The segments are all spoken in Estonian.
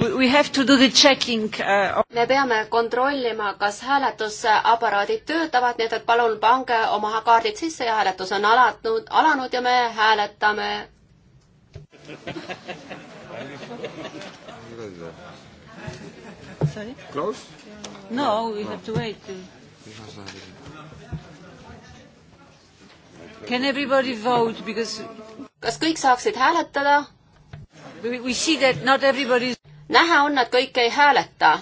Uh, me peame kontrollima, kas hääletusaparaadid töötavad, nii et, et palun pange oma kaardid sisse ja hääletus on alatnud, alanud ja me hääletame. Sorry? Close? No, we no. have to wait. Can everybody vote because kas kõik saaksid hääletada? We see that not everybody näha on, nad kõik ei hääleta.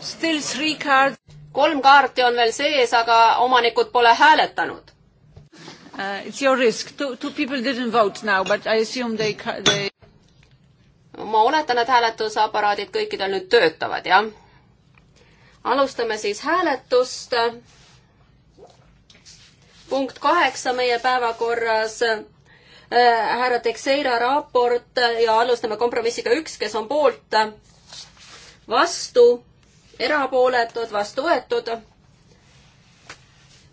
Still three cards. kolm kaarti on veel sees, aga omanikud pole hääletanud uh,. It's your risk. Two, two people didn't vote now, but I assume they, they.... ma oletan, et hääletusaparaadid kõikidel nüüd töötavad, jah? alustame siis hääletust. punkt kaheksa meie päevakorras Äh, härra Teixeira raport ja alustame kompromissiga üks, kes on poolt, vastu, erapooletud, vastu võetud.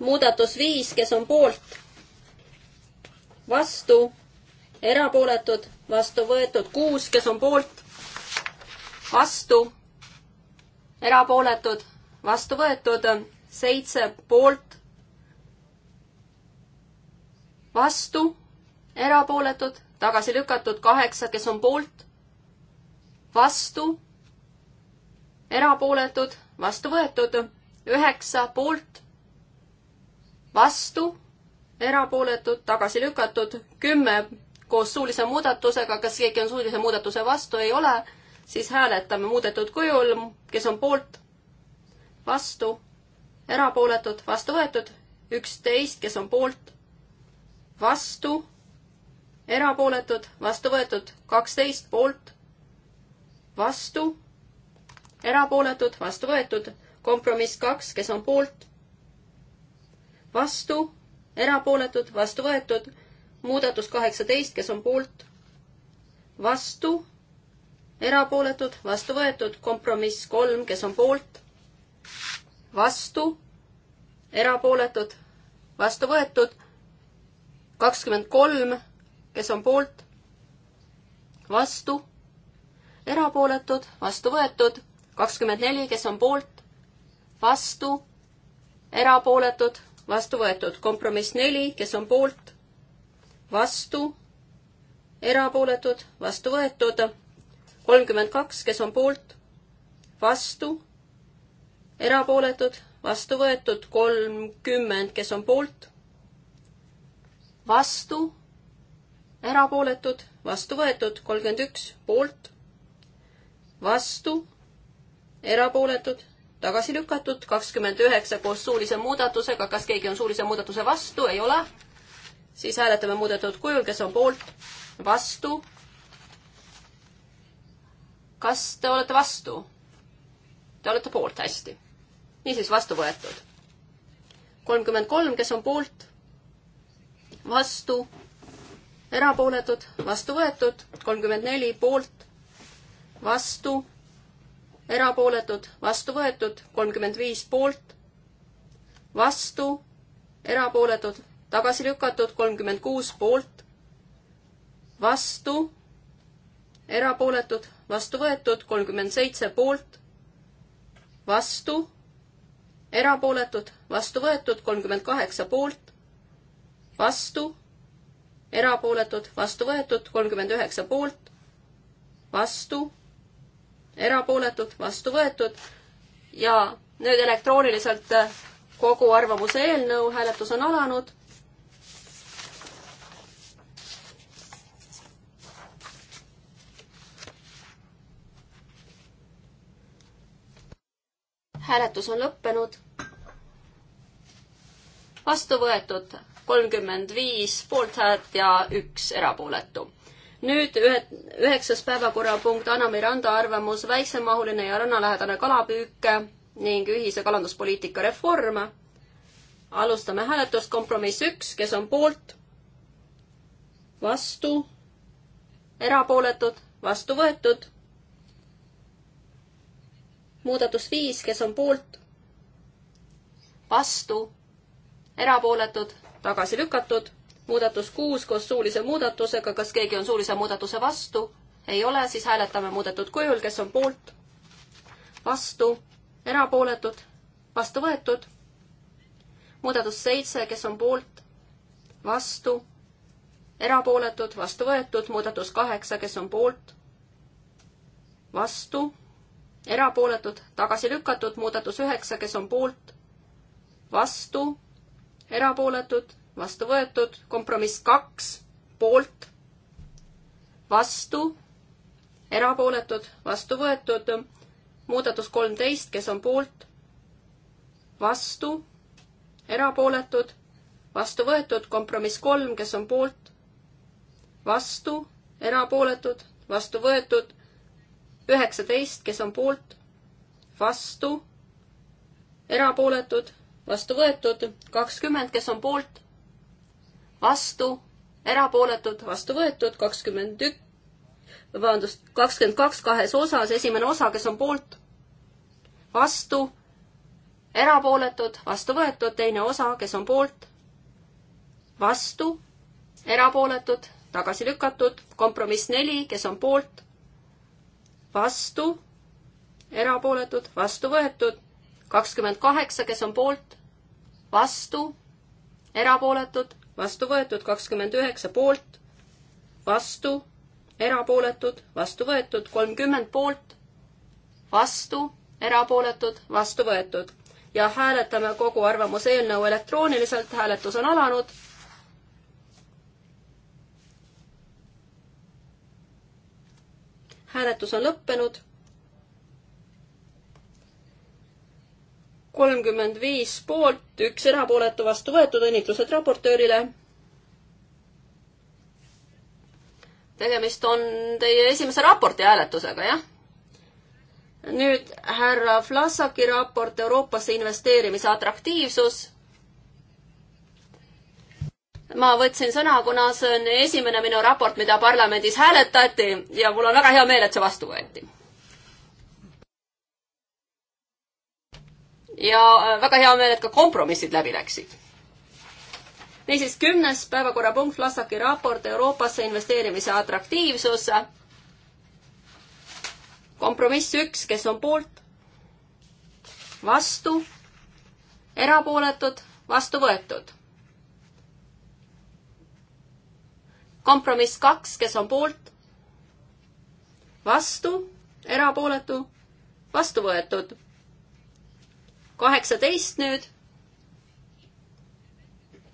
muudatus viis, kes on poolt, vastu, erapooletud, vastu võetud, kuus, kes on poolt, vastu, erapooletud, vastu võetud, seitse poolt, vastu erapooletud, tagasi lükatud, kaheksa, kes on poolt, vastu, erapooletud, vastu võetud, üheksa poolt, vastu, erapooletud, tagasi lükatud, kümme koos suulise muudatusega, kas keegi on suulise muudatuse vastu, ei ole, siis hääletame muudetud kujul, kes on poolt, vastu, erapooletud, vastu võetud, üksteist, kes on poolt, vastu erapooletud, vastu võetud, kaksteist poolt, vastu, erapooletud, vastu võetud, kompromiss kaks, kes on poolt, vastu, erapooletud, vastu võetud, muudatus kaheksateist, kes on poolt, vastu, erapooletud, vastu võetud, kompromiss kolm, kes on poolt, vastu, erapooletud, vastu võetud, kakskümmend kolm kes on poolt, vastu, erapooletud, vastu võetud, kakskümmend neli, kes on poolt, vastu, erapooletud, vastu võetud, kompromiss neli, kes on poolt, vastu, erapooletud, vastu võetud, kolmkümmend kaks, kes on poolt, vastu, erapooletud, vastu võetud, kolmkümmend, kes on poolt, vastu, erapooletud, vastu võetud, kolmkümmend üks poolt, vastu, erapooletud, tagasi lükatud, kakskümmend üheksa koos suulise muudatusega, kas keegi on suulise muudatuse vastu, ei ole? siis hääletame muudetud kujul, kes on poolt, vastu. kas te olete vastu? Te olete poolt, hästi. niisiis, vastu võetud. kolmkümmend kolm, kes on poolt, vastu erapooletud, vastu võetud, kolmkümmend neli poolt, vastu, erapooletud, vastu võetud, kolmkümmend viis poolt, vastu, erapooletud, tagasi lükatud, kolmkümmend kuus poolt, vastu, erapooletud, vastu võetud, kolmkümmend seitse poolt, vastu, erapooletud, vastu võetud, kolmkümmend kaheksa poolt, vastu erapooletud, vastu võetud, kolmkümmend üheksa poolt, vastu, erapooletud, vastu võetud ja nüüd elektrooniliselt kogu arvamuse eelnõu hääletus on alanud. hääletus on lõppenud. vastu võetud kolmkümmend viis poolthäält ja üks erapooletu. nüüd ühe, üheksas päevakorrapunkt, Anna Miranda arvamus, väiksemahuline ja rannalähedane kalapüük ning ühise kalanduspoliitika reform. alustame hääletust, kompromiss üks, kes on poolt, vastu, erapooletud, vastu võetud. muudatus viis, kes on poolt, vastu, erapooletud, tagasi lükatud. muudatus kuus koos suulise muudatusega, kas keegi on suulise muudatuse vastu? ei ole, siis hääletame muudetud kujul, kes on poolt, vastu, erapooletud, vastu võetud. muudatus seitse, kes on poolt, vastu, erapooletud, vastu võetud, muudatus kaheksa, kes on poolt, vastu, erapooletud, tagasi lükatud, muudatus üheksa, kes on poolt, vastu, erapooletud, vastu võetud, kompromiss kaks, poolt, vastu, erapooletud, vastu võetud, muudatus kolmteist, kes on poolt, vastu, erapooletud, vastu võetud, kompromiss kolm, kes on poolt, vastu, erapooletud, vastu võetud, üheksateist, kes on poolt, vastu, erapooletud, vastu võetud, kakskümmend, kes on poolt, vastu, erapooletud, vastu võetud, kakskümmend ük-, vabandust, kakskümmend kaks kahes osas, esimene osa, kes on poolt, vastu, erapooletud, vastu võetud, teine osa, kes on poolt, vastu, erapooletud, tagasi lükatud, kompromiss neli, kes on poolt, vastu, erapooletud, vastu võetud, kakskümmend kaheksa, kes on poolt, vastu, erapooletud, vastu võetud, kakskümmend üheksa poolt, vastu, erapooletud, vastu võetud, kolmkümmend poolt, vastu, erapooletud, vastu võetud. ja hääletame kogu arvamuse eelnõu elektrooniliselt, hääletus on alanud. hääletus on lõppenud kolmkümmend viis poolt, üks erapooletu vastu võetud, õnnitlused raportöörile. tegemist on teie esimese raporti hääletusega, jah? nüüd härra Vlasaki raport Euroopasse investeerimise atraktiivsus. ma võtsin sõna, kuna see on esimene minu raport, mida parlamendis hääletati ja mul on väga hea meel, et see vastu võeti ja äh, väga hea meel, et ka kompromissid läbi läksid. niisiis, kümnes päevakorrapunkt, Vlassaki raport Euroopasse investeerimise atraktiivsus. kompromiss üks, kes on poolt, vastu, erapooletud, vastu võetud. kompromiss kaks, kes on poolt, vastu, erapooletu, vastu võetud kaheksateist nüüd.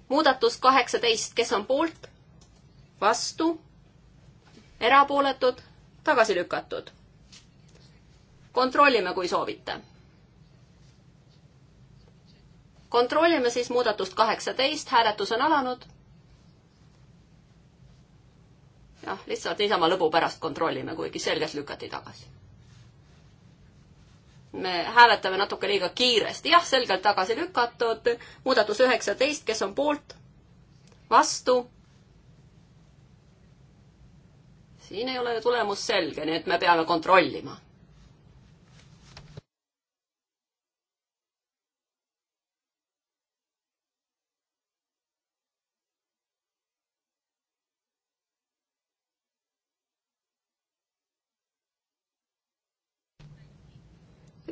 muudatus kaheksateist, kes on poolt, vastu, erapooletud, tagasi lükatud. kontrollime, kui soovite. kontrollime siis muudatust kaheksateist, hääletus on alanud. jah, lihtsalt niisama lõbu pärast kontrollime, kuigi selgelt lükati tagasi me hääletame natuke liiga kiiresti. jah, selgelt tagasi lükatud. muudatus üheksateist, kes on poolt? vastu? siin ei ole tulemus selge, nii et me peame kontrollima.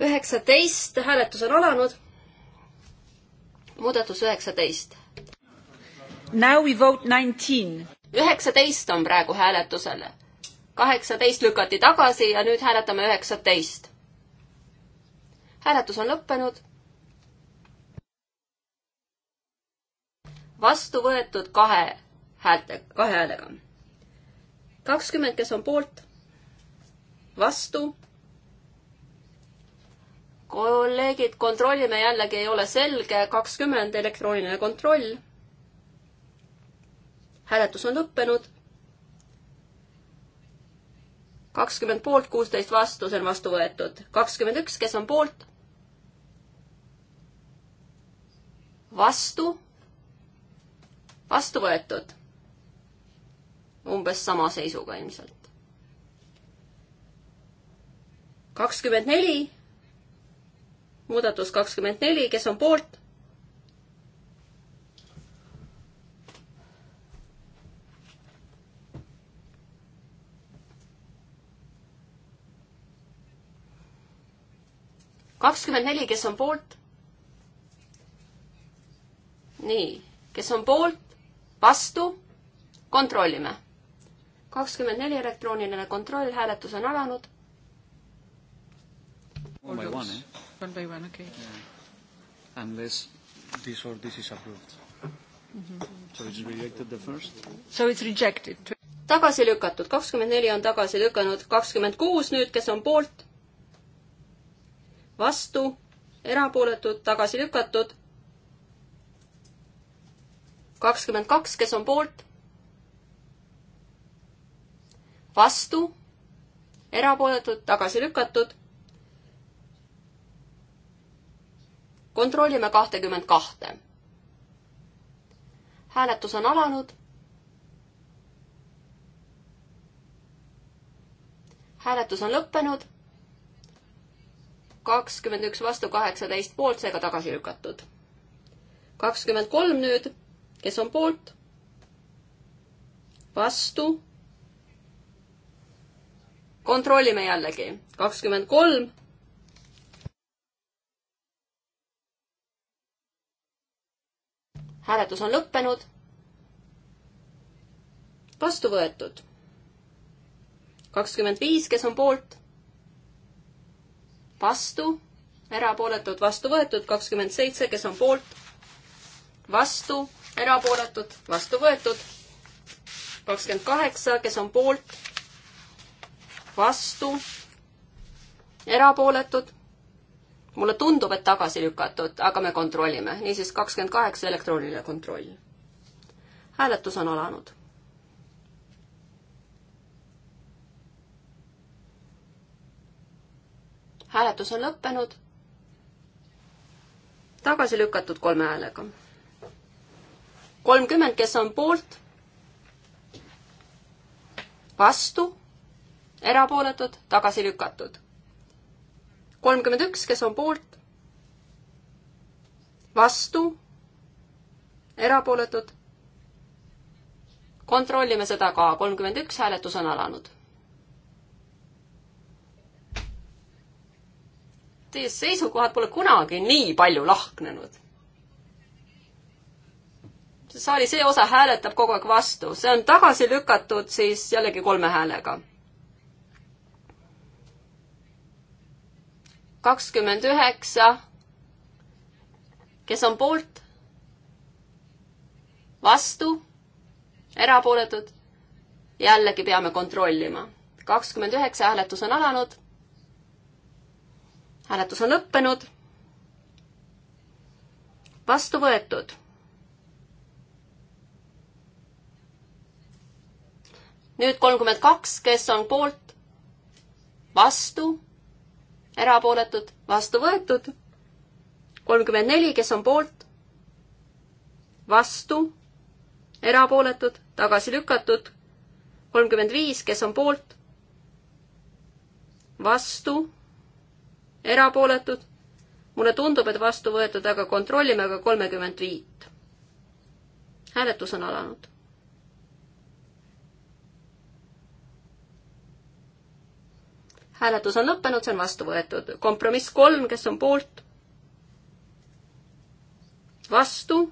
üheksateist, hääletus on alanud. muudatus üheksateist. Now we vote nineteen. üheksateist on praegu hääletusel. kaheksateist lükati tagasi ja nüüd hääletame üheksateist. hääletus on lõppenud. vastu võetud kahe häälte, kahe häälega. kakskümmend, kes on poolt, vastu kolleegid, kontrollime jällegi, ei ole selge, kakskümmend elektrooniline kontroll. hääletus on lõppenud. kakskümmend poolt, kuusteist vastu, see on vastu võetud. kakskümmend üks, kes on poolt? vastu, vastu võetud. umbes sama seisuga ilmselt. kakskümmend neli muudatus kakskümmend neli, kes on poolt? kakskümmend neli, kes on poolt? nii, kes on poolt, vastu, kontrollime. kakskümmend neli elektrooniline kontroll, hääletus on alanud. Eh? One by one, okay. Yeah. Unless this or this is approved mm. -hmm. So it's rejected the first? So it's rejected. tagasi lükatud, kakskümmend neli on tagasi lükanud, kakskümmend kuus nüüd, kes on poolt? vastu, erapooletud, tagasi lükatud. kakskümmend kaks, kes on poolt? vastu, erapooletud, tagasi lükatud kontrollime kahtekümmend kahte. hääletus on alanud. hääletus on lõppenud. kakskümmend üks vastu kaheksateist poolt, seega tagasi lükatud. kakskümmend kolm nüüd, kes on poolt? vastu. kontrollime jällegi, kakskümmend kolm hääletus on lõppenud. vastu võetud. kakskümmend viis, kes on poolt? vastu, erapooletud, vastu võetud, kakskümmend seitse, kes on poolt? vastu, erapooletud, vastu võetud. kakskümmend kaheksa, kes on poolt? vastu, erapooletud mulle tundub, et tagasi lükatud, aga me kontrollime. niisiis kakskümmend kaheksa elektrooniline kontroll. hääletus on alanud. hääletus on lõppenud. tagasi lükatud kolme häälega. kolmkümmend, kes on poolt, vastu, erapooletud, tagasi lükatud kolmkümmend üks, kes on poolt, vastu, erapooletud. kontrollime seda ka, kolmkümmend üks hääletus on alanud. Teie seisukohad pole kunagi nii palju lahknenud saali see osa hääletab kogu aeg vastu, see on tagasi lükatud siis jällegi kolme häälega. kakskümmend üheksa, kes on poolt, vastu, erapooletud, jällegi peame kontrollima. kakskümmend üheksa hääletus on alanud, hääletus on lõppenud, vastu võetud nüüd kolmkümmend kaks, kes on poolt, vastu, erapooletud, vastu võetud. kolmkümmend neli, kes on poolt, vastu, erapooletud, tagasi lükatud. kolmkümmend viis, kes on poolt, vastu, erapooletud. mulle tundub, et vastu võetud, aga kontrollime ka kolmekümmend viit. hääletus on alanud hääletus on lõppenud, see on vastu võetud. kompromiss kolm, kes on poolt? vastu?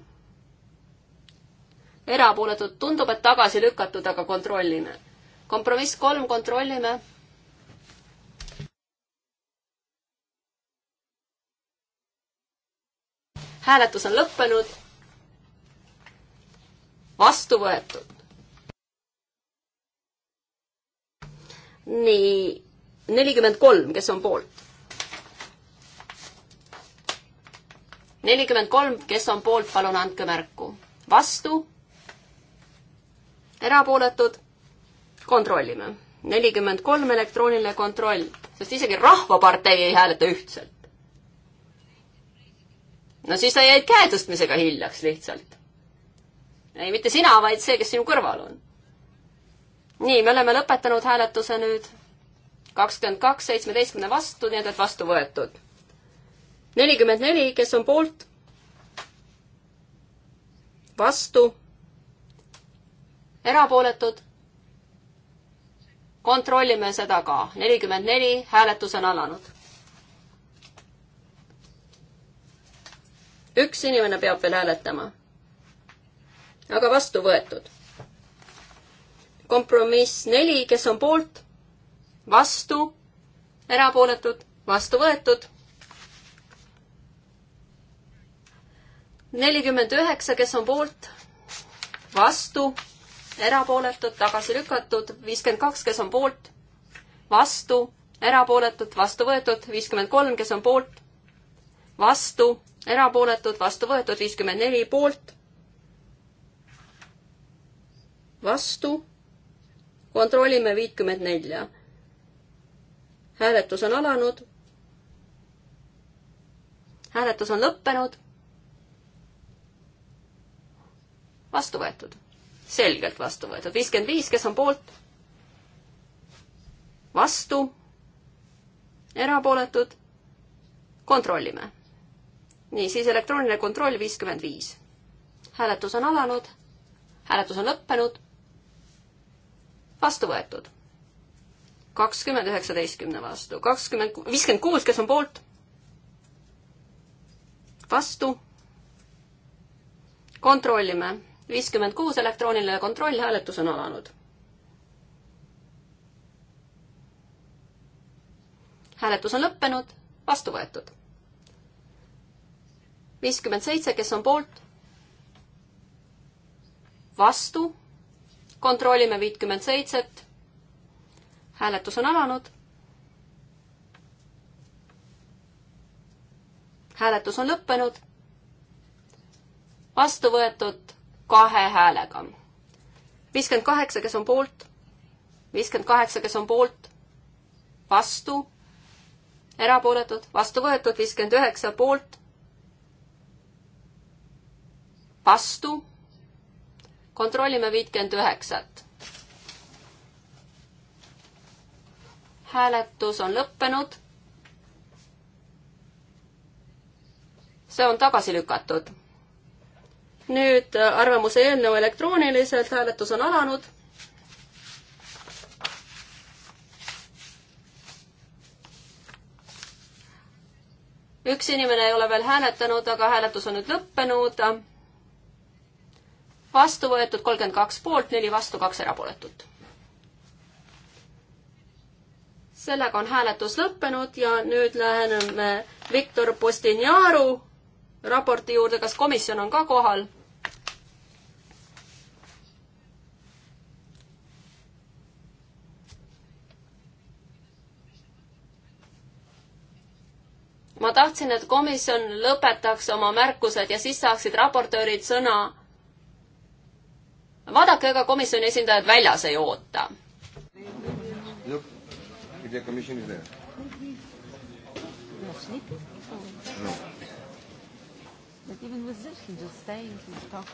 erapooletud, tundub, et tagasi lükatud, aga kontrollime. kompromiss kolm, kontrollime. hääletus on lõppenud. vastu võetud. nii nelikümmend kolm, kes on poolt? nelikümmend kolm, kes on poolt, palun andke märku. vastu? erapooletud? kontrollime. nelikümmend kolm elektrooniline kontroll, sest isegi Rahvapartei ei hääleta ühtselt. no siis sa jäid käe tõstmisega hiljaks lihtsalt. ei, mitte sina, vaid see, kes sinu kõrval on. nii, me oleme lõpetanud hääletuse nüüd kakskümmend kaks seitsmeteistkümne vastu, nii et vastu võetud. nelikümmend neli, kes on poolt? vastu? erapooletud? kontrollime seda ka. nelikümmend neli, hääletus on alanud. üks inimene peab veel hääletama. aga vastu võetud. kompromiss neli, kes on poolt? vastu, erapooletud, vastu võetud. nelikümmend üheksa, kes on poolt, vastu, erapooletud, tagasi lükatud, viiskümmend kaks, kes on poolt, vastu, erapooletud, vastu võetud, viiskümmend kolm, kes on poolt, vastu, erapooletud, vastu võetud, viiskümmend neli poolt, vastu, kontrollime viitkümmend nelja hääletus on alanud. hääletus on lõppenud. vastu võetud, selgelt vastu võetud, viiskümmend viis, kes on poolt? vastu, erapooletud, kontrollime. niisiis, elektrooniline kontroll viiskümmend viis. hääletus on alanud, hääletus on lõppenud, vastu võetud kakskümmend üheksateistkümne vastu, kakskümmend, viiskümmend kuus, kes on poolt? vastu. kontrollime, viiskümmend kuus elektrooniline kontroll, hääletus on alanud. hääletus on lõppenud, vastu võetud. viiskümmend seitse, kes on poolt? vastu. kontrollime viitkümmend seitset hääletus on alanud. hääletus on lõppenud. vastu võetud kahe häälega. viiskümmend kaheksa, kes on poolt, viiskümmend kaheksa, kes on poolt, vastu, erapooletud, vastu võetud, viiskümmend üheksa poolt, vastu, kontrollime viitkümmend üheksat hääletus on lõppenud. see on tagasi lükatud. nüüd äh, arvamuse eelnõu elektrooniliselt, hääletus on alanud. üks inimene ei ole veel hääletanud, aga hääletus on nüüd lõppenud vastu võetud kolmkümmend kaks poolt, neli vastu, kaks erapooletut. sellega on hääletus lõppenud ja nüüd läheneme Viktor Postinjaru raporti juurde, kas komisjon on ka kohal? ma tahtsin, et komisjon lõpetaks oma märkused ja siis saaksid raportöörid sõna. vaadake, ega komisjoni esindajad väljas ei oota if the commission is there. You're asleep? No. But even with this, you just stay and you talk.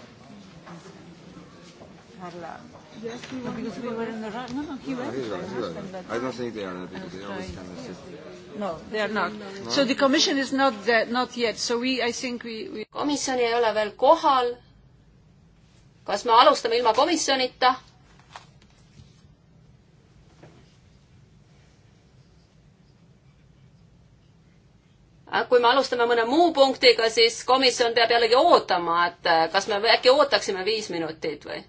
Parla. Yes, we want because we were in the right. No, no, he no, went. He's right, he's right. I don't think they are happy because they always kind of sit. No, they are not. No? So the commission is not there, not yet. So we, I think we, we. komisjon ei ole veel kohal. kas me alustame ilma komisjonita? Äh, kui me alustame mõne muu punktiga, siis komisjon peab jällegi ootama, et äh, kas me äkki ootaksime viis minutit või?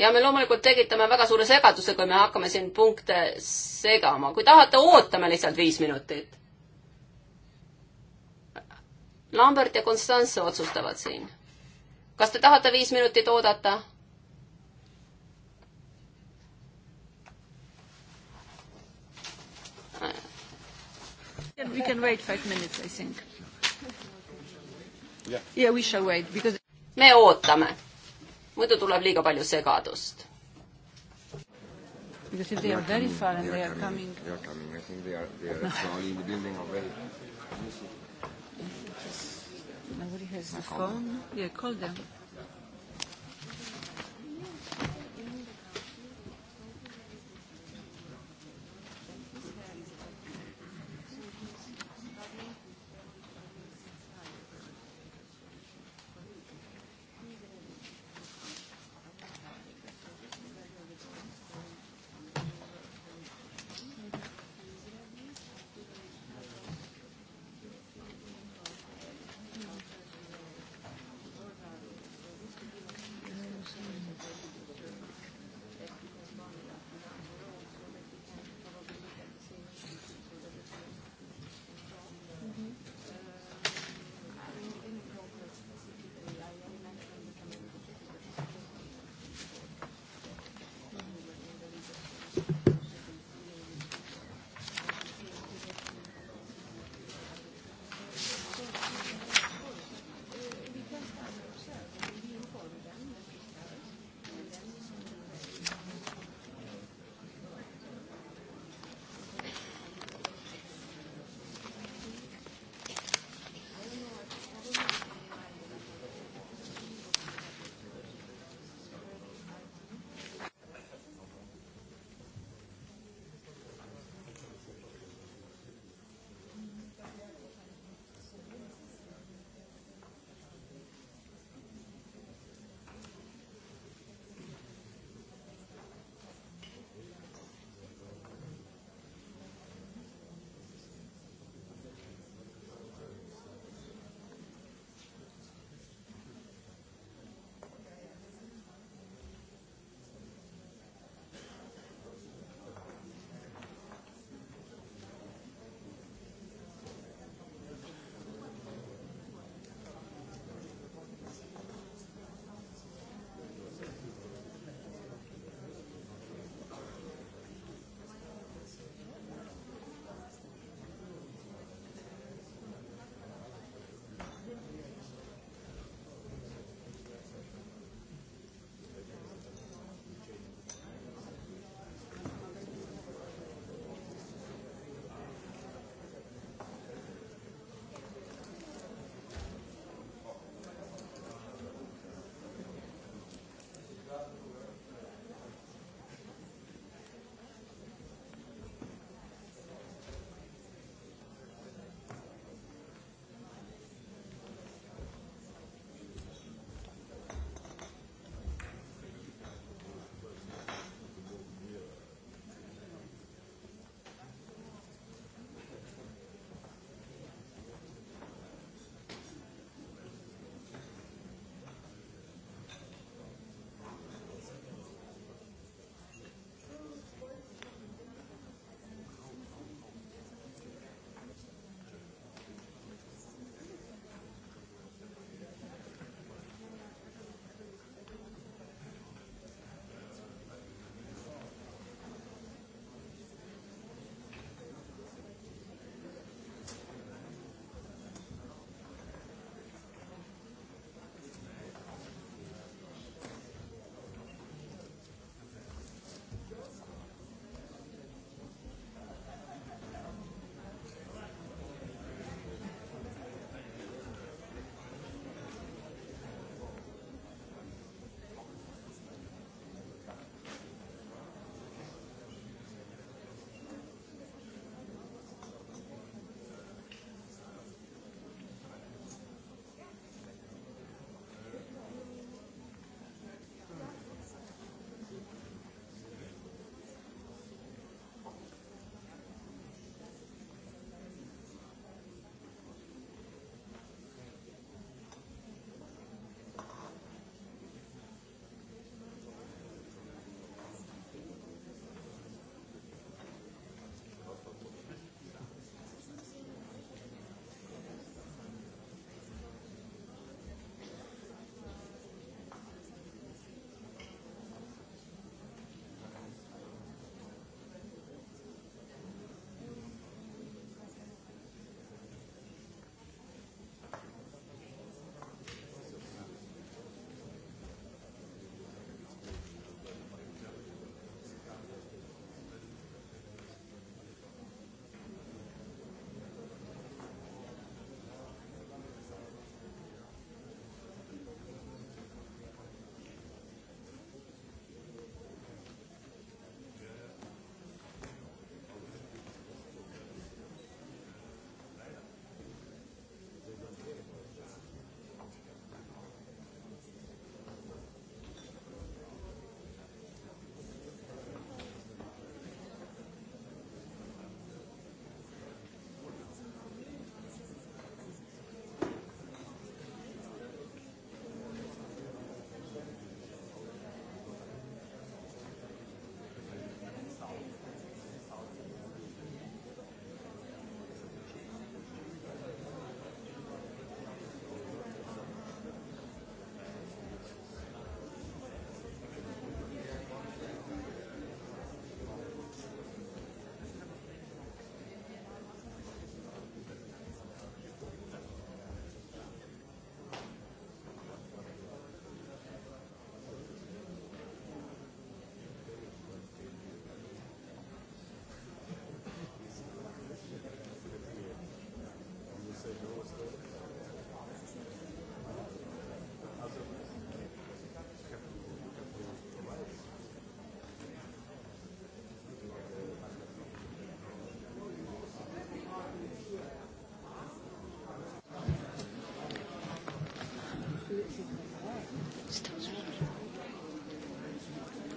ja me loomulikult tekitame väga suure segaduse, kui me hakkame siin punkte segama. kui tahate, ootame lihtsalt viis minutit. Lambert ja Constanze otsustavad siin. kas te tahate viis minutit oodata? We can wait five minutes, I think. Yeah, we shall wait because. me ootame, muidu tuleb liiga palju segadust. Because if they are very far and they are coming. They are coming. I think they are. They are actually in the building already. Nobody has the phone. Yeah, call them.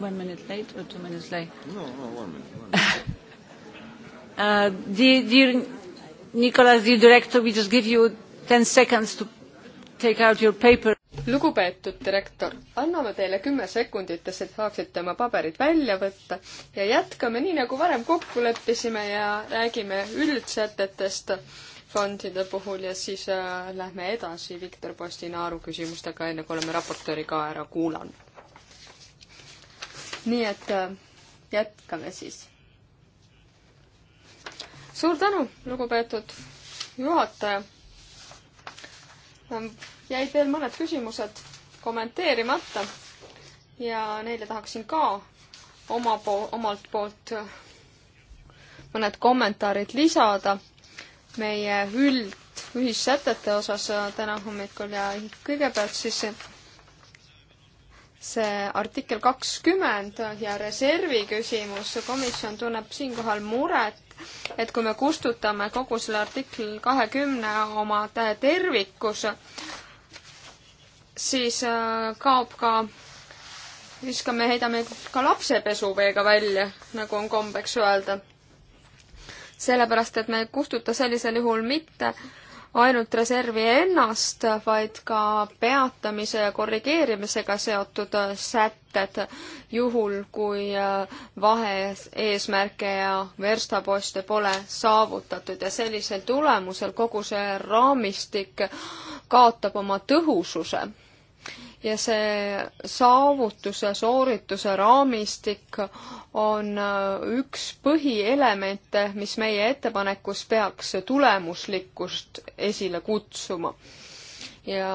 one minute late or two minutes late? No, no, one minute. One minute. uh, dear, dear Nicolas, dear director, we just give you ten seconds to take out your paper. lugupeetud direktor, anname teile kümme sekundit, et saaksite oma paberid välja võtta ja jätkame nii, nagu varem kokku leppisime ja räägime üldsätetest fondide puhul ja siis äh, lähme edasi Viktor Postinaaru küsimustega, enne kui oleme raportööri ka ära kuulanud nii et äh, jätkame siis. suur tänu, lugupeetud juhataja. Ähm, jäid veel mõned küsimused kommenteerimata ja neile tahaksin ka oma po-, omalt poolt äh, mõned kommentaarid lisada meie üld, ühissätete osas äh, täna hommikul ja kõigepealt siis see artikkel kakskümmend ja reservi küsimus, komisjon tunneb siinkohal muret, et kui me kustutame kogu selle artikkel kahekümne oma tervikus, siis äh, kaob ka, viskame, heidame ka lapse pesuveega välja, nagu on kombeks öelda. sellepärast, et me ei kustuta sellisel juhul mitte äh, ainult reservi ennast, vaid ka peatamise ja korrigeerimisega seotud sätted, juhul kui äh, vahe-eesmärke ja verstaposte pole saavutatud ja sellisel tulemusel kogu see raamistik kaotab oma tõhususe ja see saavutuse, soorituse raamistik on äh, üks põhielemente, mis meie ettepanekus peaks tulemuslikkust esile kutsuma. ja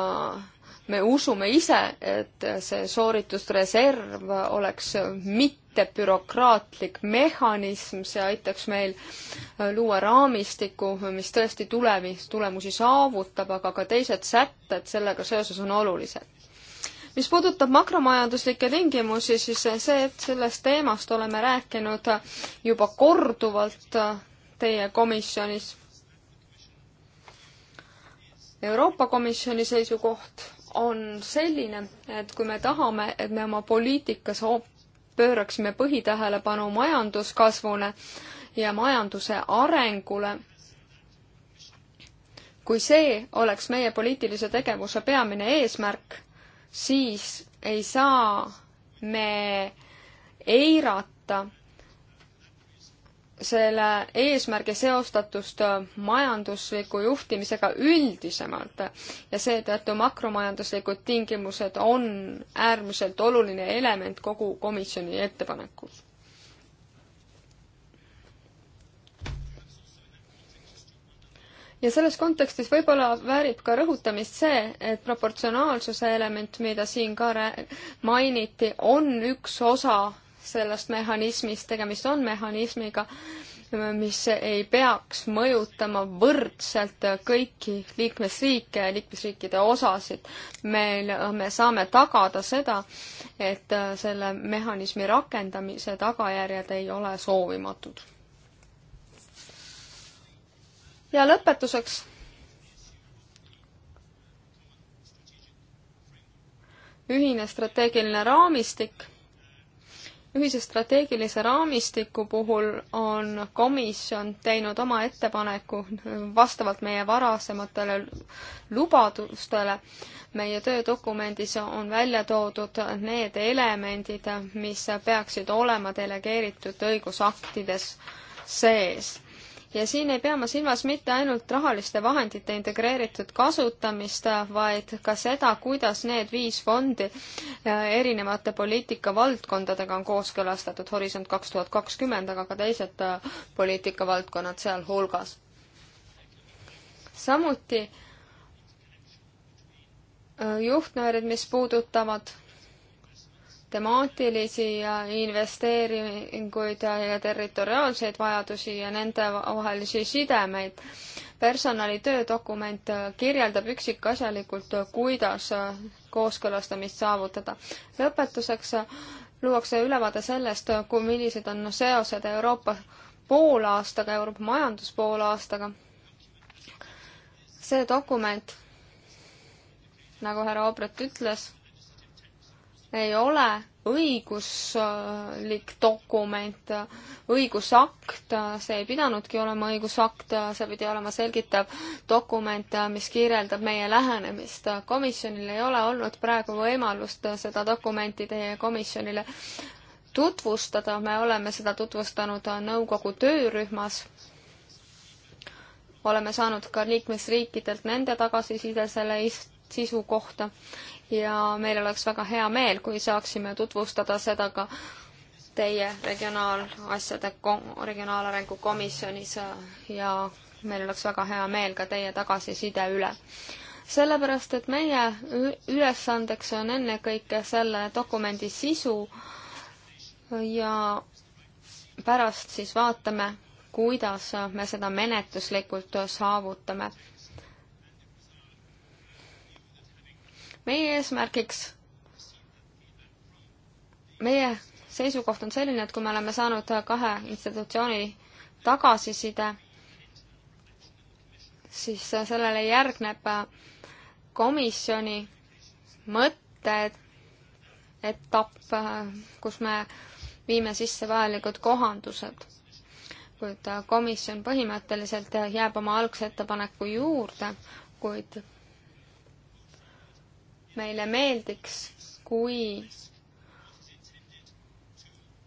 me usume ise, et see sooritusreserv oleks mittebürokraatlik mehhanism, see aitaks meil äh, luua raamistiku, mis tõesti tulemis, tulemusi saavutab, aga ka teised sätted sellega seoses on olulised mis puudutab makromajanduslikke tingimusi, siis see, et sellest teemast oleme rääkinud juba korduvalt teie komisjonis. Euroopa Komisjoni seisukoht on selline, et kui me tahame, et me oma poliitikas pööraksime põhitähelepanu majanduskasvule ja majanduse arengule, kui see oleks meie poliitilise tegevuse peamine eesmärk siis ei saa me eirata selle eesmärgi seostatust majandusliku juhtimisega üldisemalt ja seetõttu makromajanduslikud tingimused on äärmiselt oluline element kogu komisjoni ettepanekus. ja selles kontekstis võib-olla väärib ka rõhutamist see, et proportsionaalsuse element, mida siin ka mainiti, on üks osa sellest mehhanismist, tegemist on mehhanismiga, mis ei peaks mõjutama võrdselt kõiki liikmesriike ja liikmesriikide osasid. meil, me saame tagada seda, et selle mehhanismi rakendamise tagajärjed ei ole soovimatud ja lõpetuseks ühine strateegiline raamistik. ühise strateegilise raamistiku puhul on komisjon teinud oma ettepaneku vastavalt meie varasematele lubadustele. meie töödokumendis on välja toodud need elemendid, mis peaksid olema delegeeritud õigusaktides sees ja siin ei pea ma silmas mitte ainult rahaliste vahendite integreeritud kasutamist, vaid ka seda, kuidas need viis fondi äh, erinevate poliitikavaldkondadega on kooskõlastatud, Horisont kaks tuhat kakskümmend, aga ka teised äh, poliitikavaldkonnad sealhulgas. samuti äh, juhtnöörid, mis puudutavad temaatilisi investeeringuid ja territoriaalseid vajadusi ja nendevahelisi sidemeid. personali töödokument kirjeldab üksikasjalikult, kuidas kooskõlastamist saavutada. lõpetuseks luuakse ülevaade sellest, kui millised on seosed Euroopa poolaastaga, Euroopa majanduspoolaastaga. see dokument, nagu härra Obret ütles ei ole õiguslik dokument, õigusakt, see ei pidanudki olema õigusakt, see pidi olema selgitav dokument, mis kirjeldab meie lähenemist. komisjonil ei ole olnud praegu võimalust seda dokumenti teie komisjonile tutvustada, me oleme seda tutvustanud nõukogu töörühmas, oleme saanud ka liikmesriikidelt nende tagasiside selle ist-, sisu kohta ja meil oleks väga hea meel, kui saaksime tutvustada seda ka teie regionaalasjade, regionaalarengu komisjonis äh, ja meil oleks väga hea meel ka teie tagasiside üle. sellepärast, et meie ülesandeks on ennekõike selle dokumendi sisu ja pärast siis vaatame, kuidas me seda menetluslikult saavutame meie eesmärgiks, meie seisukoht on selline, et kui me oleme saanud kahe institutsiooni tagasiside, siis sellele järgneb komisjoni mõtted, etapp, kus me viime sisse vajalikud kohandused. kuid komisjon põhimõtteliselt jääb oma algse ettepaneku juurde, kuid meile meeldiks, kui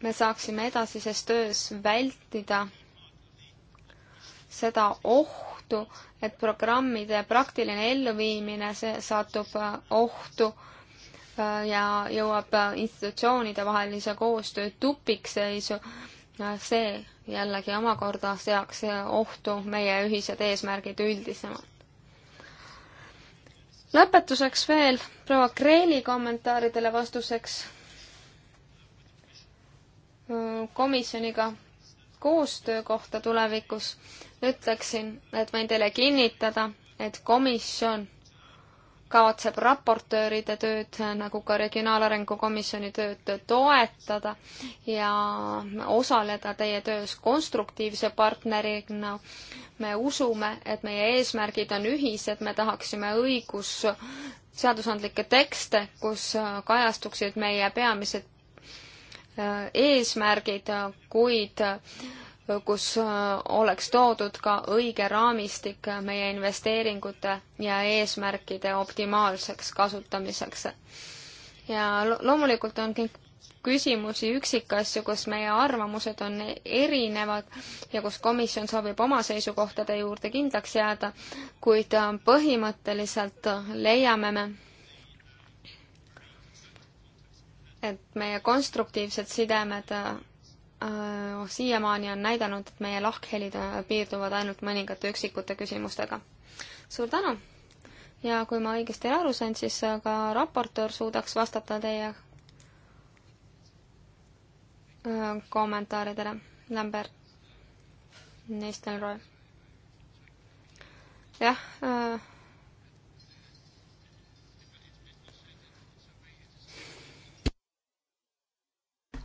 me saaksime edasises töös vältida seda ohtu, et programmide praktiline elluviimine satub äh, ohtu äh, ja jõuab äh, institutsioonide vahelise koostöö tupikseisu. see jällegi omakorda seaks ohtu meie ühised eesmärgid üldisemalt lõpetuseks veel proua Kreeli kommentaaridele vastuseks mm, komisjoniga koostöö kohta tulevikus ütleksin, et võin teile kinnitada, et komisjon kavatseb raportööride tööd nagu ka Regionaalarengu Komisjoni tööd toetada ja osaleda teie töös konstruktiivse partnerina. me usume, et meie eesmärgid on ühised, me tahaksime õigus seadusandlikke tekste, kus kajastuksid meie peamised äh, eesmärgid, kuid kus äh, oleks toodud ka õige raamistik meie investeeringute ja eesmärkide optimaalseks kasutamiseks. ja loomulikult on kõik küsimusi, üksikasju, kus meie arvamused on erinevad ja kus komisjon soovib oma seisukohtade juurde kindlaks jääda, kuid äh, põhimõtteliselt leiame me, et meie konstruktiivsed sidemed äh, Äh, siiamaani on näidanud, et meie lahkhelid äh, piirduvad ainult mõningate üksikute küsimustega. suur tänu! ja kui ma õigesti aru sain, siis äh, ka raportöör suudaks vastata teie kommentaaridele. Lambert, Nistelrooy. jah äh,,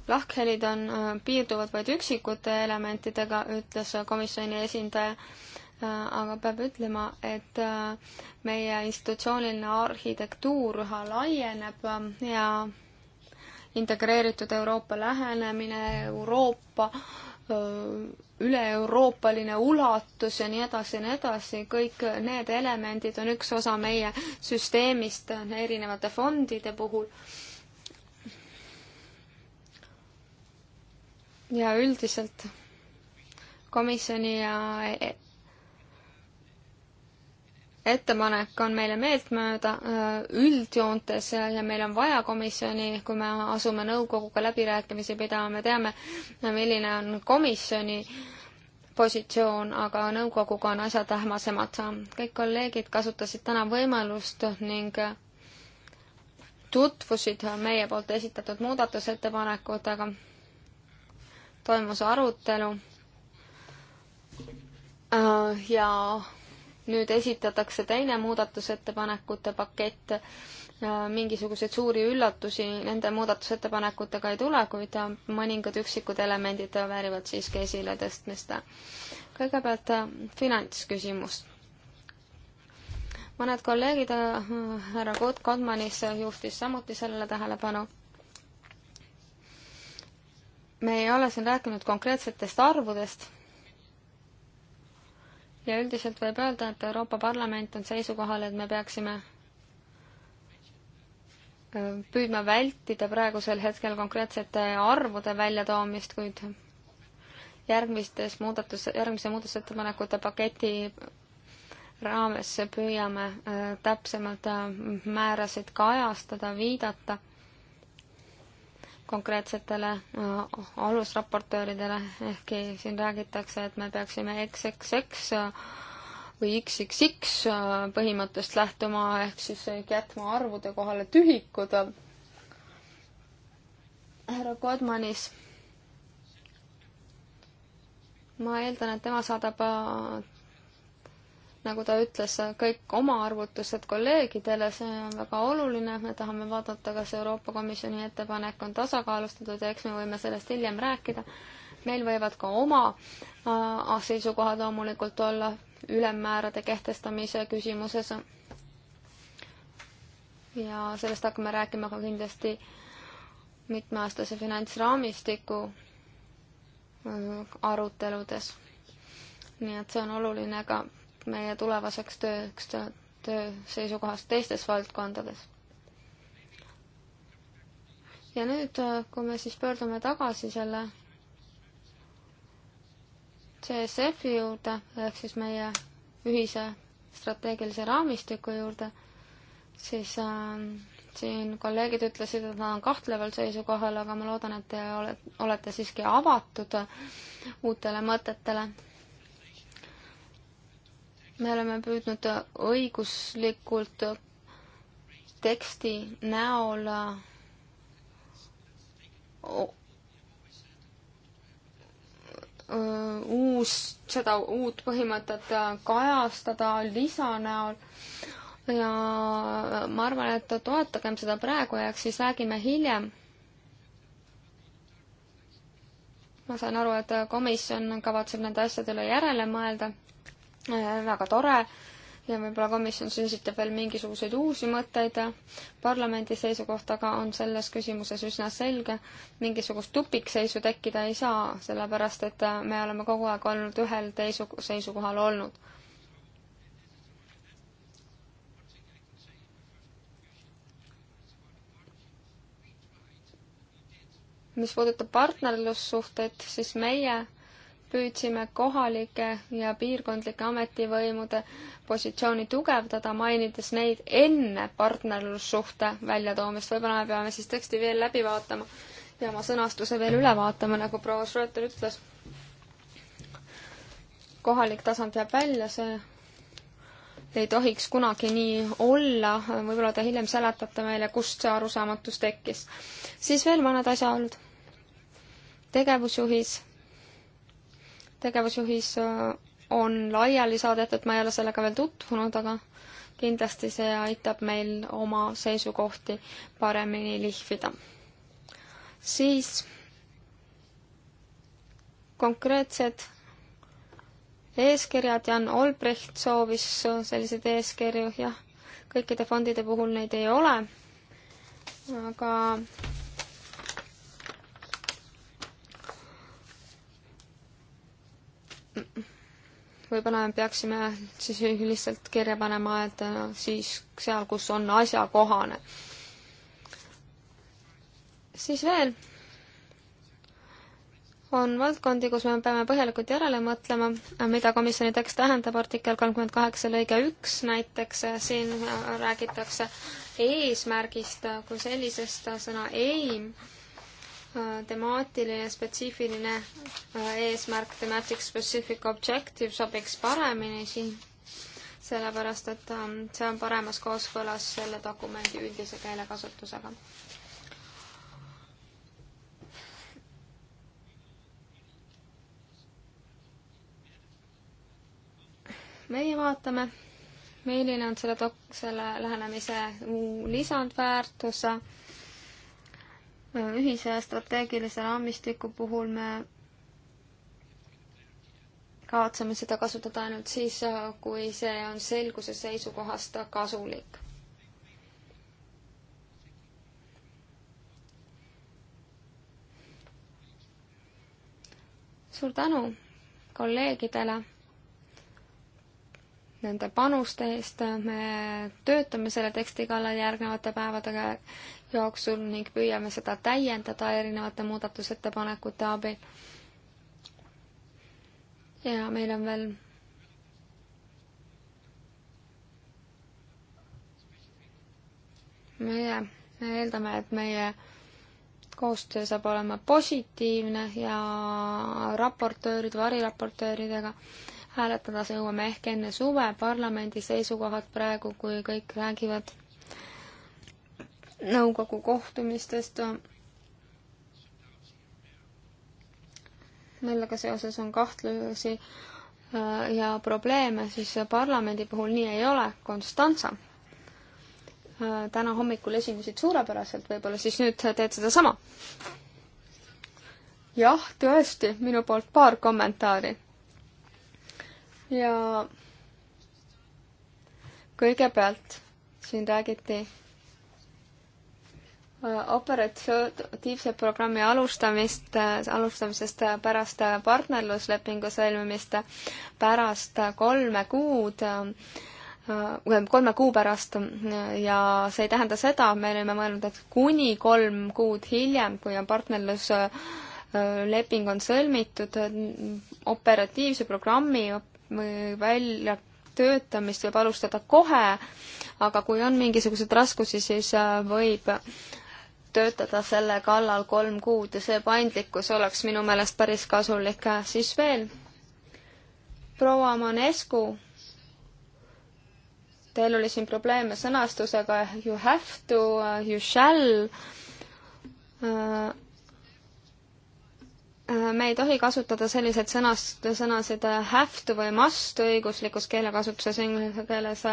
lahkhelid on, äh, piirduvad vaid üksikute elementidega, ütles äh, komisjoni esindaja, äh, aga peab ütlema, et meie institutsiooniline arhitektuur üha laieneb ja integreeritud Euroopa lähenemine, Euroopa, üle-euroopaline ulatus ja nii edasi ja nii edasi, kõik need elemendid on üks osa meie süsteemist erinevate fondide puhul ja üldiselt komisjoni ja e-, ettepanek on meile meeltmööda äh, üldjoontes ja meil on vaja komisjoni, kui me asume nõukoguga läbirääkimisi pidama, me teame, milline on komisjoni positsioon, aga nõukoguga on asjad ähmasemad. kõik kolleegid kasutasid täna võimalust ning tutvusid meie poolt esitatud muudatusettepanekutega toimus arutelu äh, ja nüüd esitatakse teine muudatusettepanekute pakett. Äh, mingisuguseid suuri üllatusi nende muudatusettepanekutega ei tule, kuid äh, mõningad üksikud elemendid väärivad siiski esiletõstmist. kõigepealt finantsküsimus. mõned kolleegid, härra Kott-Kodmanis juhtis samuti sellele tähelepanu me ei ole siin rääkinud konkreetsetest arvudest ja üldiselt võib öelda, et Euroopa Parlament on seisukohal, et me peaksime äh, püüdma vältida praegusel hetkel konkreetsete arvude väljatoomist, kuid järgmistes muudatus, järgmise muudatusettepanekute paketi raames püüame äh, täpsemalt äh, määrasid kajastada, viidata konkreetsetele äh, alusraportööridele, ehkki siin räägitakse, et me peaksime XXX äh, või XXX äh, põhimõttest lähtuma, ehk siis jätma arvude kohale tühikud. härra Kodmanis, ma eeldan, et tema saadab nagu ta ütles, kõik oma arvutused kolleegidele, see on väga oluline, me tahame vaadata, kas Euroopa Komisjoni ettepanek on tasakaalustatud ja eks me võime sellest hiljem rääkida. meil võivad ka oma äh, ah, seisukohad loomulikult olla ülemmäärade kehtestamise küsimuses. ja sellest hakkame rääkima ka kindlasti mitmeaastase finantsraamistiku äh, aruteludes nii et see on oluline ka meie tulevaseks tööks, töö seisukohast teistes valdkondades. ja nüüd, kui me siis pöördume tagasi selle CSF-i juurde, ehk siis meie ühise strateegilise raamistiku juurde, siis äh, siin kolleegid ütlesid, et nad on kahtleval seisukohal, aga ma loodan, et te olete, olete siiski avatud uutele mõtetele me oleme püüdnud õiguslikult teksti näol uus, seda uut põhimõtet kajastada lisa näol ja ma arvan, et toetagem seda praegu ja eks siis räägime hiljem ma saan aru, et komisjon kavatseb nende asjadele järele mõelda Äh, väga tore ja võib-olla komisjon siis esitab veel mingisuguseid uusi mõtteid. parlamendi seisukoht aga on selles küsimuses üsna selge. mingisugust tupikseisu tekkida ei saa, sellepärast et äh, me oleme kogu aeg olnud ühel teisu-, seisukohal olnud. mis puudutab partnerlussuhteid, siis meie püüdsime kohalike ja piirkondlike ametivõimude positsiooni tugevdada, mainides neid enne partnerlussuhte väljatoomist. võib-olla me peame siis teksti veel läbi vaatama ja oma sõnastuse veel üle vaatama, nagu proua Schröter ütles. kohalik tasand jääb välja, see ei tohiks kunagi nii olla, võib-olla te hiljem seletate meile, kust see arusaamatus tekkis. siis veel mõned asjaolud. tegevusjuhis tegevusjuhis äh, on laiali saadetud, ma ei ole sellega veel tutvunud, aga kindlasti see aitab meil oma seisukohti paremini lihvida. siis konkreetsed eeskirjad, Jan Olbrecht soovis selliseid eeskirju, jah, kõikide fondide puhul neid ei ole, aga võib-olla me peaksime siis lihtsalt kirja panema, et äh, siis seal, kus on asjakohane. siis veel on valdkondi, kus me peame põhjalikult järele mõtlema, mida komisjoni tekst tähendab, artikkel kolmkümmend kaheksa lõige üks näiteks, äh, siin äh, räägitakse eesmärgist kui sellisest, sõna aim Äh, temaatiline spetsiifiline äh, eesmärk, thematic specific objective sobiks paremini siin, sellepärast et ähm, see on paremas kooskõlas selle dokumendi üldise keelekasutusega. meie vaatame, milline on selle dok-, selle lähenemise lisandväärtus ühise strateegilise raamistiku puhul me kavatseme seda kasutada ainult siis, kui see on selguse seisukohast kasulik. suur tänu kolleegidele nende panuste eest, me töötame selle teksti kallal järgnevate päevadega jooksul ning püüame seda täiendada erinevate muudatusettepanekute abil. ja meil on veel meie, me eeldame, et meie koostöö saab olema positiivne ja raportöörid, variraportööridega hääletada jõuame ehk enne suve, parlamendi seisukohad praegu, kui kõik räägivad nõukogu kohtumistest, millega seoses on kahtlusi äh, ja probleeme, siis parlamendi puhul nii ei ole, Konstantsa. Äh, täna hommikul esinesid suurepäraselt, võib-olla siis nüüd teed sedasama? jah, tõesti, minu poolt paar kommentaari. ja kõigepealt siin räägiti operatiivse programmi alustamist, alustamisest pärast partnerluslepingu sõlmimist, pärast kolme kuud, kolme kuu pärast ja see ei tähenda seda, me olime mõelnud, et kuni kolm kuud hiljem, kui on partnerlus leping on sõlmitud, operatiivse programmi välja töötamist võib alustada kohe, aga kui on mingisuguseid raskusi, siis võib töötada selle kallal kolm kuud ja see paindlikkus oleks minu meelest päris kasulik. siis veel proua Manescu. Teil oli siin probleeme sõnastusega you have to, uh, you shall. Uh, uh, me ei tohi kasutada selliseid sõnast-, sõnasid have to või must õiguslikus keelekasutuses inglise keeles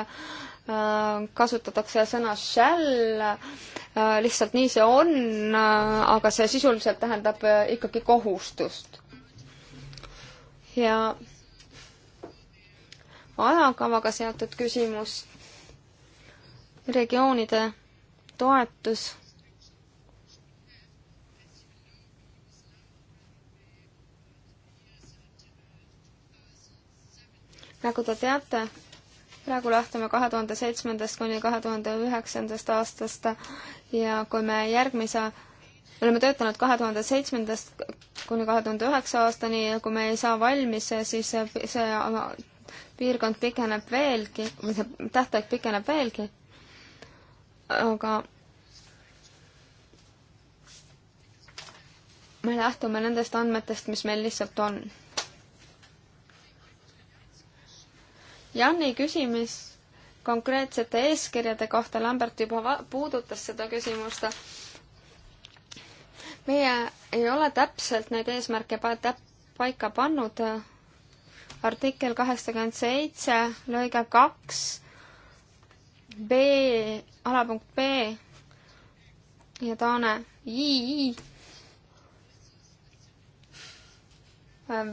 Äh, kasutatakse sõna shall, äh, lihtsalt nii see on, äh, aga see sisuliselt tähendab ikkagi kohustust. ja ajakavaga seotud küsimus, regioonide toetus nagu te teate, praegu lähtume kahe tuhande seitsmendast kuni kahe tuhande üheksandast aastast ja kui me järgmise oleme töötanud kahe tuhande seitsmendast kuni kahe tuhande üheksa aastani ja kui me ei saa valmis, siis see piirkond pikeneb veelgi või see tähtaeg pikeneb veelgi. aga me lähtume nendest andmetest, mis meil lihtsalt on Janni küsimus konkreetsete eeskirjade kohta, Lambert juba puudutas seda küsimust. meie ei ole täpselt neid eesmärke pa täp-, paika pannud. artikkel kaheksakümmend seitse, lõige kaks, B, alapunkt B ja Taane I, I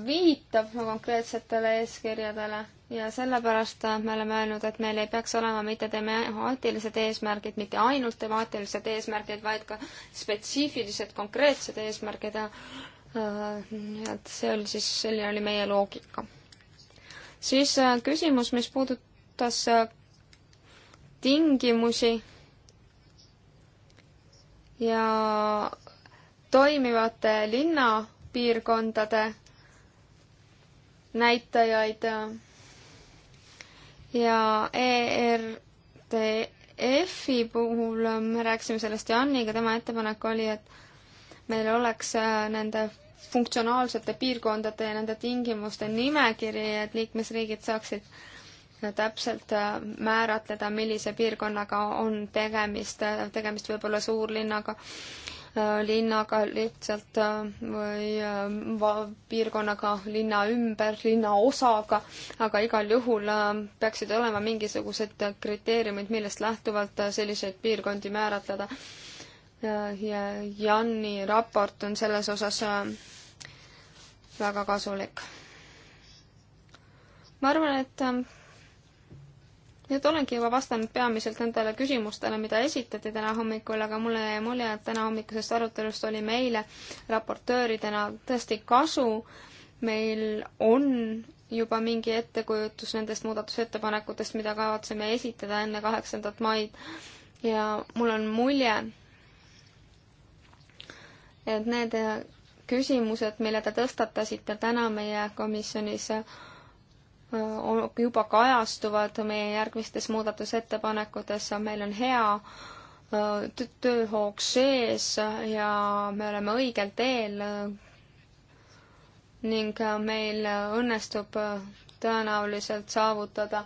viitab konkreetsetele eeskirjadele ja sellepärast me oleme öelnud, et meil ei peaks olema mitte temaatilised eesmärgid, mitte ainult temaatilised eesmärgid, vaid ka spetsiifilised konkreetsed eesmärgid. Äh, et see oli siis, selline oli meie loogika. siis äh, küsimus, mis puudutas äh, tingimusi ja toimivate linnapiirkondade näitajaid ja ERTF-i puhul äh, me rääkisime sellest Janniga, tema ettepanek oli, et meil oleks äh, nende funktsionaalsete piirkondade ja nende tingimuste nimekiri, et liikmesriigid saaksid äh, täpselt määratleda, millise piirkonnaga on tegemist, tegemist võib olla suurlinnaga linnaga lihtsalt äh, või äh, piirkonnaga linna ümber, linnaosaga, aga igal juhul äh, peaksid olema mingisugused kriteeriumid, millest lähtuvalt selliseid piirkondi määratleda. ja Janni raport on selles osas väga kasulik. ma arvan, et nüüd olengi juba vastanud peamiselt nendele küsimustele, mida esitati täna hommikul, aga mulle jäi mulje, et täna hommikusest arutelust oli meile raportööridena tõesti kasu. meil on juba mingi ettekujutus nendest muudatusettepanekutest, mida kavatseme esitada enne kaheksandat maid ja mul on mulje, et need küsimused, mille te tõstatasite täna meie komisjonis, Äh, juba kajastuvad meie järgmistes muudatusettepanekutes, meil on hea äh, tööhoog sees ja me oleme õigel teel ning äh, meil õnnestub tõenäoliselt saavutada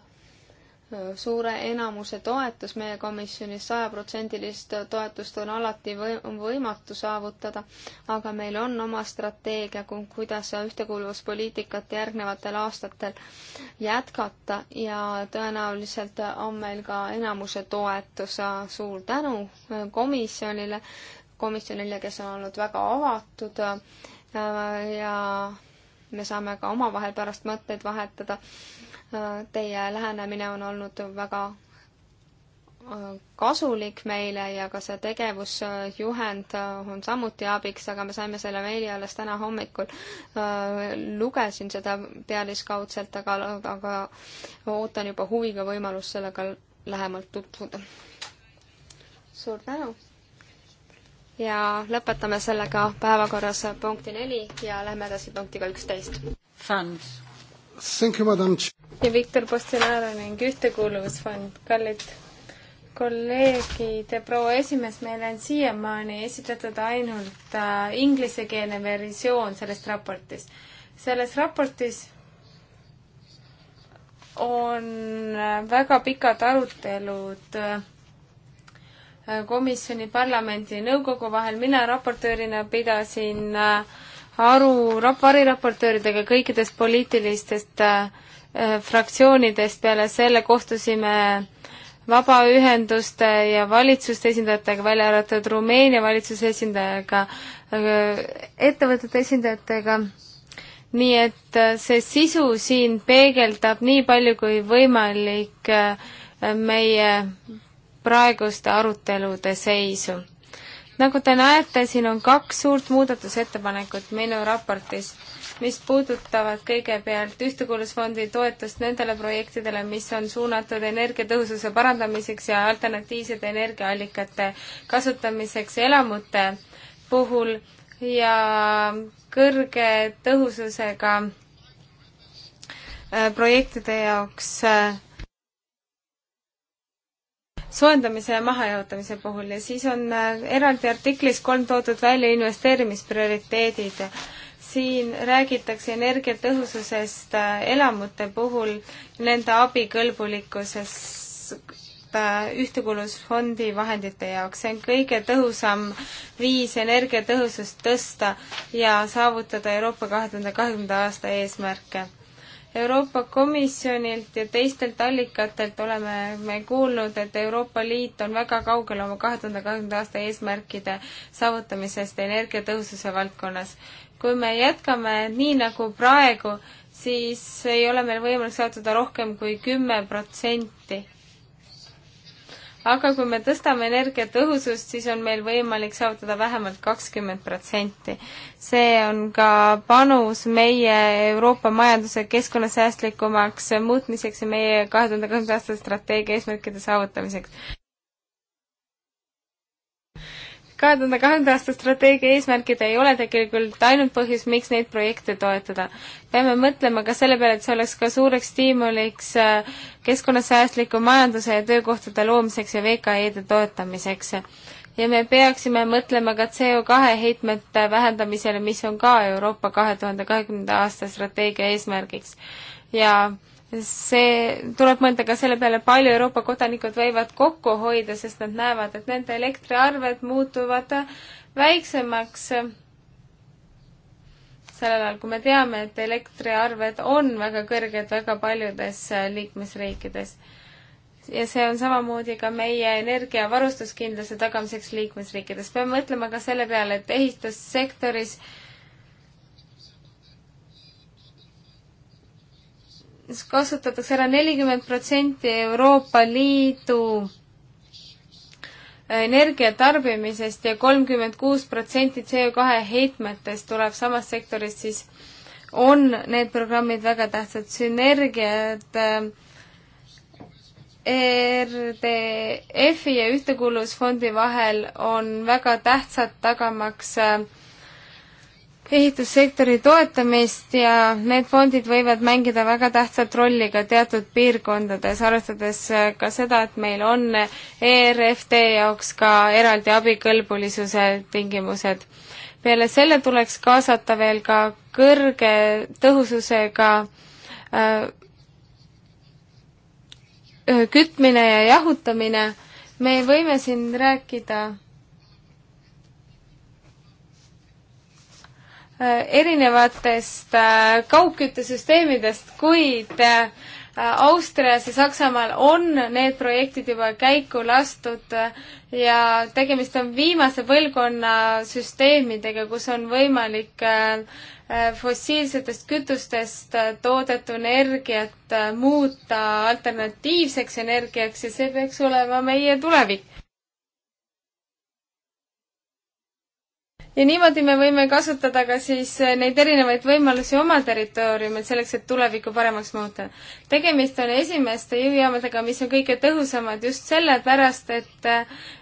suure enamuse toetus meie komisjonis, sajaprotsendilist toetust on alati või, on võimatu saavutada, aga meil on oma strateegia, kuidas ühtekuuluvuspoliitikat järgnevatel aastatel jätkata ja tõenäoliselt on meil ka enamuse toetus. suur tänu komisjonile, komisjonile, kes on olnud väga avatud äh, ja me saame ka omavahel pärast mõtteid vahetada Teie lähenemine on olnud väga äh, kasulik meile ja ka see tegevusjuhend äh, on samuti abiks, aga me saime selle meili alles täna hommikul. Äh, lugesin seda pealiskaudselt, aga, aga ootan juba huviga võimalust sellega lähemalt tutvuda. suur tänu! ja lõpetame sellega päevakorras punkti neli ja lähme edasi punktiga üksteist. Fund ja Viktor Postinaro ning Ühtekuuluvusfond, kallid kolleegid, proua esimees, meil on siiamaani esitletud ainult äh, inglisekeelne versioon sellest raportist. selles raportis on äh, väga pikad arutelud äh, komisjoni, parlamendi, nõukogu vahel, mina raportöörina pidasin äh, aru variraportööridega kõikidest poliitilistest äh, äh, fraktsioonidest, peale selle kohtusime vabaühenduste ja valitsuste esindajatega, välja arvatud Rumeenia valitsuse esindajaga äh,, ettevõtete esindajatega, nii et äh, see sisu siin peegeldab nii palju kui võimalik äh, meie praeguste arutelude seisu nagu te näete, siin on kaks suurt muudatusettepanekut minu raportis, mis puudutavad kõigepealt Ühtekuuluvusfondi toetust nendele projektidele, mis on suunatud energiatõhususe parandamiseks ja alternatiivsete energiaallikate kasutamiseks elamute puhul ja kõrge tõhususega äh, projektide jaoks äh, soojendamise ja mahajahutamise puhul ja siis on äh, eraldi artiklis kolm toodud välja investeerimisprioriteedid. siin räägitakse energiatõhususest äh, elamute puhul, nende abikõlbulikkusest äh, ühtekuuluvusfondi vahendite jaoks, see on kõige tõhusam viis energiatõhusust tõsta ja saavutada Euroopa kahe tuhande kahekümnenda aasta eesmärke Euroopa Komisjonilt ja teistelt allikatelt oleme me kuulnud, et Euroopa Liit on väga kaugel oma kahe tuhande kahekümnenda aasta eesmärkide saavutamisest energiatõhususe valdkonnas. kui me jätkame nii nagu praegu, siis ei ole meil võimalik saavutada rohkem kui kümme protsenti aga kui me tõstame energiatõhusust, siis on meil võimalik saavutada vähemalt kakskümmend protsenti. see on ka panus meie Euroopa majanduse keskkonnasäästlikumaks muutmiseks ja meie kahe tuhande kahekümnenda aasta strateegia eesmärkide saavutamiseks kahe tuhande kahekümnenda aasta strateegia eesmärgid ei ole tegelikult ainult põhjus, miks neid projekte toetada. peame mõtlema ka selle peale, et see oleks ka suureks stiimuliks äh, keskkonnasäästliku majanduse ja töökohtade loomiseks ja VKE-de toetamiseks. ja me peaksime mõtlema ka CO2 heitmete vähendamisele, mis on ka Euroopa kahe tuhande kahekümnenda aasta strateegia eesmärgiks. ja see, tuleb mõelda ka selle peale, palju Euroopa kodanikud võivad kokku hoida, sest nad näevad, et nende elektriarved muutuvad väiksemaks sellel ajal, kui me teame, et elektriarved on väga kõrged väga paljudes liikmesriikides. ja see on samamoodi ka meie energiavarustuskindluse tagamiseks liikmesriikides. peame mõtlema ka selle peale, et ehitussektoris äh, kasutatakse ära nelikümmend protsenti Euroopa Liidu äh, energiatarbimisest ja kolmkümmend kuus protsenti CO2 heitmetest tuleb samast sektorist, siis on need programmid väga tähtsad. sünergiad äh, RDF-i ja Ühtekuuluvusfondi vahel on väga tähtsad, tagamaks äh, ehitussektori toetamist ja need fondid võivad mängida väga tähtsat rolli ka teatud piirkondades, arvestades äh, ka seda, et meil on ERFD jaoks ka eraldi abikõlbulisuse tingimused. peale selle tuleks kaasata veel ka kõrge tõhususega äh, kütmine ja jahutamine, me võime siin rääkida Äh, erinevatest äh, kaugküttesüsteemidest, kuid äh, Austrias ja Saksamaal on need projektid juba käiku lastud ja tegemist on viimase põlvkonna süsteemidega, kus on võimalik fossiilsetest kütustest toodetud energiat muuta alternatiivseks energiaks ja see peaks olema meie tulevik ja niimoodi me võime kasutada ka siis äh, neid erinevaid võimalusi oma territooriumil selleks, et tulevikku paremaks muuta. tegemist on esimeste jõujaamadega, mis on kõige tõhusamad just sellepärast, et,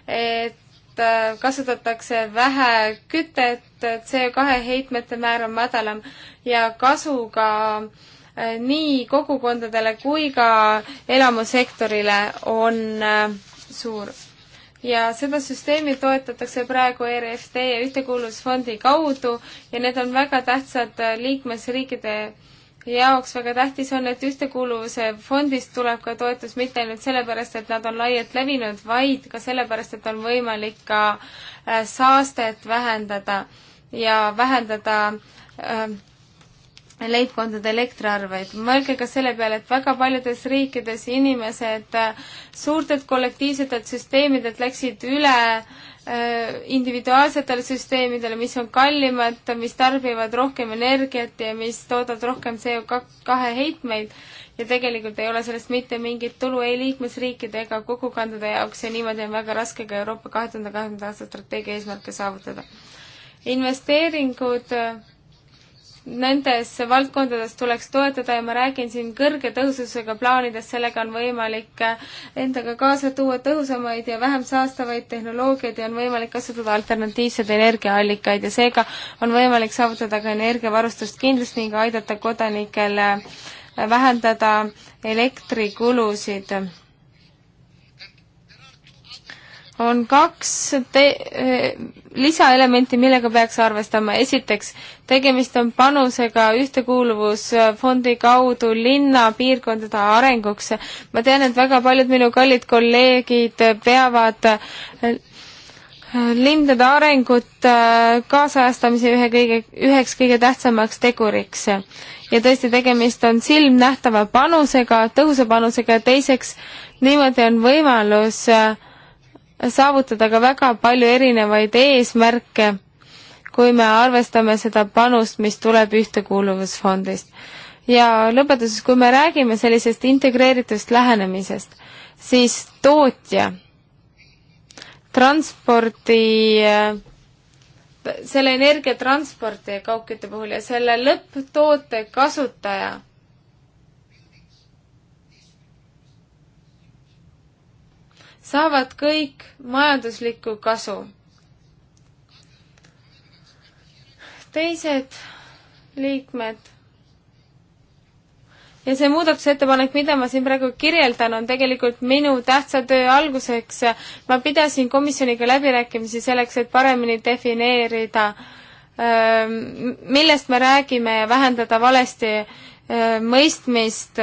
et äh, kasutatakse vähe kütet, CO2 heitmete määr on madalam ja kasu ka äh, nii kogukondadele kui ka elamusektorile on suur ja seda süsteemi toetatakse praegu ERFD ja Ühtekuuluvusfondi kaudu ja need on väga tähtsad äh, liikmesriikide jaoks väga tähtis on, et Ühtekuuluvuse fondist tuleb ka toetus mitte ainult sellepärast, et nad on laialt levinud, vaid ka sellepärast, et on võimalik ka äh, saastet vähendada ja vähendada äh, leibkondade elektriarveid. mõelge ka selle peale, et väga paljudes riikides inimesed suurtelt kollektiivsetelt süsteemidelt läksid üle äh, individuaalsetele süsteemidele, mis on kallimad, mis tarbivad rohkem energiat ja mis toodavad rohkem CO2 heitmeid ja tegelikult ei ole sellest mitte mingit tulu ei liikmesriikide ega kogukondade jaoks ja niimoodi on väga raske ka Euroopa kahe tuhande kahekümnenda aasta strateegia eesmärke saavutada. investeeringud äh, nendes valdkondades tuleks toetada ja ma räägin siin kõrge tõhususega plaanidest, sellega on võimalik endaga kaasa tuua tõhusamaid ja vähem saastavaid tehnoloogiaid ja on võimalik kasutada alternatiivseid energiaallikaid ja seega on võimalik saavutada ka energiavarustust kindlust ning aidata kodanikel vähendada elektrikulusid on kaks te-, eh, lisaelementi, millega peaks arvestama. esiteks, tegemist on panusega Ühtekuuluvusfondi kaudu linna piirkondade arenguks. ma tean, et väga paljud minu kallid kolleegid peavad eh, lindade arengut eh, kaasajastamise ühe kõige, üheks kõige tähtsamaks teguriks. ja tõesti, tegemist on silmnähtava panusega, tõhusa panusega ja teiseks, niimoodi on võimalus äh, saavutada ka väga palju erinevaid eesmärke, kui me arvestame seda panust, mis tuleb Ühtekuuluvusfondist. ja lõpetuseks, kui me räägime sellisest integreeritust lähenemisest, siis tootja, transpordi äh, selle energia transporti ja kaugkütte puhul ja selle lõpptoote kasutaja saavad kõik majanduslikku kasu. teised liikmed. ja see muudatusettepanek, mida ma siin praegu kirjeldan, on tegelikult minu tähtsa töö alguseks. ma pidasin komisjoniga läbirääkimisi selleks, et paremini defineerida, ähm, millest me räägime ja vähendada valesti äh, mõistmist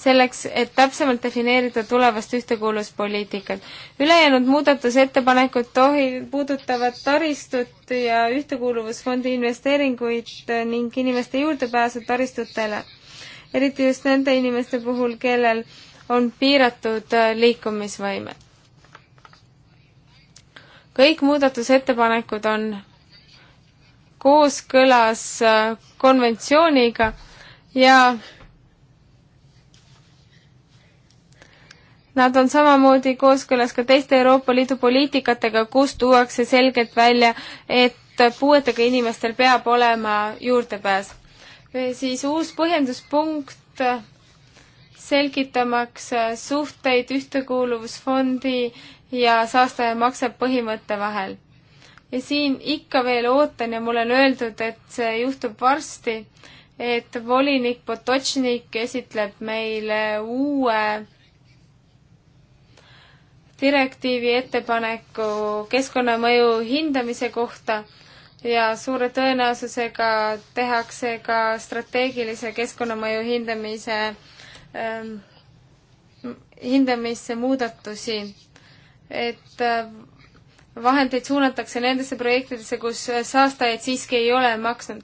selleks, et täpsemalt defineerida tulevast ühtekuuluvuspoliitikat. ülejäänud muudatusettepanekud tohi, puudutavad taristut ja ühtekuuluvusfondi investeeringuid ning inimeste juurdepääsu taristutele. eriti just nende inimeste puhul, kellel on piiratud liikumisvõime. kõik muudatusettepanekud on kooskõlas konventsiooniga ja Nad on samamoodi kooskõlas ka teiste Euroopa Liidu poliitikatega, kus tuuakse selgelt välja, et puuetega inimestel peab olema juurdepääs. siis uus põhjenduspunkt selgitamaks äh, suhteid Ühtekuuluvusfondi ja saastaja maksab põhimõtte vahel. ja siin ikka veel ootan ja mulle on öeldud, et see juhtub varsti, et volinik Potočnik esitleb meile uue direktiivi ettepaneku keskkonnamõju hindamise kohta ja suure tõenäosusega tehakse ka strateegilise keskkonnamõju hindamise ähm,, hindamisse muudatusi, et äh, vahendeid suunatakse nendesse projektidesse, kus saastajaid siiski ei ole maksnud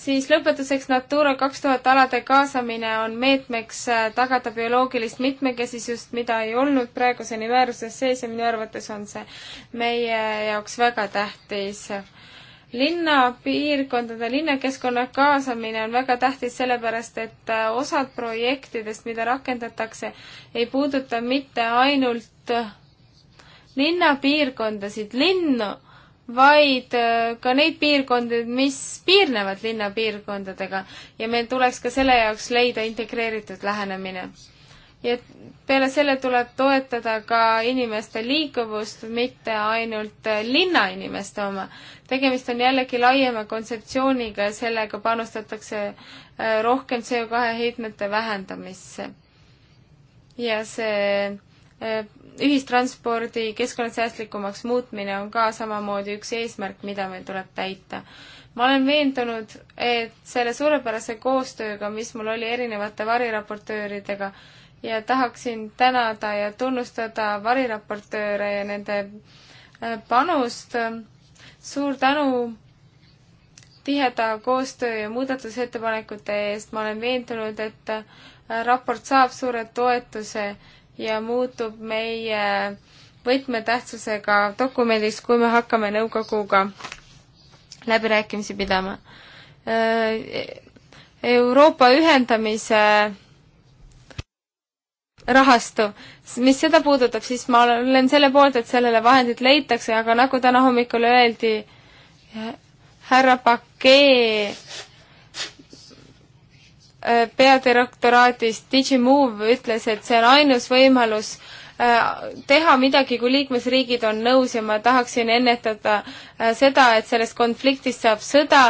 siis lõpetuseks Natura kaks tuhat alade kaasamine on meetmeks äh, tagada bioloogilist mitmekesisust, mida ei olnud praeguseni määruses sees ja minu arvates on see meie jaoks väga tähtis linnapiirkondade, linnakeskkonna kaasamine on väga tähtis, sellepärast et äh, osad projektidest, mida rakendatakse, ei puuduta mitte ainult äh, linnapiirkondasid, linnu, vaid äh, ka neid piirkondi, mis piirnevad linnapiirkondadega ja meil tuleks ka selle jaoks leida integreeritud lähenemine. ja peale selle tuleb toetada ka inimeste liikuvust, mitte ainult äh, linnainimeste oma. tegemist on jällegi laiema kontseptsiooniga ja sellega panustatakse äh, rohkem CO2 heitmete vähendamisse. ja see Äh, ühistranspordi keskkonnasäästlikumaks muutmine on ka samamoodi üks eesmärk, mida meil tuleb täita. ma olen veendunud, et selle suurepärase koostööga, mis mul oli erinevate variraportööridega ja tahaksin tänada ja tunnustada variraportööre ja nende äh, panust, suur tänu tiheda koostöö ja muudatusettepanekute eest, ma olen veendunud, et äh, raport saab suure toetuse ja muutub meie võtmetähtsusega dokumendiks, kui me hakkame nõukoguga läbirääkimisi pidama. Äh, Euroopa ühendamise rahastu, mis seda puudutab, siis ma olen selle poolt, et sellele vahendid leitakse, aga nagu täna hommikul öeldi, härra Pakee Äh, peadirektoraadist Digimove ütles, et see on ainus võimalus äh, teha midagi, kui liikmesriigid on nõus ja ma tahaksin ennetada äh, seda, et sellest konfliktist saab sõda.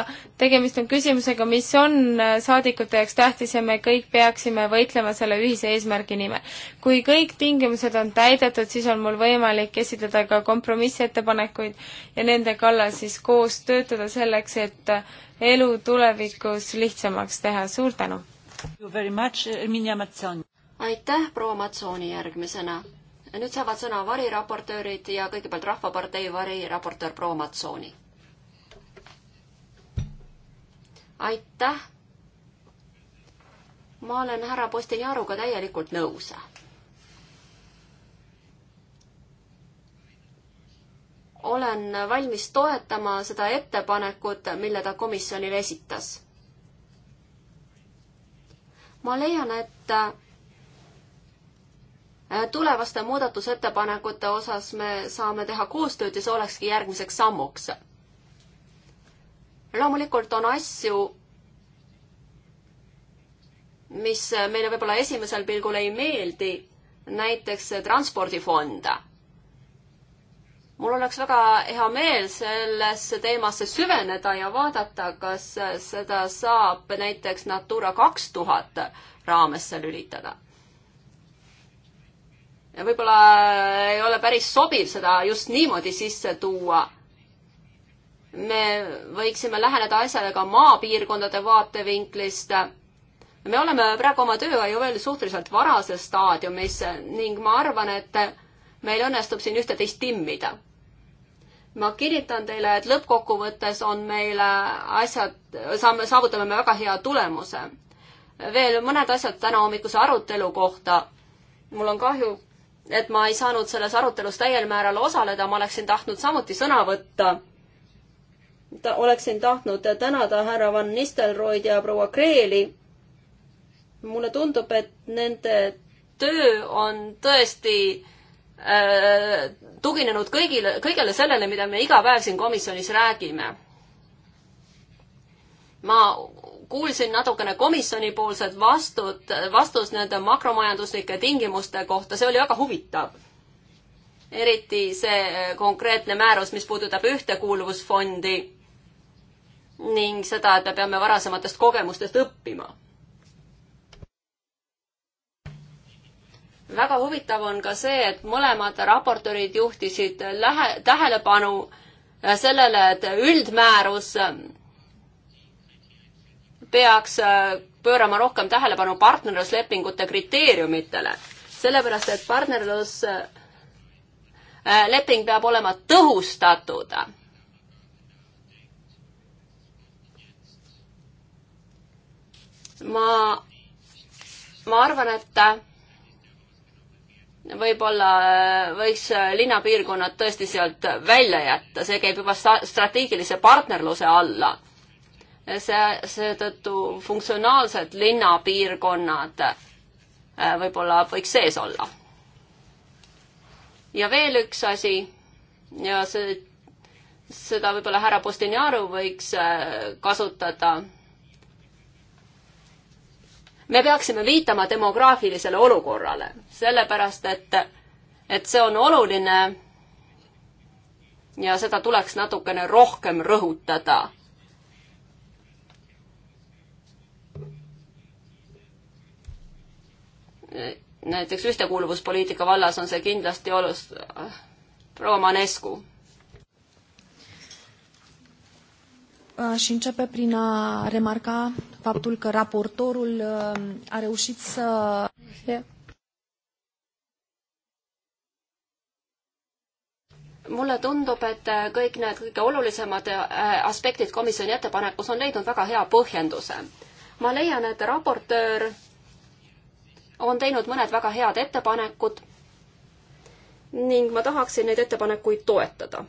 tegemist on küsimusega, mis on saadikute jaoks tähtis ja me kõik peaksime võitlema selle ühise eesmärgi nimel. kui kõik tingimused on täidetud, siis on mul võimalik esitada ka kompromissettepanekuid ja nende kallal siis koos töötada selleks, et elu tulevikus lihtsamaks teha, suur tänu! aitäh, proua Matsooni järgmisena. nüüd saavad sõna variraportöörid ja kõigepealt Rahvapartei variraportöör proua Matsooni. aitäh! ma olen härra Postinjaruga täielikult nõus olen valmis toetama seda ettepanekut, mille ta komisjonile esitas. ma leian, et äh, tulevaste muudatusettepanekute osas me saame teha koostööd ja see olekski järgmiseks sammuks. loomulikult on asju, mis meile võib-olla esimesel pilgul ei meeldi, näiteks transpordifond mul oleks väga hea meel sellesse teemasse süveneda ja vaadata, kas seda saab näiteks Natura kaks tuhat raamesse lülitada. võib-olla ei ole päris sobiv seda just niimoodi sisse tuua. me võiksime läheneda asjale ka maapiirkondade vaatevinklist me oleme praegu oma tööga ju veel suhteliselt varases staadiumis ning ma arvan, et meil õnnestub siin ühte-teist timmida ma kinnitan teile, et lõppkokkuvõttes on meil asjad, saame, saavutame me väga hea tulemuse. veel mõned asjad täna hommikuse arutelu kohta. mul on kahju, et ma ei saanud selles arutelus täiel määral osaleda, ma oleksin tahtnud samuti sõna võtta. ta, oleksin tahtnud tänada härra Van Nistelrooid ja proua Kreeli. mulle tundub, et nende töö on tõesti äh, tuginenud kõigile, kõigele sellele, mida me iga päev siin komisjonis räägime. ma kuulsin natukene komisjonipoolset vastut, vastust nende makromajanduslike tingimuste kohta, see oli väga huvitav. eriti see konkreetne määrus, mis puudutab ühtekuuluvusfondi ning seda, et me peame varasematest kogemustest õppima väga huvitav on ka see, et mõlemad raportöörid juhtisid lähe, tähelepanu äh, sellele, et üldmäärus äh, peaks äh, pöörama rohkem tähelepanu partnerluslepingute kriteeriumitele, sellepärast et partnerlusleping peab olema tõhustatud ma, ma arvan, et võib-olla äh, võiks äh, linnapiirkonnad tõesti sealt välja jätta, see käib juba strateegilise partnerluse alla. see, seetõttu funktsionaalsed linnapiirkonnad äh, võib-olla võiks sees olla. ja veel üks asi ja see, seda võib-olla härra Postiniaru võiks kasutada me peaksime viitama demograafilisele olukorrale, sellepärast et, et see on oluline ja seda tuleks natukene rohkem rõhutada. näiteks ühtekuuluvuspoliitika vallas on see kindlasti olus-, proua Manescu aș uh, începe prin a remarca faptul că raportorul uh, a reușit să... Yeah. mulle tundub, et uh, kõik need kõige olulisemad aspektid komisjoni ettepanekus on leidnud väga hea põhjenduse. ma leian, et raportöör on teinud mõned väga head ettepanekud ning ma tahaksin neid ettepanekuid toetada.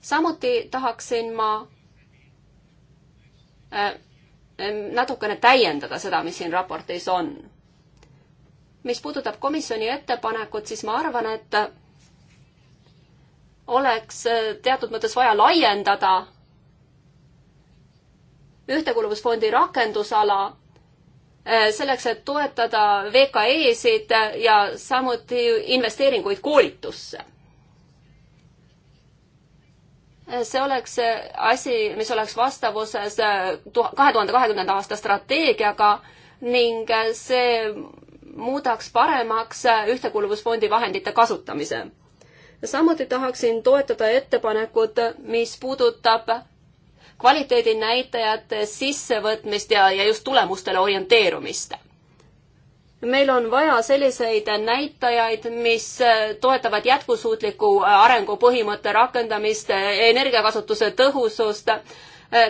samuti tahaksin ma Äh, natukene täiendada seda, mis siin raportis on. mis puudutab komisjoni ettepanekut, siis ma arvan, et oleks äh, teatud mõttes vaja laiendada ühtekuuluvusfondi rakendusala äh, selleks, et toetada VKE-sid ja samuti investeeringuid koolitusse see oleks asi, mis oleks vastavuses äh, kahe tuhande kahekümnenda aasta strateegiaga ning äh, see muudaks paremaks äh, Ühtekuuluvusfondi vahendite kasutamise. samuti tahaksin toetada ettepanekut, mis puudutab kvaliteedinäitajate sissevõtmist ja, ja just tulemustele orienteerumist meil on vaja selliseid näitajaid, mis toetavad jätkusuutliku arengu põhimõtte rakendamist, energiakasutuse tõhusust,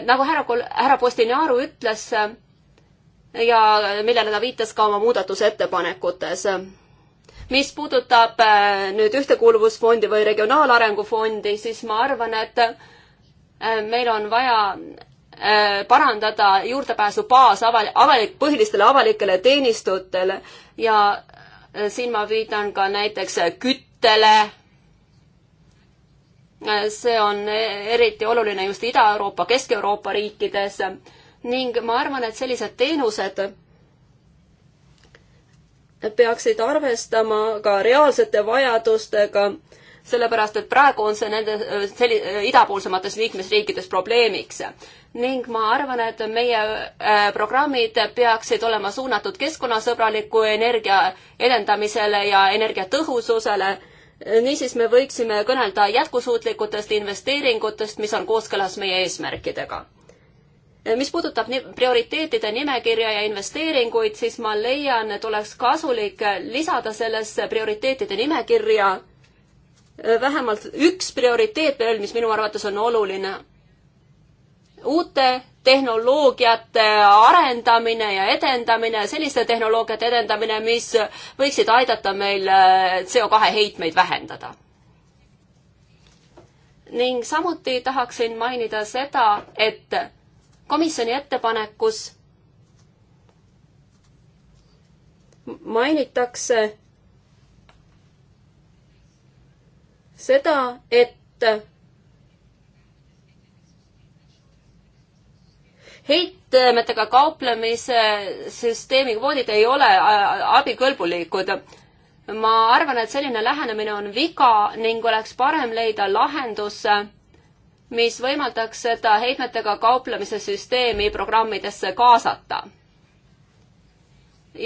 nagu härra, härra Postinaru ütles ja millele ta viitas ka oma muudatusettepanekutes. mis puudutab äh, nüüd Ühtekuuluvusfondi või Regionaalarengu Fondi, siis ma arvan, et äh, meil on vaja Äh, parandada juurdepääsu baas avalik, avalik, põhilistele avalikele teenistutele ja äh, siin ma viitan ka näiteks äh, küttele. see on e-, eriti oluline just Ida-Euroopa, Kesk-Euroopa riikides ning ma arvan, et sellised teenused peaksid arvestama ka reaalsete vajadustega sellepärast et praegu on see nende selli-, idapoolsemates liikmesriikides probleemiks. ning ma arvan, et meie äh, programmid peaksid olema suunatud keskkonnasõbraliku energia edendamisele ja energiatõhususele, niisiis me võiksime kõnelda jätkusuutlikutest investeeringutest, mis on kooskõlas meie eesmärkidega mis puudutab prioriteetide nimekirja ja investeeringuid, siis ma leian, et oleks kasulik lisada sellesse prioriteetide nimekirja Äh, vähemalt üks prioriteet veel, mis minu arvates on oluline. uute tehnoloogiate arendamine ja edendamine, selliste tehnoloogiate edendamine, mis võiksid aidata meil äh, CO2 heitmeid vähendada. ning samuti tahaksin mainida seda, et komisjoni ettepanekus mainitakse seda, et heitmetega kauplemise süsteemi kvoodid ei ole äh, abikõlbulikud. ma arvan, et selline lähenemine on viga ning oleks parem leida lahendus, mis võimaldaks seda heitmetega kauplemise süsteemi programmidesse kaasata.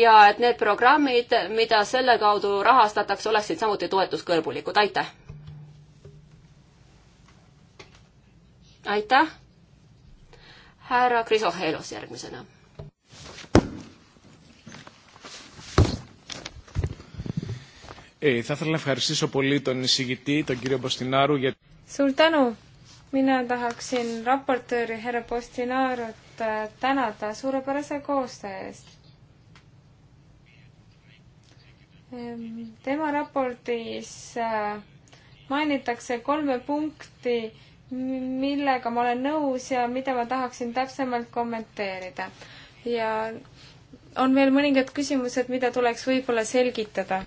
ja et need programmid, mida selle kaudu rahastatakse, oleksid samuti toetuskõlbulikud, aitäh! aitäh. härra Krisohelos järgmisena. Hey, θα ήθελα να ευχαριστήσω πολύ τον εισηγητή, τον κύριο Μποστινάρου, για... Suur tänu! Mina tahaksin raportööri härra Postinaarut äh, tänada suurepärase koostöö eest. Ehm, tema raportis äh, mainitakse kolme punkti, millega ma olen nõus ja mida ma tahaksin täpsemalt kommenteerida. ja on veel mõningad küsimused, mida tuleks võib-olla selgitada.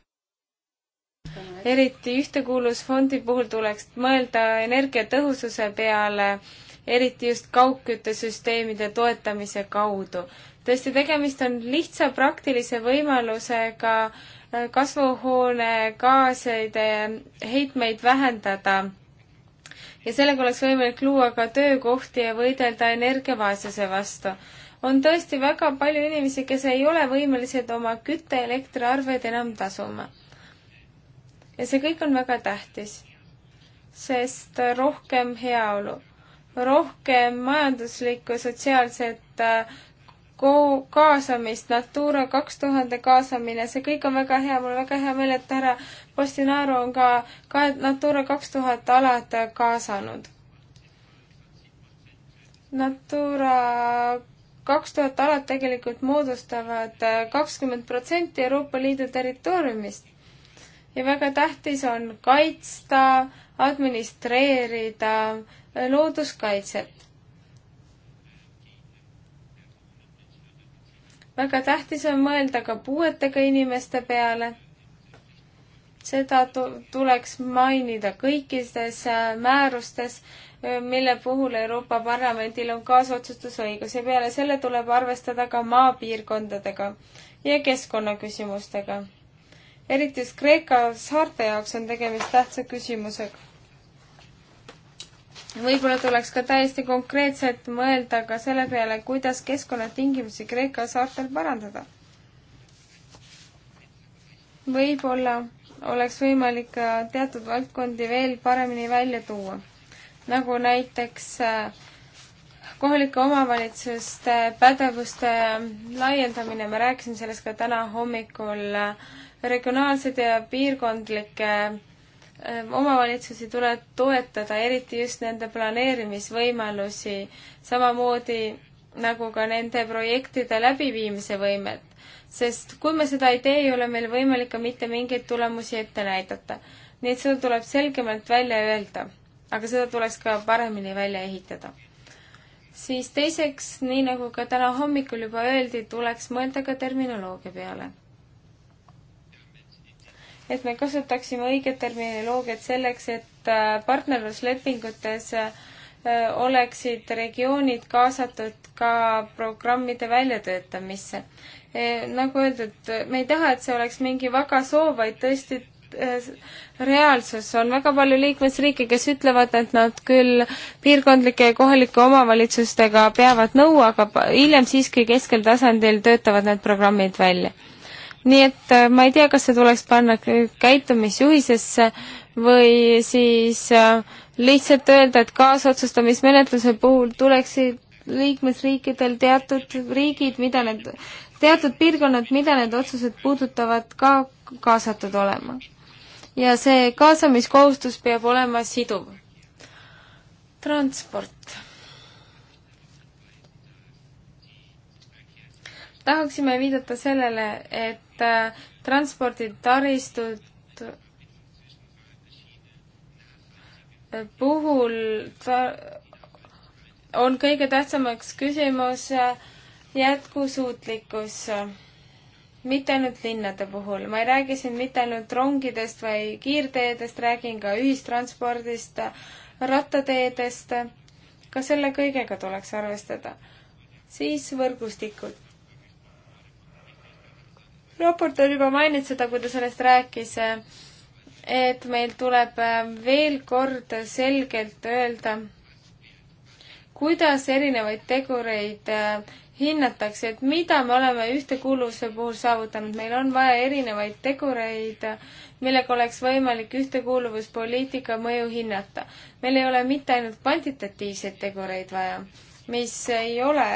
eriti Ühtekuuluvusfondi puhul tuleks mõelda energiatõhususe peale, eriti just kaugküttesüsteemide toetamise kaudu. tõesti, tegemist on lihtsa praktilise võimalusega eh, kasvuhoonegaaside heitmeid vähendada ja sellega oleks võimalik luua ka töökohti ja võidelda energiavaesuse vastu. on tõesti väga palju inimesi, kes ei ole võimelised oma kütte, elektriarveid enam tasuma. ja see kõik on väga tähtis, sest rohkem heaolu, rohkem majanduslikku, sotsiaalset äh, kaasamist, Natura kaks tuhande kaasamine, see kõik on väga hea, mul on väga hea meel, et härra Postinaro on ka, ka Natura kaks tuhat alad kaasanud. Natura kaks tuhat alad tegelikult moodustavad kakskümmend protsenti Euroopa Liidu territooriumist. ja väga tähtis on kaitsta, administreerida looduskaitset. väga tähtis on mõelda ka puuetega inimeste peale. seda tuleks mainida kõikides äh, määrustes, äh, mille puhul Euroopa Parlamendil on kaasotsustusõigus ja peale selle tuleb arvestada ka maapiirkondadega ja keskkonnaküsimustega. eriti just Kreeka saarte jaoks on tegemist tähtsa küsimusega võib-olla tuleks ka täiesti konkreetselt mõelda ka selle peale, kuidas keskkonnatingimusi Kreeka saartel parandada. võib-olla oleks võimalik ka teatud valdkondi veel paremini välja tuua, nagu näiteks äh, kohalike omavalitsuste pädevuste laiendamine, me rääkisime sellest ka täna hommikul, äh, regionaalsed ja piirkondlike Ehm, omavalitsusi tuleb toetada, eriti just nende planeerimisvõimalusi, samamoodi nagu ka nende projektide läbiviimise võimet. sest kui me seda ei tee, ei ole meil võimalik ka mitte mingeid tulemusi ette näidata. nii et seda tuleb selgemalt välja öelda, aga seda tuleks ka paremini välja ehitada. siis teiseks, nii nagu ka täna hommikul juba öeldi, tuleks mõelda ka terminoloogia peale et me kasutaksime õiget terminoloogiat selleks, et äh, partnerluslepingutes äh, oleksid regioonid kaasatud ka programmide väljatöötamisse. E, nagu öeldud, me ei taha, et see oleks mingi vaga soov, vaid tõesti äh, reaalsus on väga palju liikmesriike, kes ütlevad, et nad küll piirkondlike ja kohalike omavalitsustega peavad nõu, aga hiljem siiski keskel tasandil töötavad need programmid välja nii et äh, ma ei tea, kas see tuleks panna käitumisjuhisesse või siis äh, lihtsalt öelda, et kaasotsustamismenetluse puhul tuleksid liikmesriikidel teatud riigid, mida need, teatud piirkonnad, mida need otsused puudutavad, ka kaasatud olema. ja see kaasamiskohustus peab olema siduv. transport tahaksime viidata sellele, et äh, transporditaristud äh, puhul ta on kõige tähtsamaks küsimus äh, jätkusuutlikkus. mitte ainult linnade puhul, ma ei räägi siin mitte ainult rongidest või kiirteedest, räägin ka ühistranspordist, rattateedest. ka selle kõigega tuleks arvestada. siis võrgustikud raportöör juba mainis seda, kui ta sellest rääkis, et meil tuleb veel kord selgelt öelda, kuidas erinevaid tegureid hinnatakse, et mida me oleme ühtekuuluvuse puhul saavutanud, meil on vaja erinevaid tegureid, millega oleks võimalik ühtekuuluvuspoliitika mõju hinnata. meil ei ole mitte ainult kvantitatiivseid tegureid vaja, mis ei ole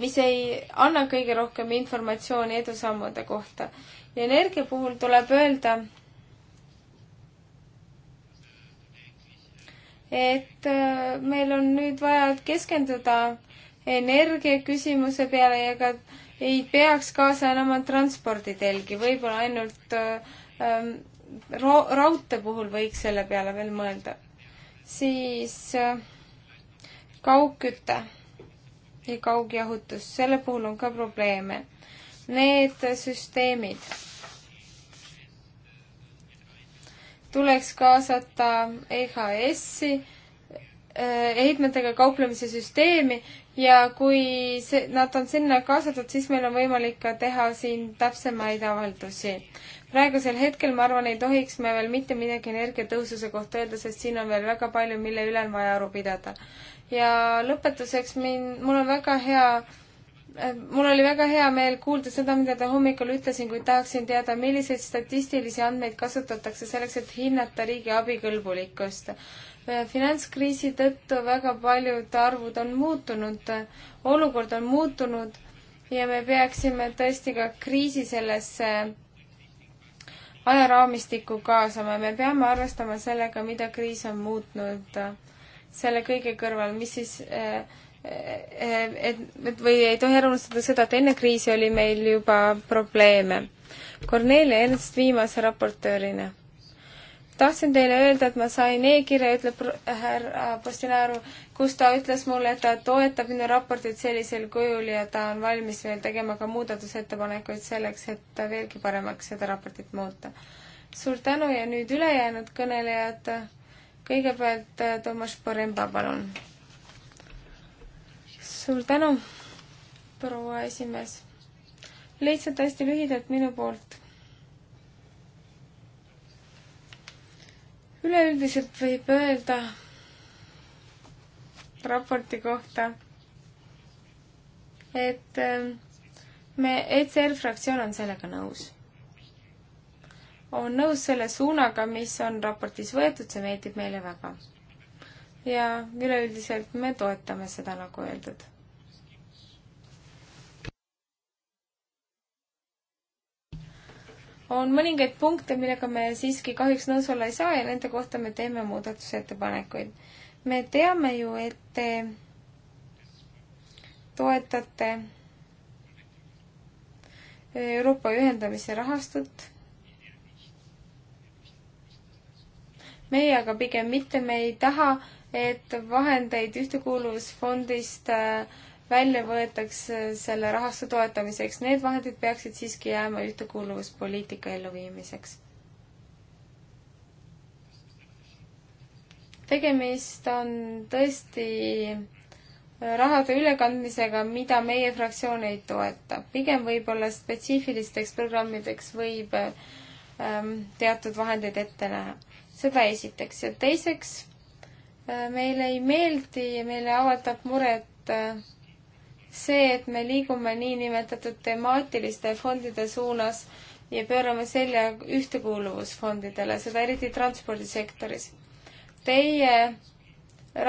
mis ei anna kõige rohkem informatsiooni edusammude kohta. ja energia puhul tuleb öelda, et äh, meil on nüüd vaja keskenduda energiaküsimuse peale ja ka ei peaks kaasa enam transporditelgi, võib-olla ainult äh, ähm, ro-, raudtee puhul võiks selle peale veel mõelda. siis äh, kaugküte ja kaugjahutus, selle puhul on ka probleeme. Need süsteemid tuleks kaasata EHS-i, heitmetega eh, kauplemise süsteemi ja kui see, nad on sinna kaasatud, siis meil on võimalik ka teha siin täpsemaid avaldusi. praegusel hetkel, ma arvan, ei tohiks me veel mitte midagi energiatõhususe kohta öelda, sest siin on veel väga palju, mille üle on vaja aru pidada ja lõpetuseks mind, mul on väga hea äh, mul oli väga hea meel kuulda seda, mida te hommikul ütlesin, kuid tahaksin teada, milliseid statistilisi andmeid kasutatakse selleks, et hinnata riigi abikõlbulikkust. Äh, finantskriisi tõttu väga paljud arvud on muutunud, äh, olukord on muutunud ja me peaksime tõesti ka kriisi sellesse ajaraamistikku kaasama ja me peame arvestama sellega, mida kriis on muutnud selle kõige kõrval, mis siis eh, eh, et, et või ei tohi ära unustada seda, et enne kriisi oli meil juba probleeme. Kornelia Ernst viimase raportöörina. tahtsin teile öelda, et ma sain e-kirja, ütleb härra Postinaaru, kus ta ütles mulle, et ta toetab minu raportit sellisel kujul ja ta on valmis veel tegema ka muudatusettepanekuid selleks, et veelgi paremaks seda raportit muuta. suur tänu ja nüüd ülejäänud kõnelejad kõigepealt äh, Toomas Poremba, palun. suur tänu, proua esimees. lihtsalt hästi lühidalt minu poolt. üleüldiselt võib öelda raporti kohta, et äh, me, ECR fraktsioon on sellega nõus on nõus selle suunaga, mis on raportis võetud, see meeldib meile väga. ja üleüldiselt me toetame seda, nagu öeldud. on mõningaid punkte, millega me siiski kahjuks nõus olla ei saa ja nende kohta me teeme muudatusettepanekuid. me teame ju, et te toetate Euroopa ühendamise rahastut meie aga pigem mitte, me ei taha, et vahendeid Ühtekuuluvusfondist äh, välja võetakse äh, selle rahastu toetamiseks, need vahendid peaksid siiski jääma ühtekuuluvuspoliitika elluviimiseks. tegemist on tõesti äh, rahade ülekandmisega, mida meie fraktsioon ei toeta. pigem võib-olla spetsiifilisteks programmideks võib ähm, teatud vahendeid ette näha seda esiteks ja teiseks äh, meile ei meeldi ja meile avaldab muret äh, see, et me liigume niinimetatud temaatiliste fondide suunas ja pöörame selja ühtekuuluvusfondidele, seda eriti transpordisektoris. Teie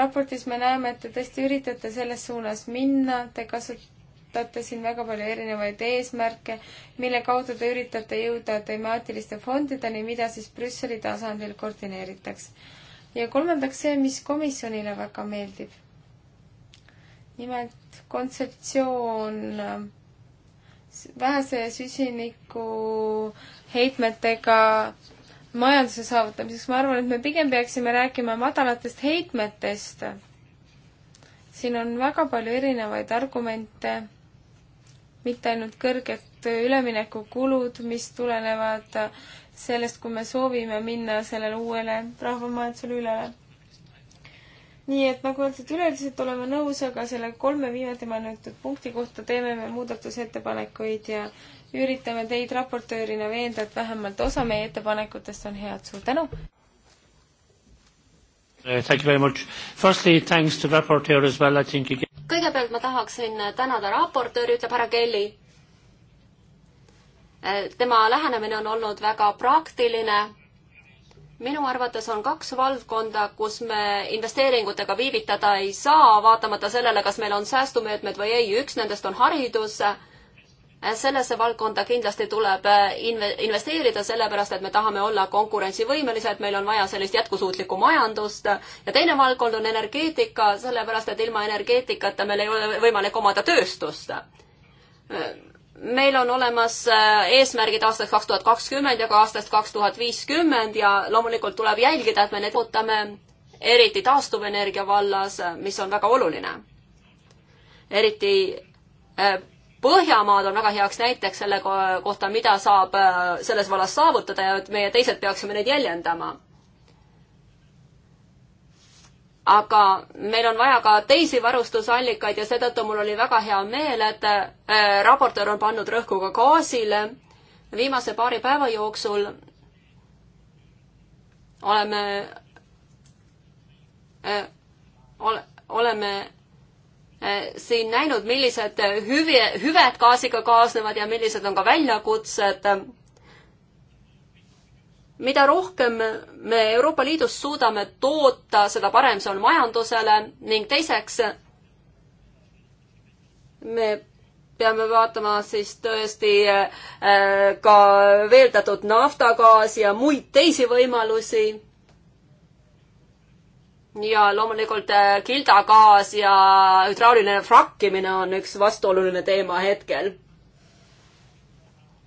raportis me näeme, et te tõesti üritate selles suunas minna, te kasut-, asetate siin väga palju erinevaid eesmärke, mille kaudu te üritate jõuda temaatiliste fondideni, mida siis Brüsseli tasandil koordineeritakse. ja kolmandaks see, mis komisjonile väga meeldib. nimelt kontseptsioon vähese süsiniku heitmetega majanduse saavutamiseks, ma arvan, et me pigem peaksime rääkima madalatest heitmetest siin on väga palju erinevaid argumente mitte ainult kõrged üleminekukulud, mis tulenevad sellest, kui me soovime minna sellele uuele rahvamajandusele üle. nii et nagu öeldud, üleüldiselt oleme nõus, aga selle kolme viimati mainitud punkti kohta teeme me muudatusettepanekuid ja üritame teid raportöörina veenda, et vähemalt osa meie ettepanekutest on head. suur tänu! Uh, thank you very much. Firstly, thanks to rapporteur as well. I think he kõigepealt ma tahaksin tänada raportööri, ütleb härra Kelly. Äh, tema lähenemine on olnud väga praktiline. minu arvates on kaks valdkonda, kus me investeeringutega viivitada ei saa, vaatamata sellele, kas meil on säästumeetmed või ei. üks nendest on haridus sellesse valdkonda kindlasti tuleb äh, investeerida, sellepärast et me tahame olla konkurentsivõimelised, meil on vaja sellist jätkusuutlikku majandust ja teine valdkond on energeetika, sellepärast et ilma energeetikata meil ei ole võimalik omada tööstust. meil on olemas äh, eesmärgid aastast kaks tuhat kakskümmend ja ka aastast kaks tuhat viiskümmend ja loomulikult tuleb jälgida, et me need ootame eriti taastuvenergia vallas, mis on väga oluline. eriti äh, Põhjamaad on väga heaks näiteks selle kohta, mida saab äh, selles vallas saavutada ja et meie teised peaksime neid jäljendama. aga meil on vaja ka teisi varustusallikaid ja seetõttu mul oli väga hea meel, et äh, raportöör on pannud rõhku ka gaasile. viimase paari päeva jooksul oleme äh, ole, oleme Eh, siin näinud, millised eh, hüve, hüved gaasiga kaasnevad ja millised on ka väljakutsed. mida rohkem me Euroopa Liidus suudame toota, seda parem see on majandusele ning teiseks me peame vaatama siis tõesti eh, ka veeldatud naftagaasi ja muid teisi võimalusi ja loomulikult äh, kildagaas ja hüdrauliline frakkimine on üks vastuoluline teema hetkel.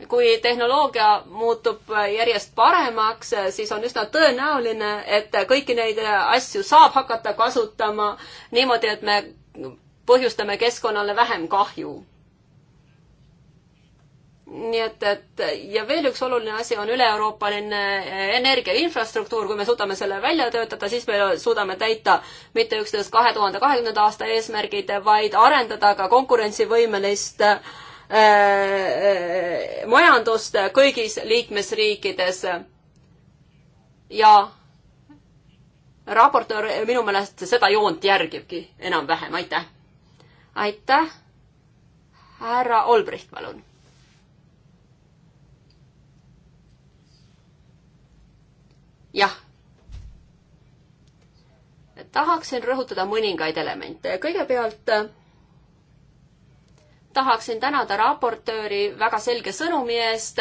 kui tehnoloogia muutub järjest paremaks, äh, siis on üsna tõenäoline, et kõiki neid äh, asju saab hakata kasutama niimoodi, et me põhjustame keskkonnale vähem kahju nii et, et ja veel üks oluline asi on üle-euroopaline energiainfrastruktuur, kui me suudame selle välja töötada, siis me suudame täita mitte üksnes kahe tuhande kahekümnenda aasta eesmärgid, vaid arendada ka konkurentsivõimelist äh, äh majandust kõigis liikmesriikides. ja raportöör minu meelest seda joont järgibki enam-vähem, aitäh. aitäh. härra Olbricht, palun jah. tahaksin rõhutada mõningaid elemente. kõigepealt äh, tahaksin tänada raportööri väga selge sõnumi eest.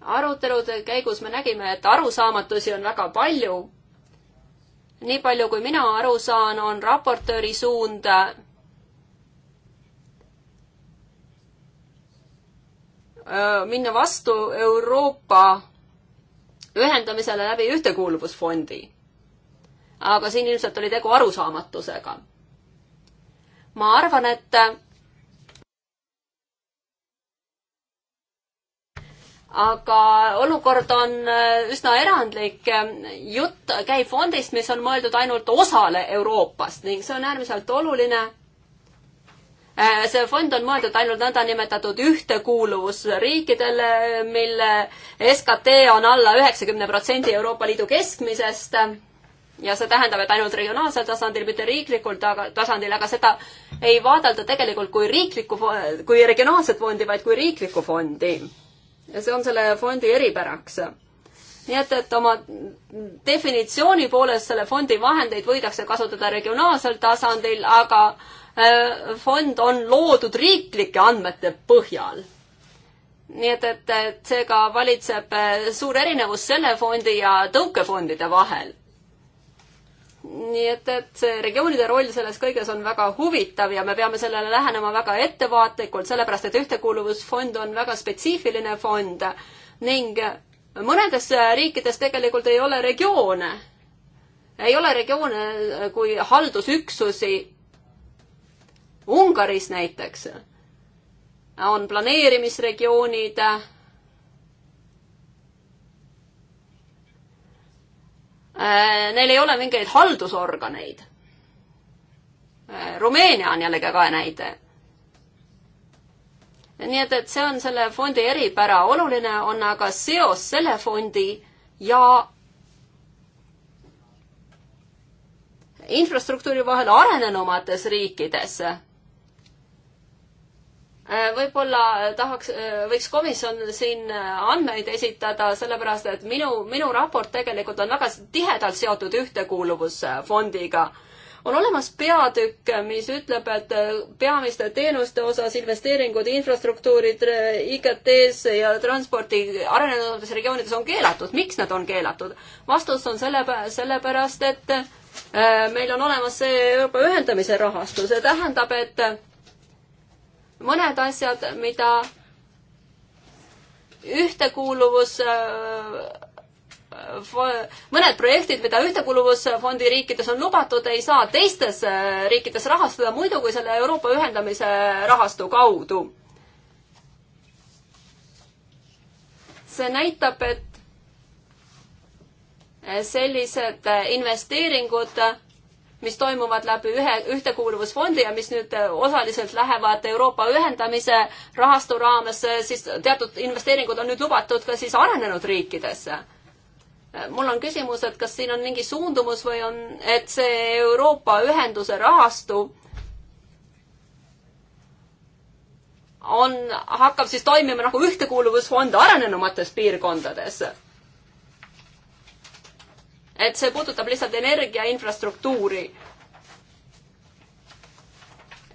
arutelude käigus me nägime, et arusaamatusi on väga palju. nii palju, kui mina aru saan, on raportööri suund Äh, minna vastu Euroopa ühendamisele läbi ühtekuuluvusfondi. aga siin ilmselt oli tegu arusaamatusega. ma arvan, et aga olukord on äh, üsna erandlik. jutt käib fondist, mis on mõeldud ainult osale Euroopast ning see on äärmiselt oluline Äh, see fond on mõeldud ainult nõndanimetatud ühtekuuluvusriikidele, mille SKT on alla üheksakümne protsendi Euroopa Liidu keskmisest ja see tähendab, et ainult regionaalsel tasandil, mitte riiklikul tasandil, aga seda ei vaadelda tegelikult kui riiklikku, kui regionaalset fondi, vaid kui riiklikku fondi. ja see on selle fondi eripäraks. nii et, et oma definitsiooni poolest selle fondi vahendeid võidakse kasutada regionaalsel tasandil, aga äh, Äh, fond on loodud riiklike andmete põhjal. nii et, et, et seega valitseb äh, suur erinevus selle fondi ja tõukefondide vahel. nii et, et see regioonide roll selles kõiges on väga huvitav ja me peame sellele lähenema väga ettevaatlikult, sellepärast et Ühtekuuluvusfond on väga spetsiifiline fond ning mõnedes riikides tegelikult ei ole regioone. ei ole regioone kui haldusüksusi Ungaris näiteks on planeerimisregioonid, äh, neil ei ole mingeid haldusorganeid. Äh, Rumeenia on jällegi ka näide. nii et, et see on selle fondi eripära, oluline on aga seos selle fondi ja infrastruktuuri vahel arenenumates riikides Äh, võib-olla äh, tahaks, äh, võiks komisjon siin andmeid esitada, sellepärast et minu, minu raport tegelikult on väga tihedalt seotud ühtekuuluvusfondiga. on olemas peatükk, mis ütleb, et peamiste teenuste osas investeeringud infrastruktuurid IKT-s ja transpordi arenenud regioonides on keelatud. miks nad on keelatud? vastus on selle, sellepärast, et meil on olemas see Euroopa ühendamise rahastus ja tähendab, et mõned asjad, mida ühtekuuluvus äh, mõned projektid, mida Ühtekuuluvusfondi riikides on lubatud, ei saa teistes äh, riikides rahastada muidu kui selle Euroopa ühendamise rahastu kaudu. see näitab, et sellised äh, investeeringud mis toimuvad läbi ühe, ühtekuuluvusfondi ja mis nüüd äh, osaliselt lähevad Euroopa ühendamise rahastu raames, siis teatud investeeringud on nüüd lubatud ka siis arenenud riikidesse. Äh, mul on küsimus, et kas siin on mingi suundumus või on, et see Euroopa ühenduse rahastu on, hakkab siis toimima nagu ühtekuuluvusfond arenenumates piirkondades et see puudutab lihtsalt energiainfrastruktuuri.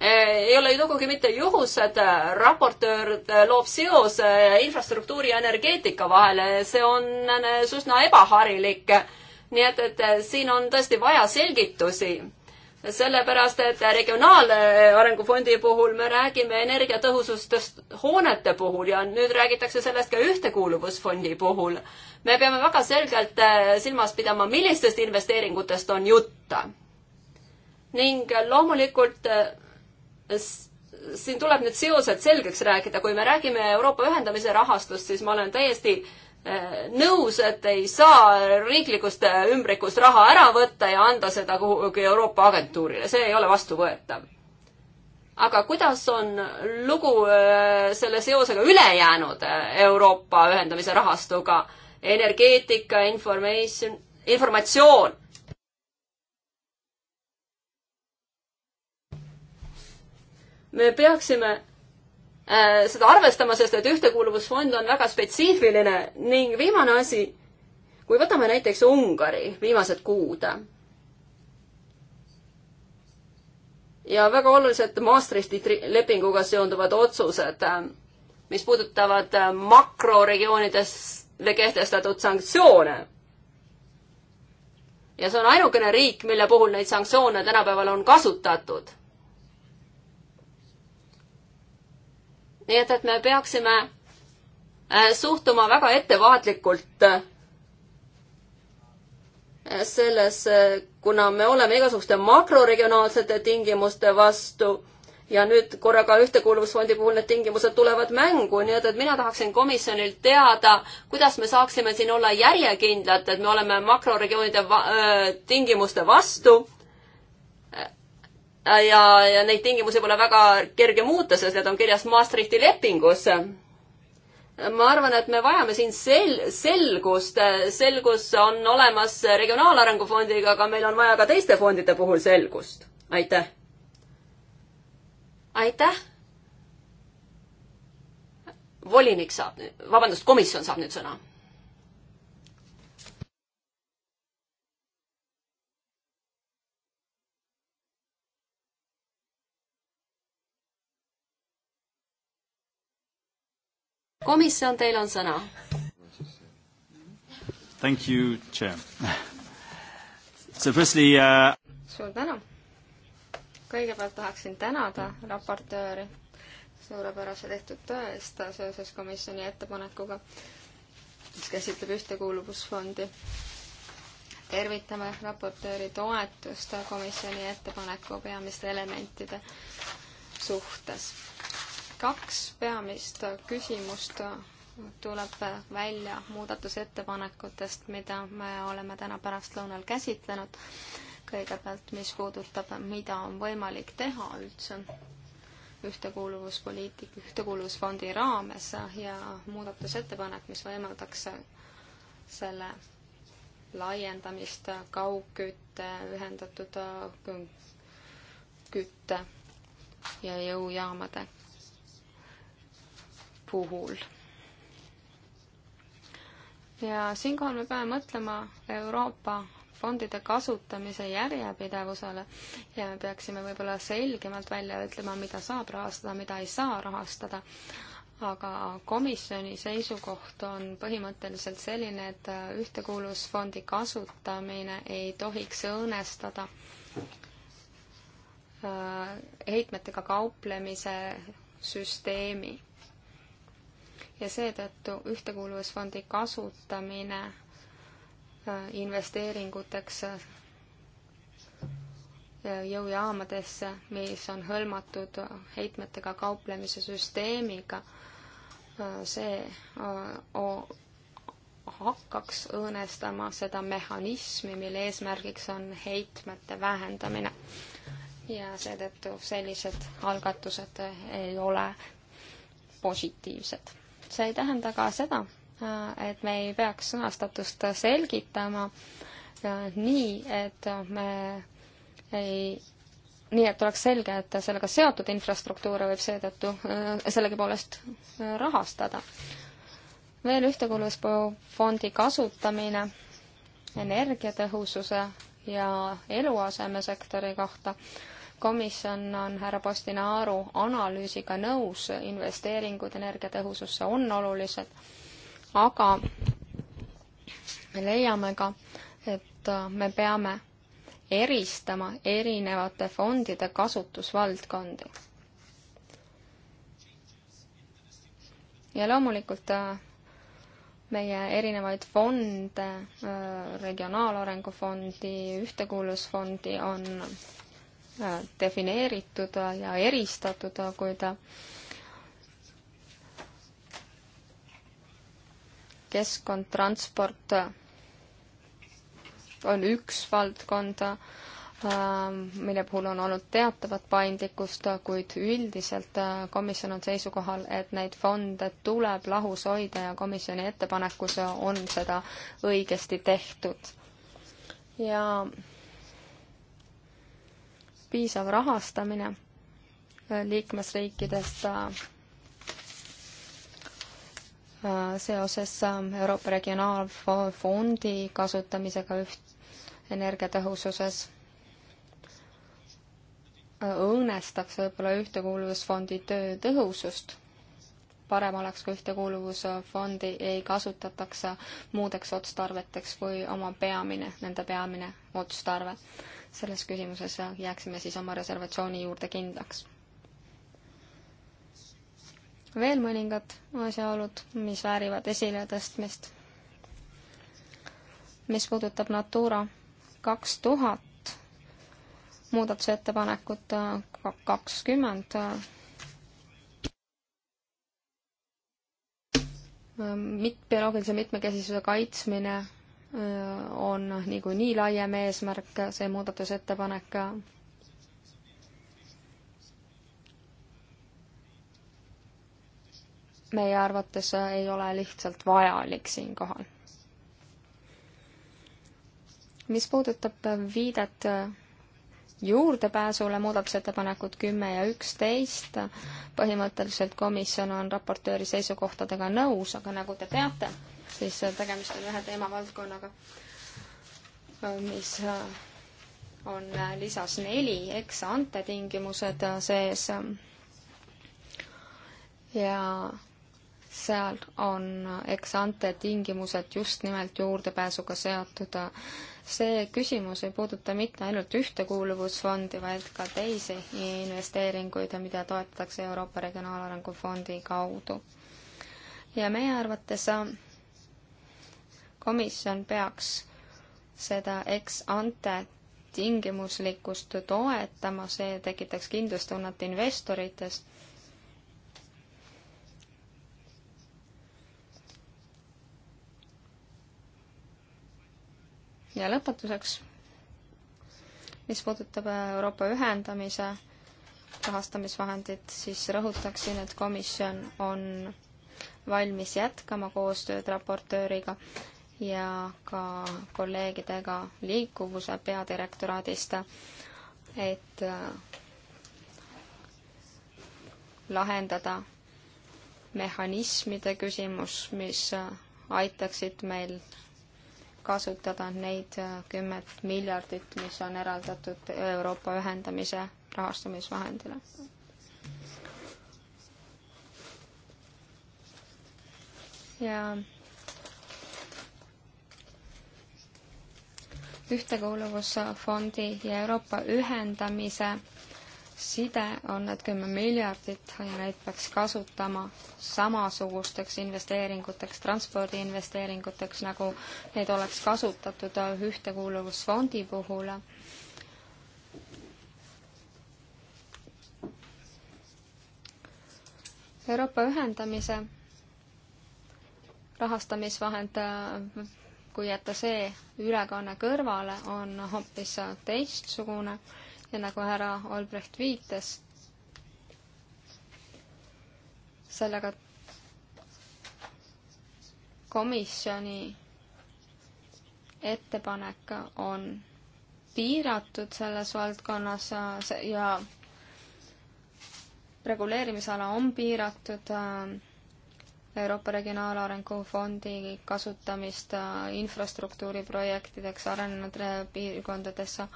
Eh, ei ole ju sugugi mitte juhus, et eh, raportöör eh, loob seose infrastruktuuri ja energeetika vahele, see on üsna ebaharilik. nii et, et siin on tõesti vaja selgitusi sellepärast, et regionaalarengu fondi puhul me räägime energiatõhusustest hoonete puhul ja nüüd räägitakse sellest ka ühtekuuluvusfondi puhul me peame väga selgelt äh, silmas pidama, millistest investeeringutest on jutt. ning loomulikult äh, siin tuleb need seosed selgeks rääkida, kui me räägime Euroopa ühendamise rahastust, siis ma olen täiesti äh, nõus, et ei saa riiklikust ümbrikust raha ära võtta ja anda seda kuhugi Euroopa agentuurile, see ei ole vastuvõetav. aga kuidas on lugu selle seosega ülejäänud Euroopa ühendamise rahastuga? energeetika, information, informatsioon. me peaksime äh, seda arvestama, sest et ühtekuuluvusfond on väga spetsiifiline ning viimane asi, kui võtame näiteks Ungari viimased kuud. ja väga olulised Maastrichti lepinguga seonduvad otsused, mis puudutavad äh, makroregioonidest kehtestatud sanktsioone. ja see on ainukene riik, mille puhul neid sanktsioone tänapäeval on kasutatud. nii et, et me peaksime äh, suhtuma väga ettevaatlikult äh, selles, äh, kuna me oleme igasuguste makroregionaalsete tingimuste vastu ja nüüd korraga Ühtekuuluvusfondi puhul need tingimused tulevad mängu, nii et, et mina tahaksin komisjonilt teada, kuidas me saaksime siin olla järjekindlad, et me oleme makroregioonide va öö, tingimuste vastu ja, ja neid tingimusi pole väga kerge muuta, sest need on kirjas Maastrichti lepingus. ma arvan, et me vajame siin sel-, selgust, selgus on olemas Regionaalarengu fondiga, aga meil on vaja ka teiste fondide puhul selgust. aitäh aitäh. volinik saab nüüd, vabandust, komisjon saab nüüd sõna. komisjon, teil on sõna. Thank you, chair. So firstly uh.... suur tänu kõigepealt tahaksin tänada raportööri suurepärase tehtud töö eest seoses komisjoni ettepanekuga, mis käsitleb ühtekuuluvusfondi. tervitame raportööri toetust komisjoni ettepaneku peamiste elementide suhtes. kaks peamist küsimust tuleb välja muudatusettepanekutest, mida me oleme täna pärastlõunal käsitlenud kõigepealt, mis puudutab, mida on võimalik teha üldse ühtekuuluvuspoliitika, ühtekuuluvusfondi raames ja muudatusettepanek, mis võimaldaks selle laiendamist kaugkütte, ühendatud kütte ja jõujaamade puhul. ja siinkohal me peame mõtlema Euroopa fondide kasutamise järjepidevusele ja me peaksime võib-olla selgemalt välja ütlema, mida saab rahastada, mida ei saa rahastada. aga komisjoni seisukoht on põhimõtteliselt selline, et ühtekuuluvusfondi kasutamine ei tohiks õõnestada äh, heitmetega kauplemise süsteemi ja seetõttu ühtekuuluvusfondi kasutamine investeeringuteks jõujaamadesse, mis on hõlmatud heitmetega kauplemise süsteemiga. see äh, hakkaks õõnestama seda mehhanismi, mille eesmärgiks on heitmete vähendamine. ja seetõttu sellised algatused ei ole positiivsed. see ei tähenda ka seda, et me ei peaks sõnastatust selgitama nii, et me ei nii et oleks selge, et sellega seotud infrastruktuure võib seetõttu sellegipoolest rahastada. veel ühtekuuluvusfondi kasutamine energiatõhususe ja eluasemesektori kohta. komisjon on härra Postinaru analüüsiga nõus, investeeringud energiatõhususse on olulised aga me leiame ka, et äh, me peame eristama erinevate fondide kasutusvaldkondi. ja loomulikult äh, meie erinevaid fonde, äh, Regionaalarengu Fondi, Ühtekuuluvusfondi on defineeritud ja eristatud, kuid keskkond, transport on üks valdkond, ähm, mille puhul on olnud teatavat paindlikkust, kuid üldiselt äh, komisjon on seisukohal, et neid fonde tuleb lahus hoida ja komisjoni ettepanekus on seda õigesti tehtud. ja piisav rahastamine äh, liikmesriikidest äh, Äh, seoses ähm, Euroopa Regionaalfondi kasutamisega üht energiatõhususes äh, õõnestaks võib-olla Ühtekuuluvusfondi töö tõhusust. parem oleks, kui Ühtekuuluvusfondi ei kasutataks muudeks otstarveteks kui oma peamine, nende peamine otstarve. selles küsimuses jääksime siis oma reservatsiooni juurde kindlaks veel mõningad asjaolud, mis väärivad esiletõstmist. mis puudutab Natura kaks tuhat muudatusettepanekut äh, kakskümmend, äh, mit-, bioloogilise mitmekesisuse kaitsmine äh, on niikuinii laiem eesmärk, see muudatusettepanek meie arvates ei ole lihtsalt vajalik siinkohal. mis puudutab viidet juurdepääsule muudatusettepanekud kümme ja üksteist, põhimõtteliselt komisjon on raportööri seisukohtadega nõus, aga nagu te teate, siis tegemist on ühe teemavaldkonnaga, mis on lisas neli ex-ante tingimused sees ja seal on ex-ante tingimused just nimelt juurdepääsuga seotud. see küsimus ei puuduta mitte ainult ühtekuuluvusfondi, vaid ka teisi investeeringuid, mida toetatakse Euroopa Regionaalarengu Fondi kaudu. ja meie arvates komisjon peaks seda ex-ante tingimuslikkust toetama, see tekitaks kindlustunnet investorites ja lõpetuseks, mis puudutab äh, Euroopa ühendamise rahastamisvahendit, siis rõhutaksin, et komisjon on valmis jätkama koostööd raportööriga ja ka kolleegidega liikuvuse peadirektoraadist, et äh, lahendada mehhanismide küsimus, mis äh, aitaksid meil kasutada neid äh, kümmet miljardit, mis on eraldatud Euroopa ühendamise rahastamisvahendile. ja ühtekuuluvusfondi ja Euroopa ühendamise side on need kümme miljardit ja neid peaks kasutama samasugusteks investeeringuteks, transpordiinvesteeringuteks, nagu neid oleks kasutatud ühtekuuluvusfondi puhul. Euroopa ühendamise rahastamisvahend, kui jätta see ülekanne kõrvale, on hoopis teistsugune ja nagu härra Albrecht viitas, sellega komisjoni ettepanek on piiratud selles valdkonnas ja reguleerimisala on piiratud äh, Euroopa Regionaalarengu Fondi kasutamist äh, infrastruktuuriprojektideks arenenud äh, piirkondadesse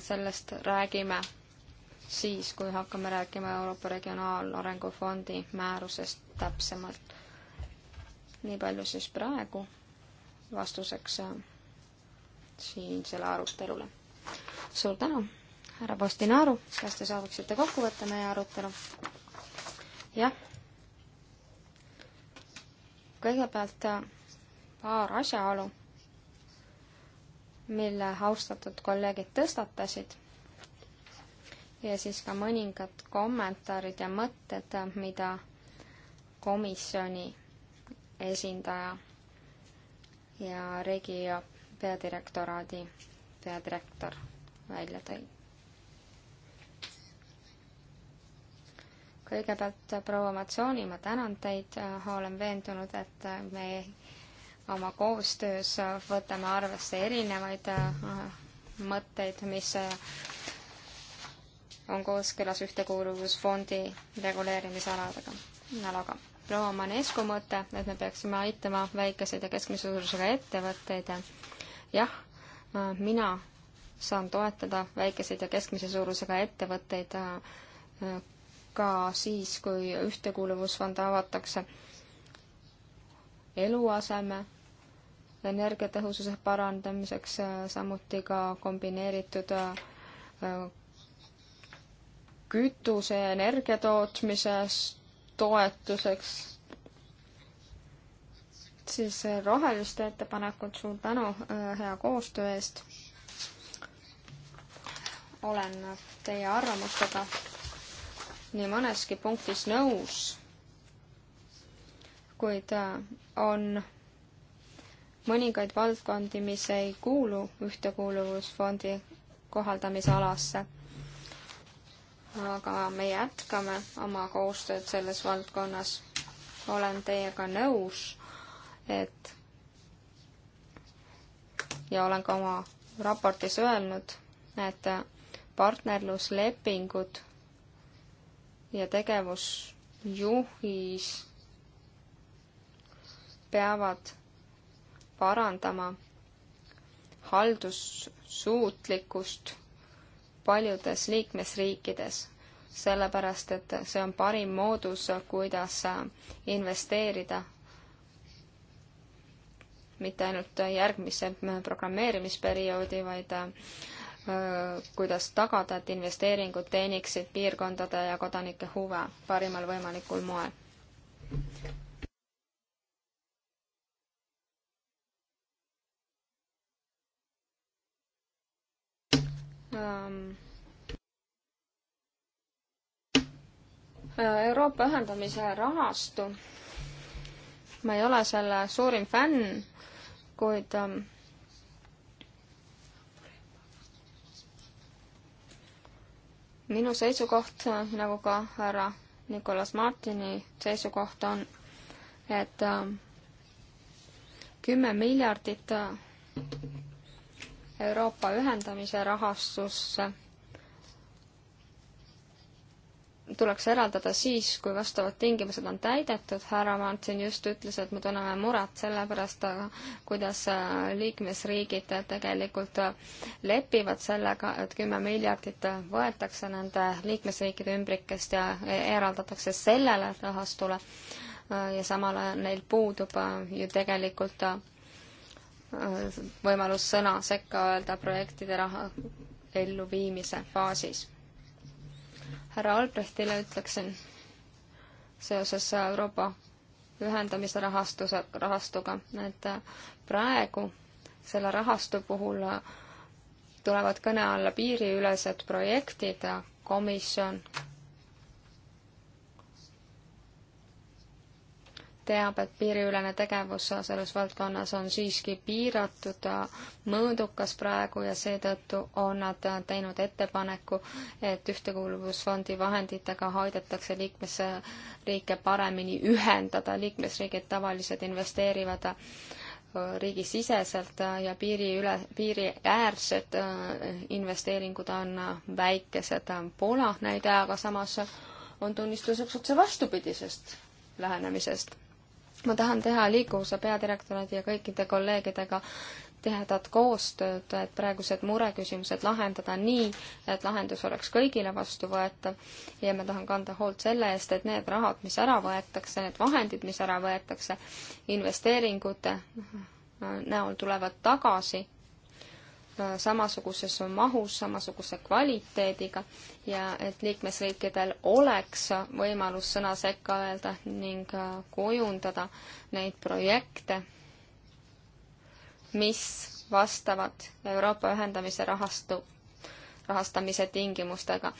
sellest räägime siis, kui hakkame rääkima Euroopa Regionaalarengu Fondi määrusest täpsemalt. nii palju siis praegu vastuseks äh, siinsele arutelule. suur tänu, härra Postinaru, kas te sooviksite kokku võtta meie arutelu? jah. kõigepealt äh, paar asjaolu mille austatud kolleegid tõstatasid ja siis ka mõningad kommentaarid ja mõtted, mida komisjoni esindaja ja regi ja peadirektoraadi peadirektor välja tõi. kõigepealt proua Matsooni, ma tänan teid, olen veendunud, et me oma koostöös võtame arvesse erinevaid äh, mõtteid, mis äh, on kooskõlas Ühtekuuluvusfondi reguleerimisaladega, alaga. proua Manescu mõte, et me peaksime aitama väikeseid ja keskmise suurusega ettevõtteid, jah, äh, mina saan toetada väikeseid ja keskmise suurusega ettevõtteid ka siis, kui Ühtekuuluvusfond avatakse eluaseme energiatõhususe parandamiseks, äh, samuti ka kombineeritud äh, kütuse ja energia tootmises toetuseks, siis äh, roheliste ettepanekud, suur tänu hea koostöö eest. olen teie arvamustega nii mõneski punktis nõus, kuid on mõningaid valdkondi, mis ei kuulu Ühtekuuluvusfondi kohaldamise alasse. aga me jätkame oma koostööd selles valdkonnas. olen teiega nõus, et ja olen ka oma raportis öelnud, et partnerluslepingud ja tegevusjuhis peavad parandama haldussuutlikkust paljudes liikmesriikides, sellepärast et see on parim moodus, kuidas investeerida mitte ainult järgmise programmeerimisperioodi, vaid kuidas tagada, et investeeringud teeniksid piirkondade ja kodanike huve parimal võimalikul moel. Ähm, äh, Euroopa ühendamise rahastu. ma ei ole selle suurim fänn, kuid ähm, minu seisukoht, äh, nagu ka härra Nicolas Martini seisukoht on, et ähm, kümme miljardit äh, Euroopa ühendamise rahastusse tuleks eraldada siis, kui vastavad tingimused on täidetud. härra Martin just ütles, et me tunneme muret selle pärast, kuidas äh, liikmesriigid tegelikult äh, lepivad sellega, et kümme miljardit võetakse nende liikmesriikide ümbrikest ja eraldatakse sellele rahastule äh, ja samal ajal neil puudub ju tegelikult võimalus sõna sekka öelda projektide raha elluviimise faasis. härra Albrechtile ütleksin seoses Euroopa ühendamise rahastuse, rahastuga, et praegu selle rahastu puhul tulevad kõne alla piiriülesed projektid ja komisjon teab, et piiriülene tegevus selles valdkonnas on siiski piiratud, mõõdukas praegu ja seetõttu on nad teinud ettepaneku, et Ühtekuuluvusfondi vahenditega aidatakse liikmesriike paremini ühendada, liikmesriigid tavaliselt investeerivad riigisiseselt ja piiri üle, piiriäärsed investeeringud on väikesed. Poola näide aga samas on tunnistuseks otse vastupidisest lähenemisest ma tahan teha liikuvuse peadirektoraadi ja kõikide kolleegidega tihedat koostööd, et praegused mureküsimused lahendada nii, et lahendus oleks kõigile vastuvõetav ja ma tahan kanda hoolt selle eest, et need rahad, mis ära võetakse, need vahendid, mis ära võetakse investeeringute näol, tulevad tagasi samasuguses mahus, samasuguse kvaliteediga ja et liikmesriikidel oleks võimalus sõna sekka öelda ning äh, kujundada neid projekte, mis vastavad Euroopa ühendamise rahastu, rahastamise tingimustega.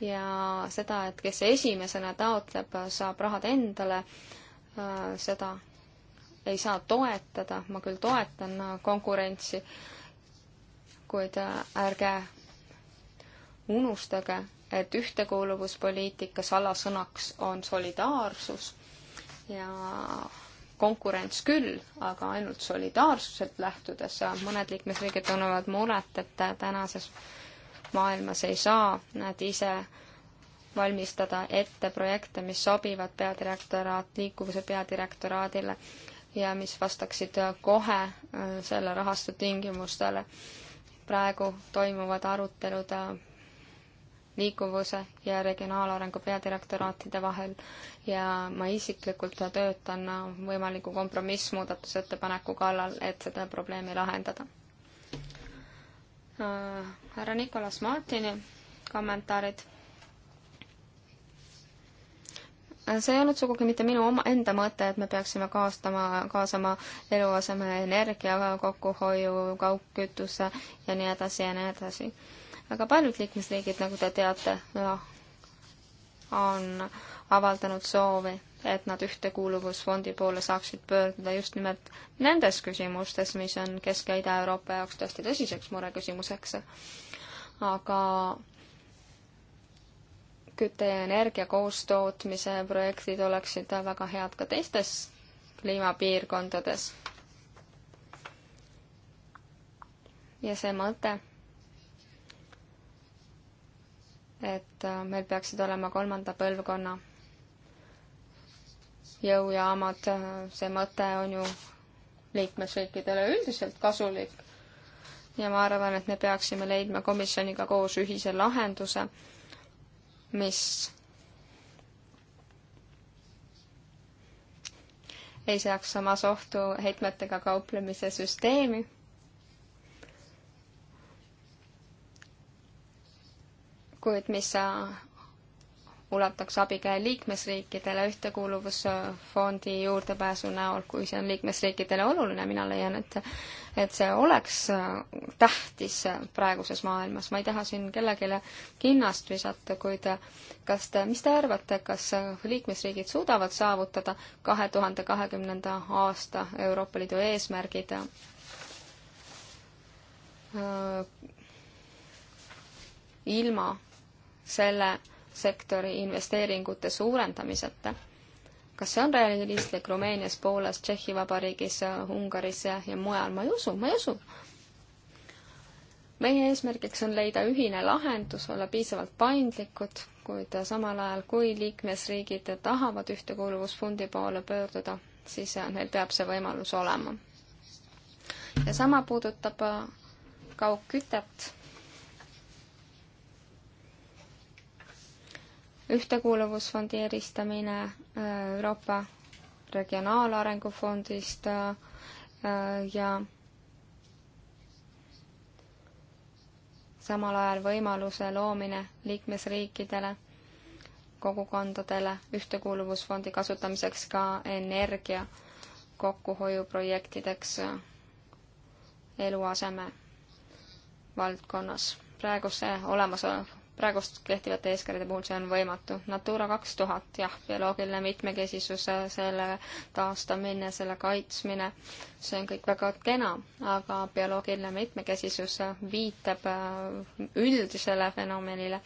ja seda, et kes esimesena taotleb, saab rahad endale, äh, seda ei saa toetada, ma küll toetan äh, konkurentsi kuid äh, ärge unustage, et ühtekuuluvuspoliitika salasõnaks on solidaarsus ja konkurents küll, aga ainult solidaarsuselt lähtudes. mõned liikmesriigid tunnevad muret, et tänases maailmas ei saa nad ise valmistada ette projekte, mis sobivad peadirektoraat, liikuvuse peadirektoraadile ja mis vastaksid kohe äh, selle rahastu tingimustele praegu toimuvad arutelud äh, liikuvuse ja regionaalarengu peadirektoraatide vahel ja ma isiklikult töötan äh, võimaliku kompromissmuudatusettepaneku kallal, et seda probleemi lahendada. Äh, härra Nicolas Martini kommentaarid see ei olnud sugugi mitte minu oma, enda mõte, et me peaksime kaastama, kaasama eluaseme energia kokkuhoiu, kaugkütuse ja nii edasi ja nii edasi. aga paljud liikmesriigid, nagu te teate, on avaldanud soovi, et nad Ühtekuuluvusfondi poole saaksid pöörduda just nimelt nendes küsimustes, mis on Kesk- ja Ida-Euroopa jaoks tõesti tõsiseks mureküsimuseks. aga küte ja energia koostootmise projektid oleksid väga head ka teistes kliimapiirkondades. ja see mõte, et äh, meil peaksid olema kolmanda põlvkonna jõujaamad, äh, see mõte on ju liikmesriikidele üldiselt kasulik ja ma arvan, et me peaksime leidma komisjoniga koos ühise lahenduse mis ei seaks samas ohtu heitmetega kauplemise süsteemi. kuid mis ulataks abikäe liikmesriikidele ühtekuuluvusfondi juurdepääsu näol, kui see on liikmesriikidele oluline, mina leian, et et see oleks äh, tähtis praeguses maailmas, ma ei taha siin kellelegi kinnast visata, kuid äh, kas te, mis te arvate, kas äh, liikmesriigid suudavad saavutada kahe tuhande kahekümnenda aasta Euroopa Liidu eesmärgid ilma selle sektori investeeringute suurendamiseta. kas see on realistlik Rumeenias, Poolas, Tšehhi Vabariigis, Ungaris ja, ja mujal, ma ei usu, ma ei usu. meie eesmärgiks on leida ühine lahendus, olla piisavalt paindlikud, kuid samal ajal, kui liikmesriigid tahavad Ühtekuuluvusfondi poole pöörduda, siis neil peab see võimalus olema. ja sama puudutab kaugkütet ühtekuuluvusfondi eristamine äh, Euroopa Regionaalarengu Fondist äh, äh, ja samal ajal võimaluse loomine liikmesriikidele, kogukondadele ühtekuuluvusfondi kasutamiseks ka energia kokkuhoiuprojektideks eluaseme valdkonnas. praeguse olemasoleva praegust kehtivate eeskirjade puhul see on võimatu. Natura kaks tuhat, jah, bioloogiline mitmekesisus, selle taastamine, selle kaitsmine, see on kõik väga kena, aga bioloogiline mitmekesisus viitab äh, üldisele fenomenile.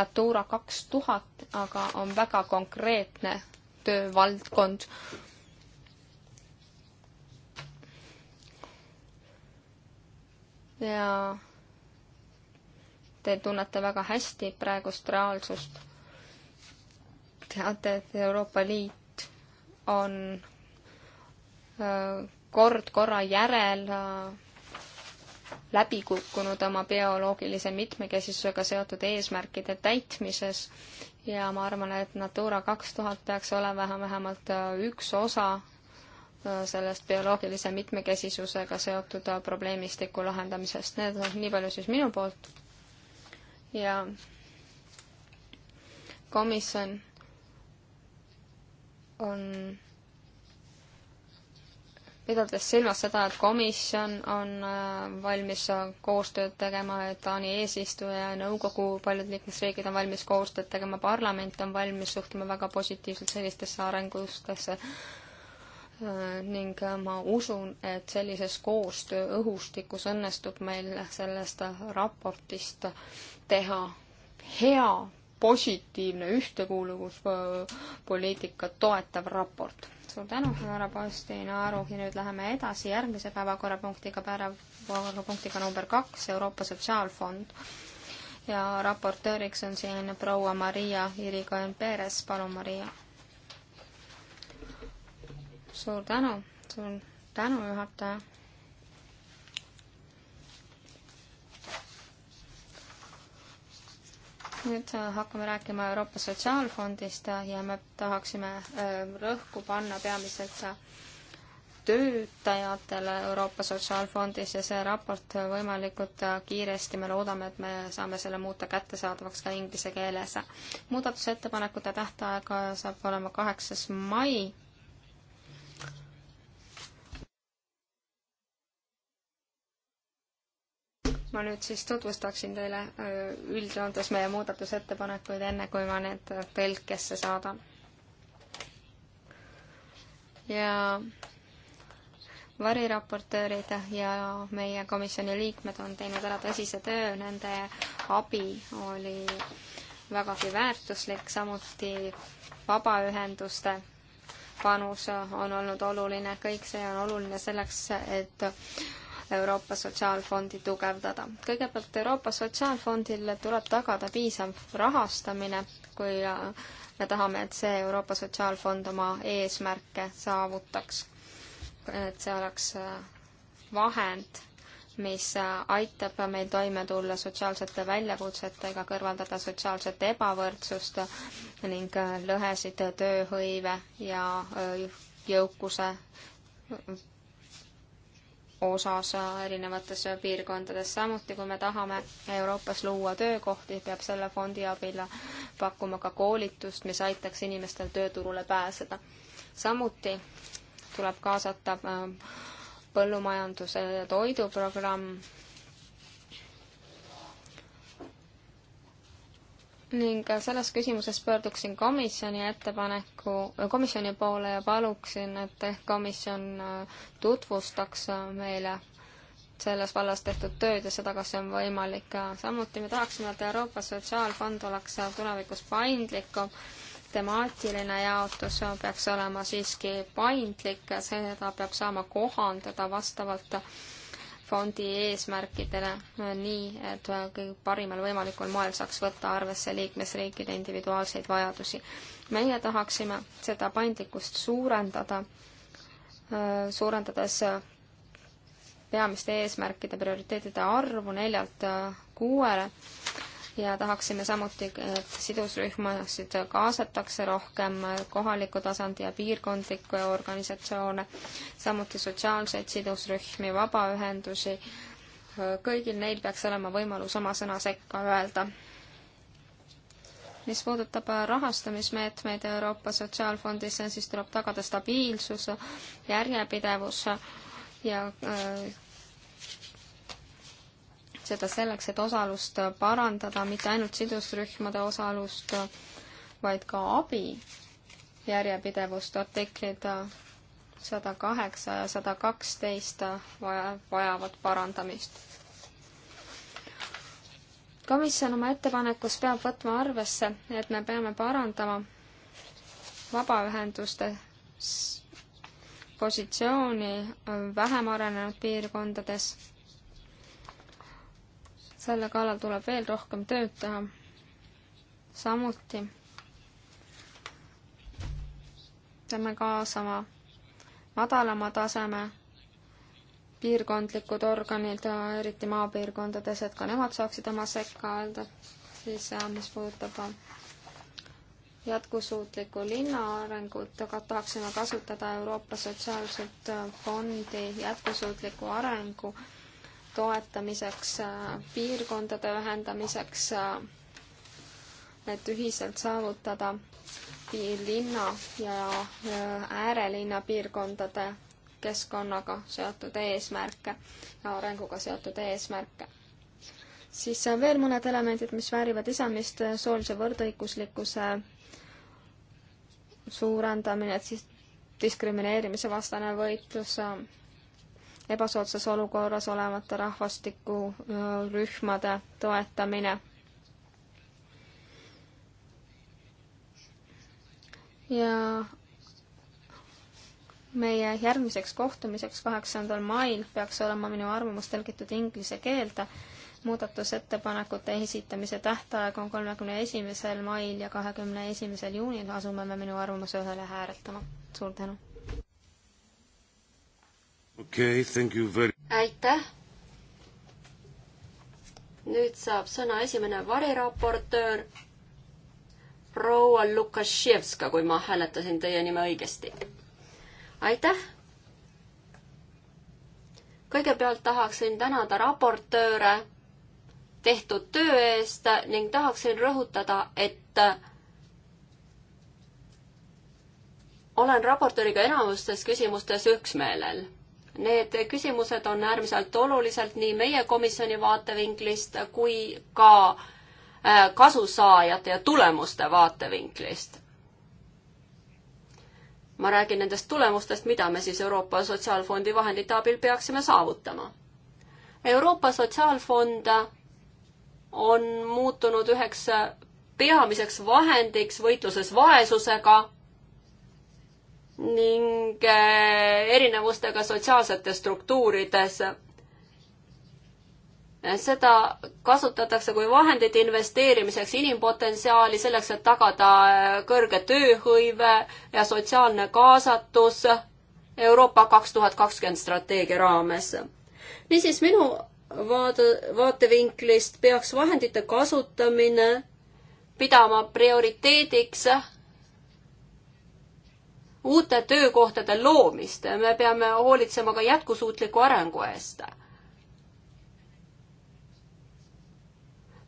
Natura kaks tuhat aga on väga konkreetne töövaldkond ja Te tunnete väga hästi praegust reaalsust. teate, et Euroopa Liit on kord korra järel läbi kukkunud oma bioloogilise mitmekesisusega seotud eesmärkide täitmises ja ma arvan, et Natura kaks tuhat peaks olema vähemalt üks osa sellest bioloogilise mitmekesisusega seotud probleemistiku lahendamisest. Need on nii palju siis minu poolt ja komisjon on pidades silmas seda, et komisjon on äh, valmis äh, koostööd tegema, et Taani eesistuja ja nõukogu, paljud liikmesriigid on valmis koostööd tegema, parlament on valmis suhtuma väga positiivselt sellistesse arengustesse, Äh, ning äh, ma usun, et sellises koostööõhustikus õnnestub meil sellest raportist teha hea, positiivne ühtekuuluvuspoliitikat toetav raport. suur tänu, härra Postina Aru ja nüüd läheme edasi järgmise päevakorrapunktiga, päevakorrapunktiga number kaks, Euroopa Sotsiaalfond. ja raportööriks on siin proua Maria Irigoyen-Perez, palun Maria suur tänu, suur tänu, juhataja. nüüd hakkame rääkima Euroopa Sotsiaalfondist ja me tahaksime äh, rõhku panna peamiselt töötajatele Euroopa Sotsiaalfondis ja see raport võimalikult kiiresti, me loodame, et me saame selle muuta kättesaadavaks ka inglise keeles. muudatusettepanekute tähtaeg saab olema kaheksas mai ma nüüd siis tutvustaksin teile üldjoontes meie muudatusettepanekuid, enne kui ma need tõlkesse saadan. ja variraportöörid ja meie komisjoni liikmed on teinud ära tõsise töö, nende abi oli vägagi väärtuslik, samuti vabaühenduste panus on olnud oluline, kõik see on oluline selleks, et Euroopa Sotsiaalfondi tugevdada. kõigepealt Euroopa Sotsiaalfondil tuleb tagada piisav rahastamine, kui äh, me tahame, et see Euroopa Sotsiaalfond oma eesmärke saavutaks. et see oleks äh, vahend, mis äh, aitab meil toime tulla sotsiaalsete väljakutsetega, kõrvaldada sotsiaalset ebavõrdsust ning lõhesid tööhõive ja jõukuse osas erinevates piirkondades. samuti, kui me tahame Euroopas luua töökohti, peab selle fondi abil pakkuma ka koolitust, mis aitaks inimestel tööturule pääseda. samuti tuleb kaasata äh, põllumajanduse toiduprogramm ning selles küsimuses pöörduksin komisjoni ettepaneku, komisjoni poole ja paluksin, et ehk komisjon äh, tutvustaks äh, meile selles vallas tehtud tööd ja seda, kas see on võimalik. samuti me tahaksime, et Euroopa Sotsiaalfond oleks tulevikus paindlikum, temaatiline jaotus peaks olema siiski paindlik, seda peab saama kohandada vastavalt fondi eesmärkidele äh, nii, et äh, kõige parimal võimalikul moel saaks võtta arvesse liikmesriikide individuaalseid vajadusi. meie tahaksime seda paindlikkust suurendada, äh, suurendades peamiste eesmärkide prioriteetide arvu neljalt kuuele ja tahaksime samuti, et sidusrühmasid kaasatakse rohkem, kohaliku tasandi ja piirkondlikke organisatsioone, samuti sotsiaalseid sidusrühmi, vabaühendusi, kõigil neil peaks olema võimalus oma sõna sekka öelda. mis puudutab rahastamismeetmeid Euroopa Sotsiaalfondis, siis tuleb tagada stabiilsus, järjepidevus ja äh, seda selleks, et osalust parandada, mitte ainult sidusrühmade osalust, vaid ka abi järjepidevust, artiklid sada kaheksa ja sada kaksteist vaja, vajavad parandamist. komisjon oma ettepanekus peab võtma arvesse, et me peame parandama vabaühenduste positsiooni vähem arenenud piirkondades selle kallal tuleb veel rohkem tööd teha. samuti peame kaasama madalama taseme piirkondlikud organid, eriti maapiirkondades, et ka nemad saaksid oma sekka öelda, siis äh, mis puudutab äh, jätkusuutlikku linnaarengut, aga tahaksime kasutada Euroopa Sotsiaalset äh, Fondi jätkusuutliku arengu toetamiseks, äh, piirkondade ühendamiseks, äh, et ühiselt saavutada linna ja äh, äärelinna piirkondade keskkonnaga seotud eesmärke ja arenguga seotud eesmärke. siis veel mõned elemendid, mis väärivad lisamist, soolise võrdõiguslikkuse suurendamine, siis diskrimineerimise vastane võitlus ebasoodsas olukorras olevate rahvastikurühmade toetamine. ja meie järgmiseks kohtumiseks, kaheksandal mail, peaks olema minu arvamus tõlgitud inglise keelde. muudatusettepanekute esitamise tähtaeg on kolmekümne esimesel mail ja kahekümne esimesel juunil asume me minu arvamuse ühele hääletama. suur tänu! okay,. Very... aitäh. nüüd saab sõna esimene variraportöör proua Lukaševska, kui ma hääletasin teie nime õigesti. aitäh. kõigepealt tahaksin tänada raportööre tehtud töö eest ning tahaksin rõhutada, et olen raportööriga enamustes küsimustes üksmeelel. Need küsimused on äärmiselt olulised nii meie komisjoni vaatevinklist kui ka äh, kasusaajate ja tulemuste vaatevinklist. ma räägin nendest tulemustest, mida me siis Euroopa Sotsiaalfondi vahendite abil peaksime saavutama. Euroopa Sotsiaalfond on muutunud üheks peamiseks vahendiks võitluses vaesusega ning äh, erinevustega sotsiaalsetes struktuurides. seda kasutatakse kui vahendit investeerimiseks inimpotentsiaali, selleks, et tagada äh, kõrge tööhõive ja sotsiaalne kaasatus Euroopa kaks tuhat kakskümmend strateegia raames. niisiis, minu vaade, vaatevinklist peaks vahendite kasutamine pidama prioriteediks uute töökohtade loomist, me peame hoolitsema ka jätkusuutliku arengu eest.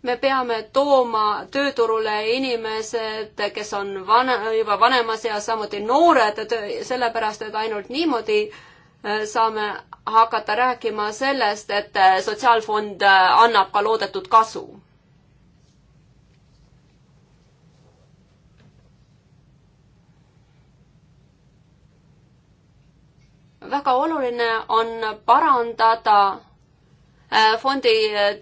me peame tooma tööturule inimesed, kes on vana, juba vanemas eas, samuti noored, sellepärast et ainult niimoodi äh, saame hakata rääkima sellest, et äh, sotsiaalfond äh, annab ka loodetud kasu väga oluline on parandada äh, fondi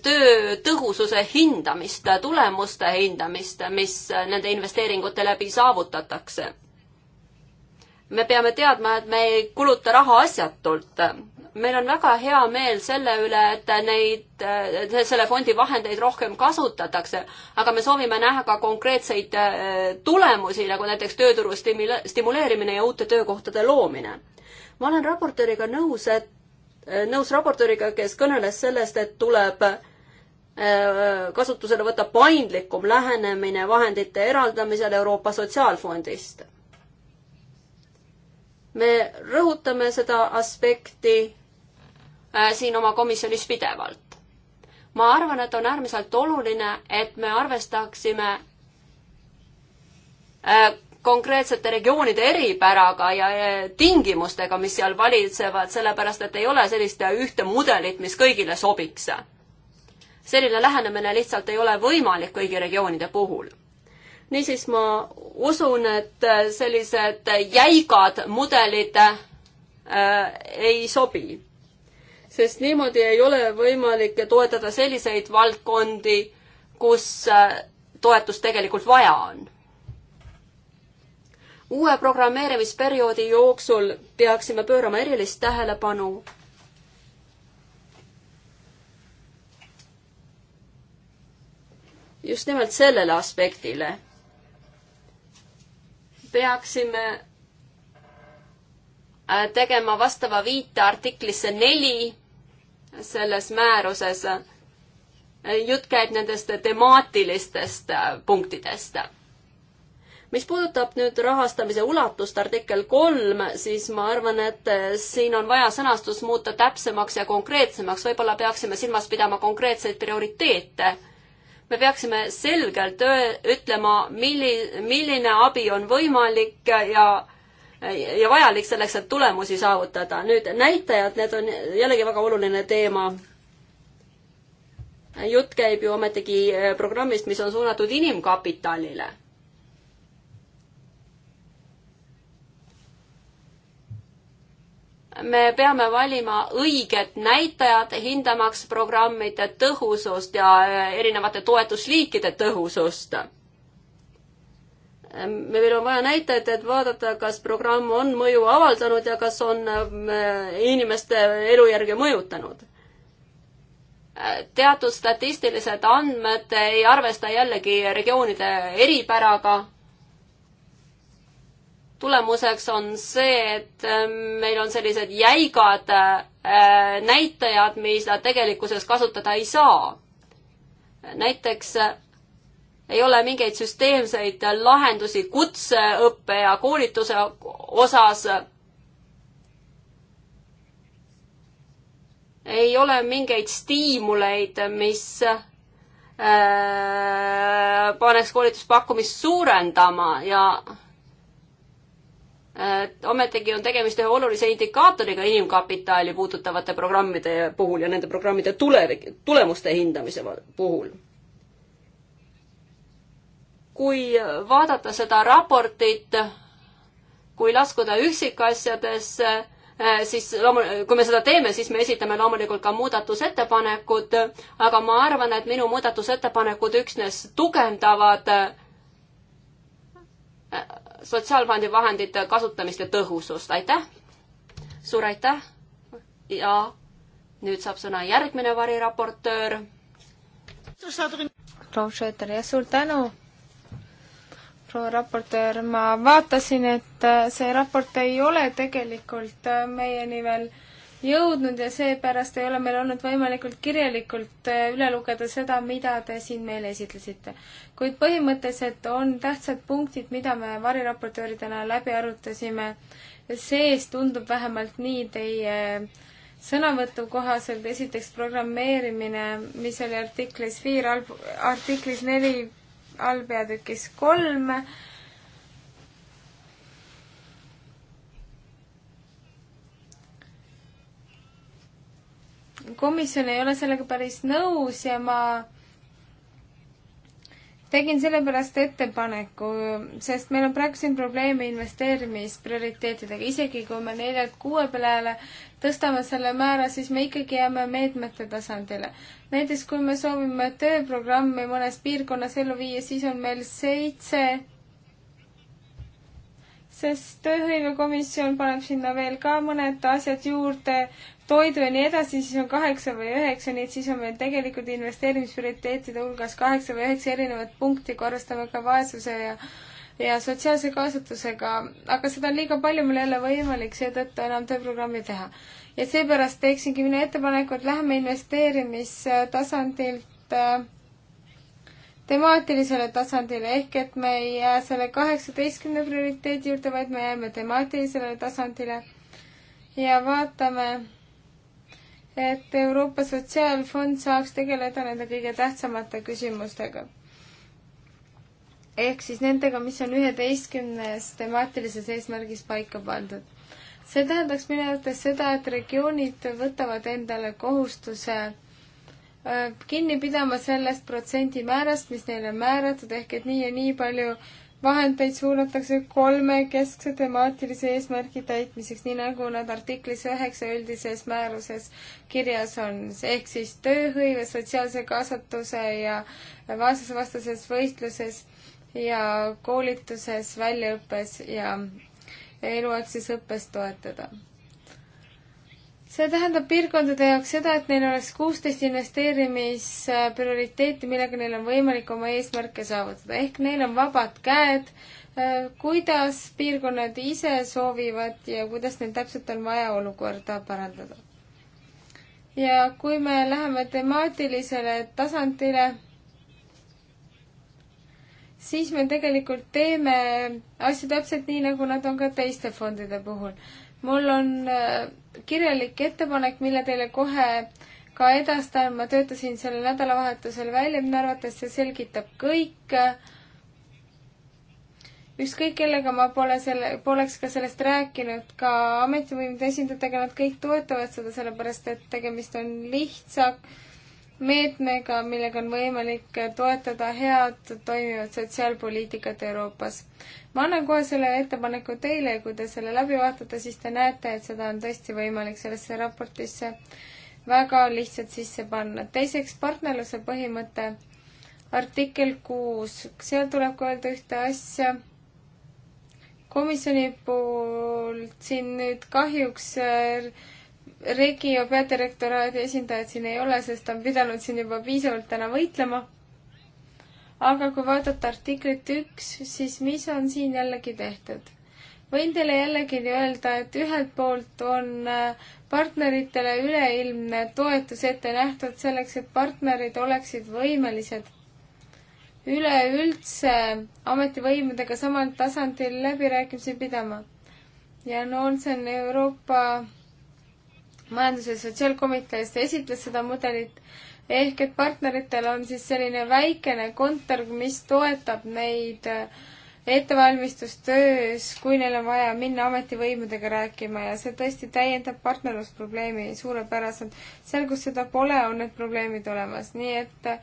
töö tõhususe hindamist, tulemuste hindamist, mis nende investeeringute läbi saavutatakse. me peame teadma, et me ei kuluta raha asjatult. meil on väga hea meel selle üle, et neid, äh, selle fondi vahendeid rohkem kasutatakse, aga me soovime näha ka konkreetseid äh, tulemusi, nagu näiteks tööturu stimuleerimine ja uute töökohtade loomine ma olen raportööriga nõus, et, eh, nõus raportööriga, kes kõneles sellest, et tuleb eh, kasutusele võtta paindlikum lähenemine vahendite eraldamisel Euroopa Sotsiaalfondist. me rõhutame seda aspekti eh, siin oma komisjonis pidevalt. ma arvan, et on äärmiselt oluline, et me arvestaksime konkreetsete regioonide eripäraga ja tingimustega, mis seal valitsevad, sellepärast et ei ole sellist ühte mudelit, mis kõigile sobiks. selline lähenemine lihtsalt ei ole võimalik kõigi regioonide puhul. niisiis ma usun, et sellised jäigad mudelid äh, ei sobi. sest niimoodi ei ole võimalik toetada selliseid valdkondi, kus äh, toetust tegelikult vaja on uue programmeerimisperioodi jooksul peaksime pöörama erilist tähelepanu just nimelt sellele aspektile. peaksime äh, tegema vastava viite artiklisse neli selles määruses. jutt käib nendest temaatilistest äh, punktidest mis puudutab nüüd rahastamise ulatust, artikkel kolm, siis ma arvan, et eh, siin on vaja sõnastus muuta täpsemaks ja konkreetsemaks, võib-olla peaksime silmas pidama konkreetseid prioriteete me peaksime selgelt ütlema, milli-, milline abi on võimalik ja ja vajalik selleks, et tulemusi saavutada. nüüd näitajad, need on jällegi väga oluline teema. jutt käib ju ometigi eh, programmist, mis on suunatud inimkapitalile me peame valima õiged näitajad, hindamaks programmide tõhusust ja äh, erinevate toetusliikide tõhusust. Äh, meil on vaja näitajaid, et vaadata, kas programm on mõju avaldanud ja kas on äh, inimeste elujärge mõjutanud teatud statistilised andmed ei arvesta jällegi regioonide eripäraga tulemuseks on see, et ähm, meil on sellised jäigad äh, näitajad, mida tegelikkuses kasutada ei saa. näiteks äh, ei ole mingeid süsteemseid lahendusi kutseõppe ja koolituse osas. ei ole mingeid stiimuleid, mis äh, paneks koolituspakkumist suurendama ja Äh, ometigi on tegemist ühe olulise indikaatoriga inimkapitali puudutavate programmide puhul ja nende programmide tulevik, tulemuste hindamise puhul. kui vaadata seda raportit, kui laskuda üksikasjadesse, äh, siis loomu-, kui me seda teeme, siis me esitame loomulikult ka muudatusettepanekud, aga ma arvan, et minu muudatusettepanekud üksnes tugevdavad äh, sotsiaalfondi vahendite kasutamist ja tõhusust, aitäh! suur aitäh ja nüüd saab sõna järgmine variraportöör. proua Schröter, jah, suur tänu! proua raportöör, ma vaatasin, et see raport ei ole tegelikult meieni veel äh, jõudnud ja seepärast ei ole meil olnud võimalikult kirjalikult äh, üle lugeda seda, mida te siin meile esitlesite. kuid põhimõtteliselt on tähtsad punktid, mida me variraportööridena läbi arutasime. sees tundub vähemalt nii teie äh, sõnavõtu kohaselt, esiteks programmeerimine, mis oli artiklis viir, artiklis neli allpeatükis kolm komisjon ei ole sellega päris nõus ja ma tegin sellepärast ettepaneku, sest meil on praegu siin probleeme investeerimisprioriteetidega, isegi kui me neljalt kuue peale tõstame selle määra, siis me ikkagi jääme meetmete tasandile. näiteks kui me soovime tööprogrammi mõnes piirkonnas ellu viia, siis on meil seitse sest tööhõivekomisjon paneb sinna veel ka mõned asjad juurde, toidu ja nii edasi, siis on kaheksa või üheksa, nii et siis on meil tegelikult investeerimisprioriteetide hulgas kaheksa või üheksa erinevat punkti, kui arvestame ka vaesuse ja ja sotsiaalse kaasatusega, aga seda on liiga palju, meil ei ole võimalik seetõttu enam tööprogrammi teha. ja seepärast teeksingi mina ettepaneku, et läheme investeerimistasandilt äh, temaatilisele tasandile, ehk et me ei jää selle kaheksateistkümne prioriteedi juurde, vaid me jääme temaatilisele tasandile ja vaatame et Euroopa Sotsiaalfond saaks tegeleda nende kõige tähtsamate küsimustega. ehk siis nendega, mis on üheteistkümnes temaatilises eesmärgis paika pandud. see tähendaks minu arvates seda, et regioonid võtavad endale kohustuse äh, kinni pidama sellest protsendimäärast, mis neile on määratud, ehk et nii ja nii palju vahendeid suunatakse kolme keskse temaatilise eesmärgi täitmiseks, nii nagu nad artiklis üheksa üldises määruses kirjas on, ehk siis tööhõive, sotsiaalse kaasatuse ja vaesusevastases võistluses ja koolituses, väljaõppes ja eluaegses õppes toetada see tähendab piirkondade jaoks seda, et neil oleks kuusteist investeerimisprioriteeti, millega neil on võimalik oma eesmärke saavutada, ehk neil on vabad käed, äh, kuidas piirkonnad ise soovivad ja kuidas neil täpselt on vaja olukorda parandada. ja kui me läheme temaatilisele tasandile, siis me tegelikult teeme asju täpselt nii, nagu nad on ka teiste fondide puhul mul on äh, kirjalik ettepanek, mille teile kohe ka edastan, ma töötasin sellel nädalavahetusel välja, minu arvates see selgitab kõike. ükskõik kellega ma pole selle, poleks ka sellest rääkinud, ka ametivõimude esindajatega, nad kõik toetavad seda, sellepärast et tegemist on lihtsa meetmega, millega on võimalik toetada head toimivat sotsiaalpoliitikat Euroopas ma annan kohe selle ettepaneku teile ja kui te selle läbi vaatate, siis te näete, et seda on tõesti võimalik sellesse raportisse väga lihtsalt sisse panna. teiseks, partnerluse põhimõte, artikkel kuus, seal tuleb ka öelda ühte asja. komisjoni poolt siin nüüd kahjuks äh, Regio peadirektoraadi esindajad siin ei ole, sest on pidanud siin juba piisavalt täna võitlema aga kui vaadata artiklit üks, siis mis on siin jällegi tehtud? võin teile jällegi öelda, et ühelt poolt on äh, partneritele üleilmne toetus ette nähtud selleks, et partnerid oleksid võimelised üleüldse ametivõimudega samal tasandil läbirääkimisi pidama. ja no on see on Euroopa Majandus- ja Sotsiaalkomitees esitles seda mudelit ehk et partneritel on siis selline väikene kontor, mis toetab neid äh, ettevalmistustöös, kui neil on vaja minna ametivõimudega rääkima ja see tõesti täiendab partnerlusprobleemi suurepäraselt. seal, kus seda pole, on need probleemid olemas, nii et äh,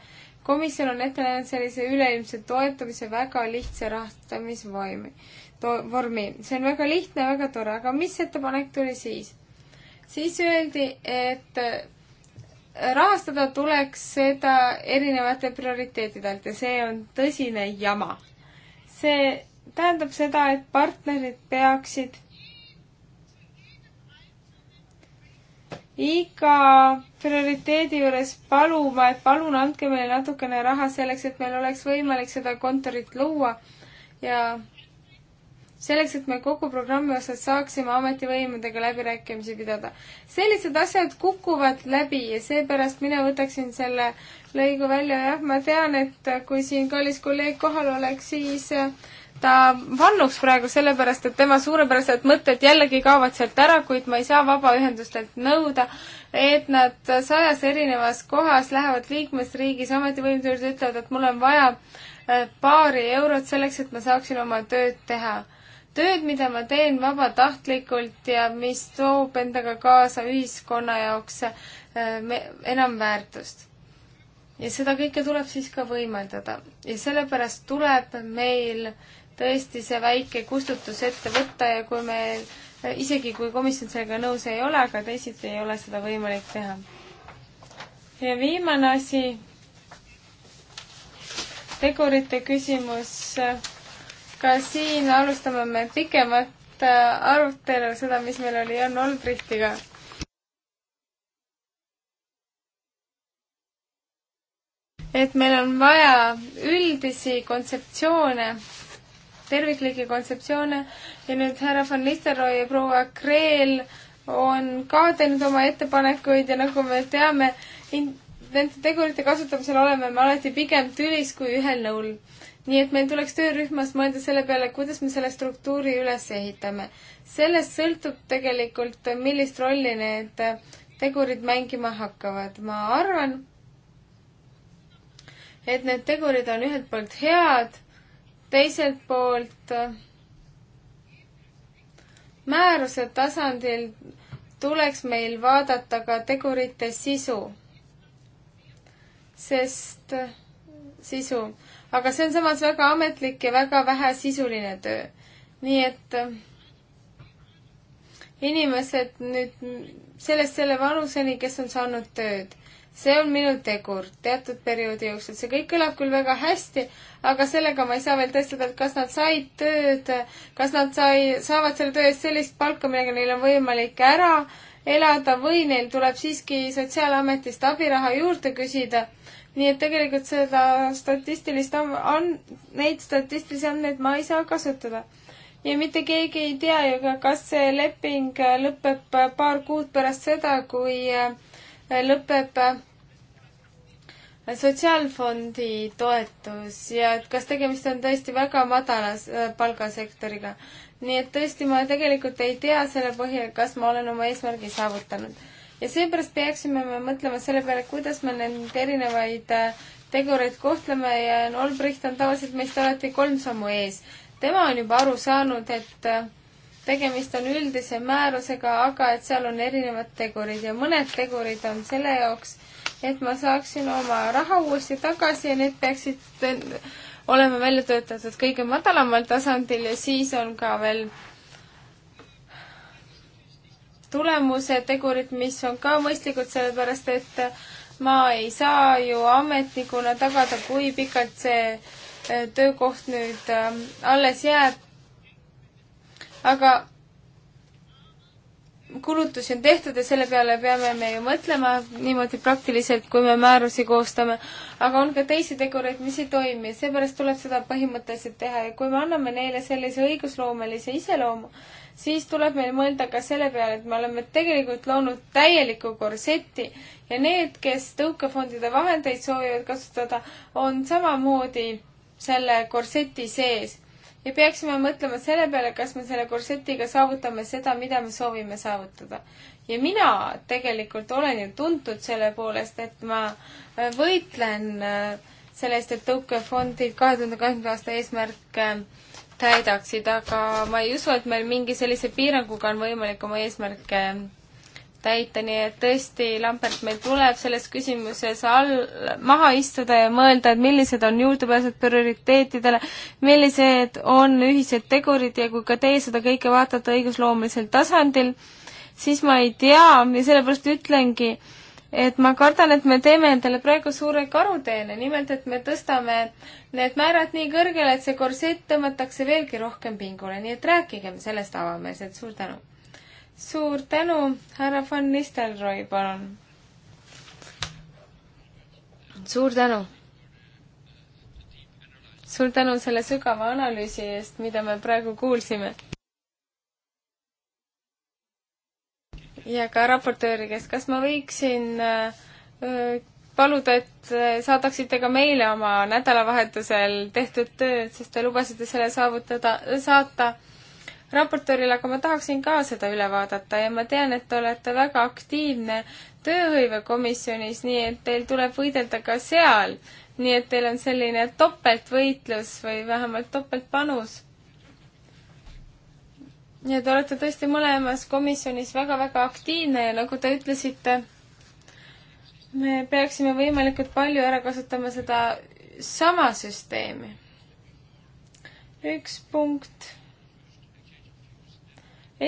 komisjon on ette näinud sellise üleilmse toetamise väga lihtsa rahastamisvormi, vormi. see on väga lihtne, väga tore, aga mis ettepanek tuli siis? siis öeldi, et äh, rahastada tuleks seda erinevate prioriteetide alt ja see on tõsine jama. see tähendab seda, et partnerid peaksid iga prioriteedi juures paluma, et palun andke meile natukene raha selleks, et meil oleks võimalik seda kontorit luua ja selleks, et me kogu programmi osas saaksime ametivõimudega läbirääkimisi pidada. sellised asjad kukuvad läbi ja seepärast mina võtaksin selle lõigu välja, jah, ma tean, et kui siin kallis kolleeg kohal oleks, siis äh, ta vannuks praegu sellepärast, et tema suurepärased mõtted jällegi kaovad sealt ära, kuid ma ei saa vabaühendustelt nõuda, et nad sajas erinevas kohas lähevad liikmesriigis ametivõimude juurde, ütlevad, et mul on vaja äh, paari eurot selleks, et ma saaksin oma tööd teha tööd, mida ma teen vabatahtlikult ja mis toob endaga kaasa ühiskonna jaoks äh, enam väärtust. ja seda kõike tuleb siis ka võimaldada ja sellepärast tuleb meil tõesti see väike kustutus ette võtta ja kui me, äh, isegi kui komisjon sellega nõus ei ole, aga teisiti ei ole seda võimalik teha. ja viimane asi, tegurite küsimus äh, ka siin alustame me pikemat äh, arutelu, seda, mis meil oli Jan Olbrichtiga. et meil on vaja üldisi kontseptsioone, terviklikke kontseptsioone ja nüüd härra von Listeroi ja proua Kreel on ka teinud oma ettepanekuid ja nagu me teame, nende tegurite kasutamisel oleme me alati pigem tülis kui ühel nõul nii et meil tuleks töörühmas mõelda selle peale, kuidas me selle struktuuri üles ehitame. sellest sõltub tegelikult, millist rolli need äh, tegurid mängima hakkavad. ma arvan, et need tegurid on ühelt poolt head, teiselt poolt äh, määruse tasandil tuleks meil vaadata ka tegurite sisu, sest äh, sisu aga see on samas väga ametlik ja väga vähe sisuline töö. nii et äh, inimesed nüüd sellest selle vanuseni, kes on saanud tööd, see on minu tegur teatud perioodi jooksul. see kõik kõlab küll väga hästi, aga sellega ma ei saa veel tõestada, et kas nad said tööd, kas nad sai, saavad selle töö eest sellist palka, millega neil on võimalik ära elada või neil tuleb siiski Sotsiaalametist abiraha juurde küsida nii et tegelikult seda statistilist an-, neid statistilisi andmeid ma ei saa kasutada. ja mitte keegi ei tea ju ka, kas see leping lõpeb paar kuud pärast seda, kui äh, lõpeb äh, sotsiaalfondi toetus ja et kas tegemist on tõesti väga madala äh, palgasektoriga. nii et tõesti, ma tegelikult ei tea selle põhjal, kas ma olen oma eesmärgi saavutanud ja seepärast peaksime me mõtlema selle peale, kuidas me neid erinevaid äh, tegureid kohtleme ja Olbricht on tavaliselt meist alati kolm sammu ees. tema on juba aru saanud, et äh, tegemist on üldise määrusega, aga et seal on erinevad tegurid ja mõned tegurid on selle jaoks, et ma saaksin oma raha uuesti tagasi ja need peaksid äh, olema välja töötatud kõige madalamal tasandil ja siis on ka veel tulemuse tegurid, mis on ka mõistlikud, sellepärast et ma ei saa ju ametnikuna tagada, kui pikalt see äh, töökoht nüüd ähm, alles jääb. aga kulutusi on tehtud ja selle peale peame me ju mõtlema niimoodi praktiliselt, kui me määrusi koostame. aga on ka teisi tegureid, mis ei toimi, seepärast tuleb seda põhimõtteliselt teha ja kui me anname neile sellise õigusloomelise iseloomu, siis tuleb meil mõelda ka selle peale, et me oleme tegelikult loonud täieliku korseti ja need, kes tõukefondide vahendeid soovivad kasutada, on samamoodi selle korseti sees. ja peaksime mõtlema selle peale, kas me selle korsetiga saavutame seda, mida me soovime saavutada. ja mina tegelikult olen ju tuntud selle poolest, et ma äh, võitlen äh, selle eest, et tõukefondid kahe tuhande kahekümnenda aasta eesmärke äh, täidaksid, aga ma ei usu, et meil mingi sellise piiranguga on võimalik oma eesmärke täita, nii et tõesti, Lambert, meil tuleb selles küsimuses all, maha istuda ja mõelda, et millised on juurdepääsud prioriteetidele, millised on ühised tegurid ja kui ka teie seda kõike vaatate õigusloomelisel tasandil, siis ma ei tea ja sellepärast ütlengi, et ma kardan, et me teeme endale praegu suure karuteene, nimelt et me tõstame need määrad nii kõrgele, et see korsett tõmmatakse veelgi rohkem pingule, nii et rääkigem sellest avameelselt, suur tänu. suur tänu, härra von Nistelrooy, palun. suur tänu. suur tänu selle sügava analüüsi eest, mida me praegu kuulsime ja ka raportööri käest, kas ma võiksin äh, paluda, et äh, saadaksite ka meile oma nädalavahetusel tehtud tööd, sest te lubasite selle saavutada, saata raportöörile, aga ma tahaksin ka seda üle vaadata ja ma tean, et te olete väga aktiivne tööhõivekomisjonis, nii et teil tuleb võidelda ka seal. nii et teil on selline topeltvõitlus või vähemalt topeltpanus nii et olete tõesti mõlemas komisjonis väga-väga aktiivne ja nagu te ütlesite, me peaksime võimalikult palju ära kasutama seda sama süsteemi. üks punkt.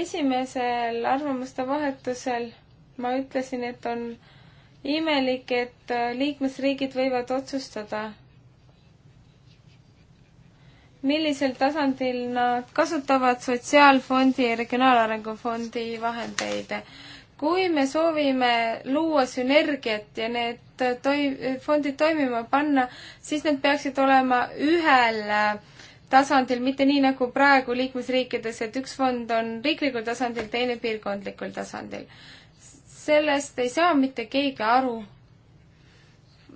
esimesel arvamuste vahetusel ma ütlesin, et on imelik, et liikmesriigid võivad otsustada millisel tasandil nad kasutavad Sotsiaalfondi ja Regionaalarengu Fondi vahendeid. kui me soovime luua sünergiat ja need toi-, fondid toimima panna, siis need peaksid olema ühel tasandil, mitte nii nagu praegu liikmesriikides, et üks fond on riiklikul tasandil, teine piirkondlikul tasandil. sellest ei saa mitte keegi aru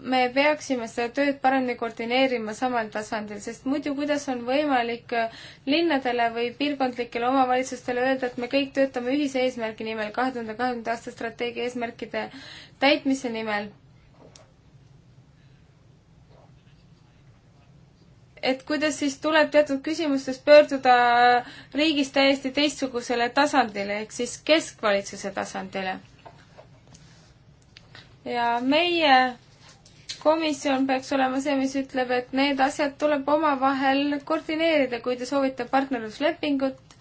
me peaksime seda tööd paremini koordineerima samal tasandil, sest muidu kuidas on võimalik äh, linnadele või piirkondlikele omavalitsustele öelda, et me kõik töötame ühise eesmärgi nimel, kahe tuhande kahekümnenda aasta strateegia eesmärkide täitmise nimel. et kuidas siis tuleb teatud küsimustes pöörduda riigis täiesti teistsugusele tasandile ehk siis keskvalitsuse tasandile. ja meie komisjon peaks olema see, mis ütleb, et need asjad tuleb omavahel koordineerida, kui te soovite partnerluslepingut,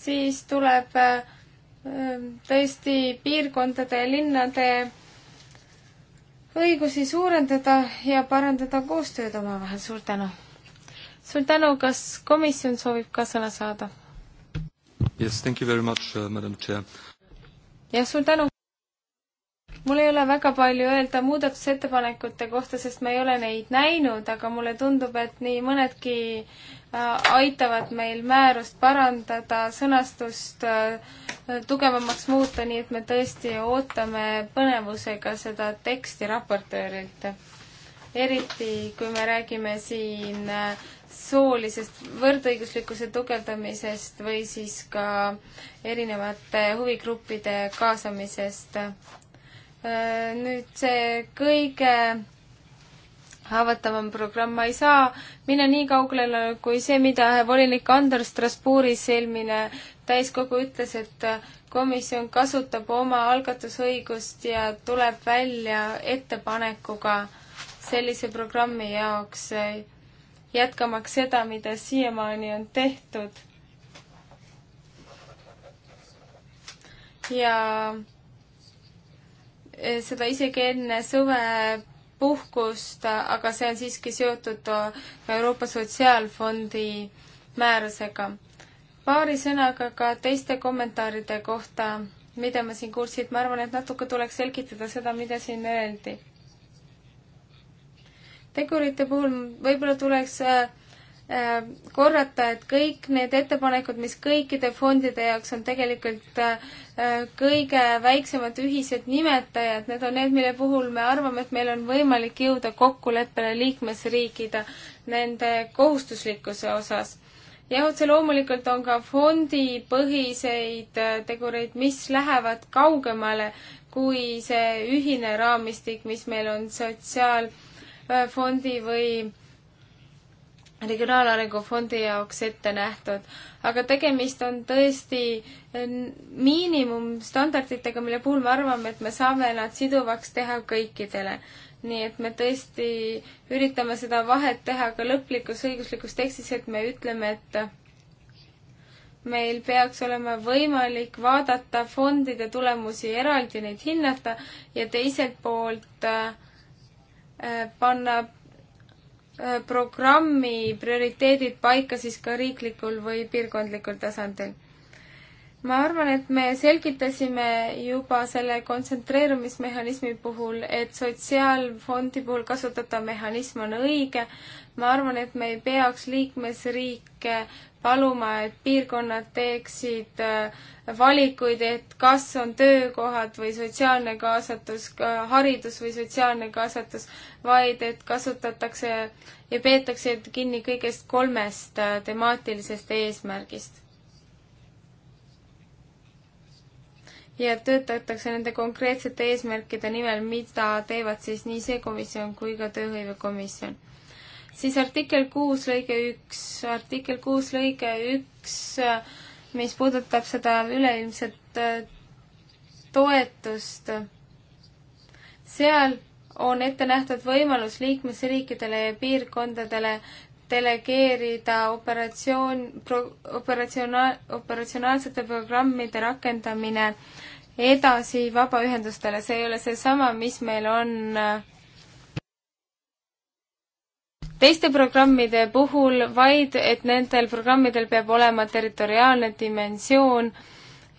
siis tuleb ähm, tõesti piirkondade ja linnade õigusi suurendada ja parandada koostööd omavahel, suur tänu! suur tänu, kas komisjon soovib ka sõna saada? Yes, thank you very much uh,, madam chair. jah, suur tänu! mul ei ole väga palju öelda muudatusettepanekute kohta, sest ma ei ole neid näinud, aga mulle tundub, et nii mõnedki äh, aitavad meil määrust parandada, sõnastust äh, tugevamaks muuta, nii et me tõesti ootame põnevusega seda teksti raportöörilt. eriti, kui me räägime siin äh, soolisest võrdõiguslikkuse tugevdamisest või siis ka erinevate huvigruppide kaasamisest Äh, nüüd see kõige haavatavam programm, ma ei saa minna nii kaugele kui see, mida volinik Andor Strasbourgis eelmine täiskogu ütles, et komisjon kasutab oma algatusõigust ja tuleb välja ettepanekuga sellise programmi jaoks, jätkamaks seda, mida siiamaani on tehtud. ja Eh, seda isegi enne suvepuhkust, aga see on siiski seotud Euroopa Sotsiaalfondi määrusega. paari sõnaga ka teiste kommentaaride kohta, mida ma siin kuulsin, ma arvan, et natuke tuleks selgitada seda, mida siin öeldi. tegurite puhul võib-olla tuleks äh, Äh, korrata, et kõik need ettepanekud, mis kõikide fondide jaoks on tegelikult äh, kõige väiksemad ühised nimetajad, need on need, mille puhul me arvame, et meil on võimalik jõuda kokkuleppele liikmesriigida nende kohustuslikkuse osas. jah, otse loomulikult on ka fondipõhiseid äh, tegureid, mis lähevad kaugemale kui see ühine raamistik, mis meil on sotsiaalfondi või regionaalarengu fondi jaoks ette nähtud, aga tegemist on tõesti miinimumstandarditega, mille puhul me arvame, et me saame nad siduvaks teha kõikidele. nii et me tõesti üritame seda vahet teha ka lõplikus õiguslikus tekstis, et me ütleme, et meil peaks olema võimalik vaadata fondide tulemusi eraldi, neid hinnata ja teiselt poolt äh, panna Äh, programmi prioriteedid paika siis ka riiklikul või piirkondlikul tasandil. ma arvan, et me selgitasime juba selle kontsentreerumismehhanismi puhul, et sotsiaalfondi puhul kasutatav mehhanism on õige. ma arvan, et me ei peaks liikmesriike paluma, et piirkonnad teeksid äh, valikuid, et kas on töökohad või sotsiaalne kaasatus, haridus või sotsiaalne kaasatus, vaid et kasutatakse ja peetakse kinni kõigest kolmest äh, temaatilisest eesmärgist. ja töötatakse nende konkreetsete eesmärkide nimel, mida teevad siis nii see komisjon kui ka tööhõivekomisjon siis artikkel kuus lõige üks, artikkel kuus lõige üks, mis puudutab seda üleilmset äh, toetust, seal on ette nähtud võimalus liikmesriikidele ja piirkondadele delegeerida operatsioon, operatsionaal, operatsionaalsete programmide rakendamine edasi vabaühendustele, see ei ole seesama, mis meil on äh, teiste programmide puhul, vaid et nendel programmidel peab olema territoriaalne dimensioon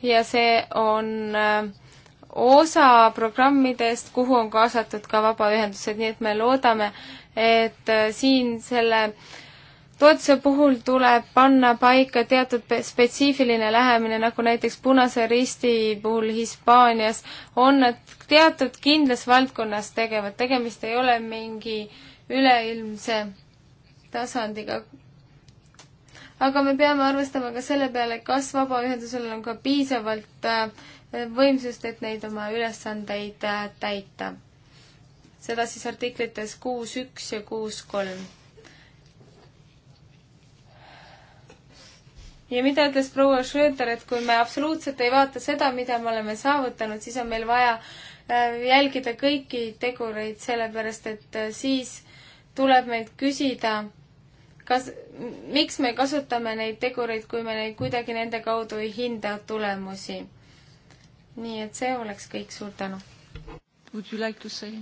ja see on äh, osa programmidest, kuhu on kaasatud ka vabaühendused, nii et me loodame, et äh, siin selle toetuse puhul tuleb panna paika teatud spetsiifiline lähemine, nagu näiteks Punase Risti puhul Hispaanias on nad teatud kindlas valdkonnas tegevad, tegemist ei ole mingi äh, üleilmse tasandiga. aga me peame arvestama ka selle peale, kas vabaühendusel on ka piisavalt äh, võimsust, et neid oma ülesandeid äh, täita. seda siis artiklites kuus üks ja kuus kolm. ja mida ütles proua Schröter, et kui me absoluutselt ei vaata seda, mida me oleme saavutanud, siis on meil vaja äh, jälgida kõiki tegureid, sellepärast et siis tuleb meilt küsida, kas, miks me kasutame neid tegureid, kui me neid kuidagi nende kaudu ei hinda tulemusi. nii et see oleks kõik, suur tänu. Would you like to say?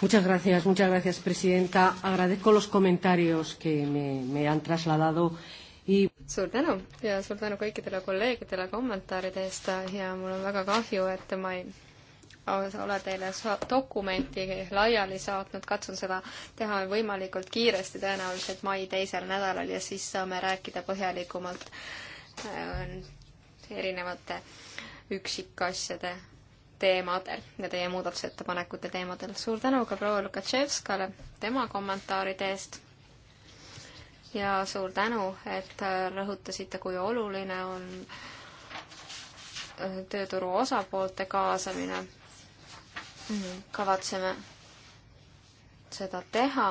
Muchas gracias, muchas gracias, presidenta. Agradezco los comentarios que me, me han trasladado. Y... suur tänu ja suur tänu kõikidele kolleegidele kommentaaride eest ja mul on väga kahju, et ma ei ole teile dokumenti laiali saatnud, katsun seda teha võimalikult kiiresti, tõenäoliselt mai teisel nädalal ja siis saame rääkida põhjalikumalt äh, erinevate üksikasjade teemadel ja teie muudatusettepanekute teemadel. suur tänu ka proua Lukatševskale tema kommentaaride eest ja suur tänu, et äh, rõhutasite, kui oluline on äh, tööturu osapoolte kaasamine Mhm. kavatseme seda teha.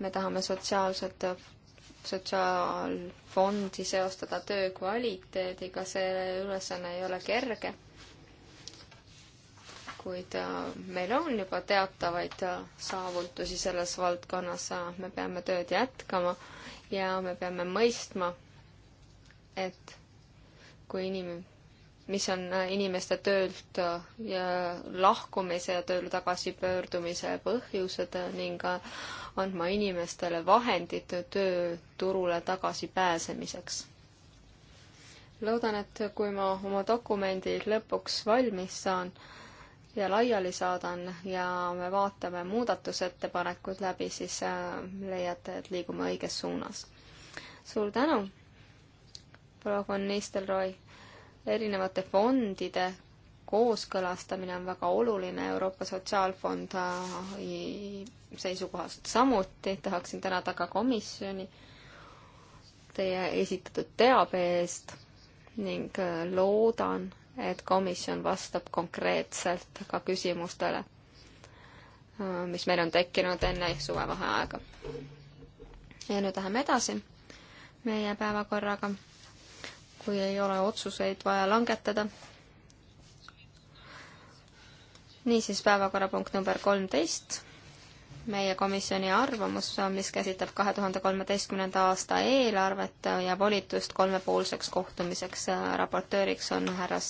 me tahame sotsiaalset, sotsiaalfondi seostada töö kvaliteediga, see ülesanne ei ole kerge. kuid äh, meil on juba teatavaid äh, saavutusi selles valdkonnas, me peame tööd jätkama ja me peame mõistma, et kui inim-, mis on äh, inimeste töölt äh, ja lahkumise ja tööle tagasipöördumise põhjused äh, ning andma inimestele vahendid tööturule tagasipääsemiseks. loodan, et kui ma oma dokumendi lõpuks valmis saan ja laiali saadan ja me vaatame muudatusettepanekud läbi, siis leiate, et liigume õiges suunas. suur tänu, proua von Nistelrooy erinevate fondide kooskõlastamine on väga oluline Euroopa Sotsiaalfond äh, seisukohast samuti. tahaksin tänada ka komisjoni teie esitatud teabe eest ning äh, loodan, et komisjon vastab konkreetselt ka küsimustele, äh, mis meil on tekkinud enne suvevaheaega. ja nüüd läheme edasi meie päevakorraga kui ei ole otsuseid vaja langetada. niisiis päevakorrapunkt number kolmteist, meie komisjoni arvamus, mis käsitleb kahe tuhande kolmeteistkümnenda aasta eelarvet ja volitust kolmepoolseks kohtumiseks. raportööriks on härra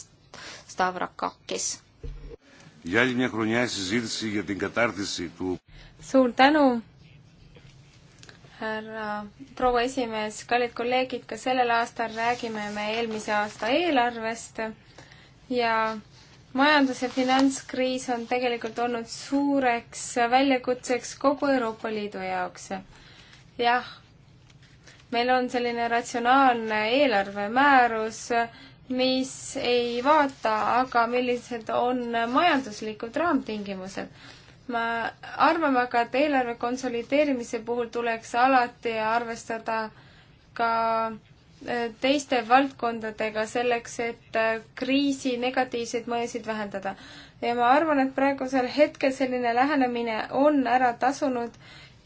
Stavrakakis. suur tänu härra proua esimees, kallid kolleegid, ka sellel aastal räägime me eelmise aasta eelarvest ja majandus- ja finantskriis on tegelikult olnud suureks väljakutseks kogu Euroopa Liidu jaoks. jah, meil on selline ratsionaalne eelarvemäärus, mis ei vaata aga, millised on majanduslikud raamtingimused ma, arvame aga, et eelarve konsolideerimise puhul tuleks alati arvestada ka äh, teiste valdkondadega selleks, et äh, kriisi negatiivseid mõjusid vähendada. ja ma arvan, et praegusel hetkel selline lähenemine on ära tasunud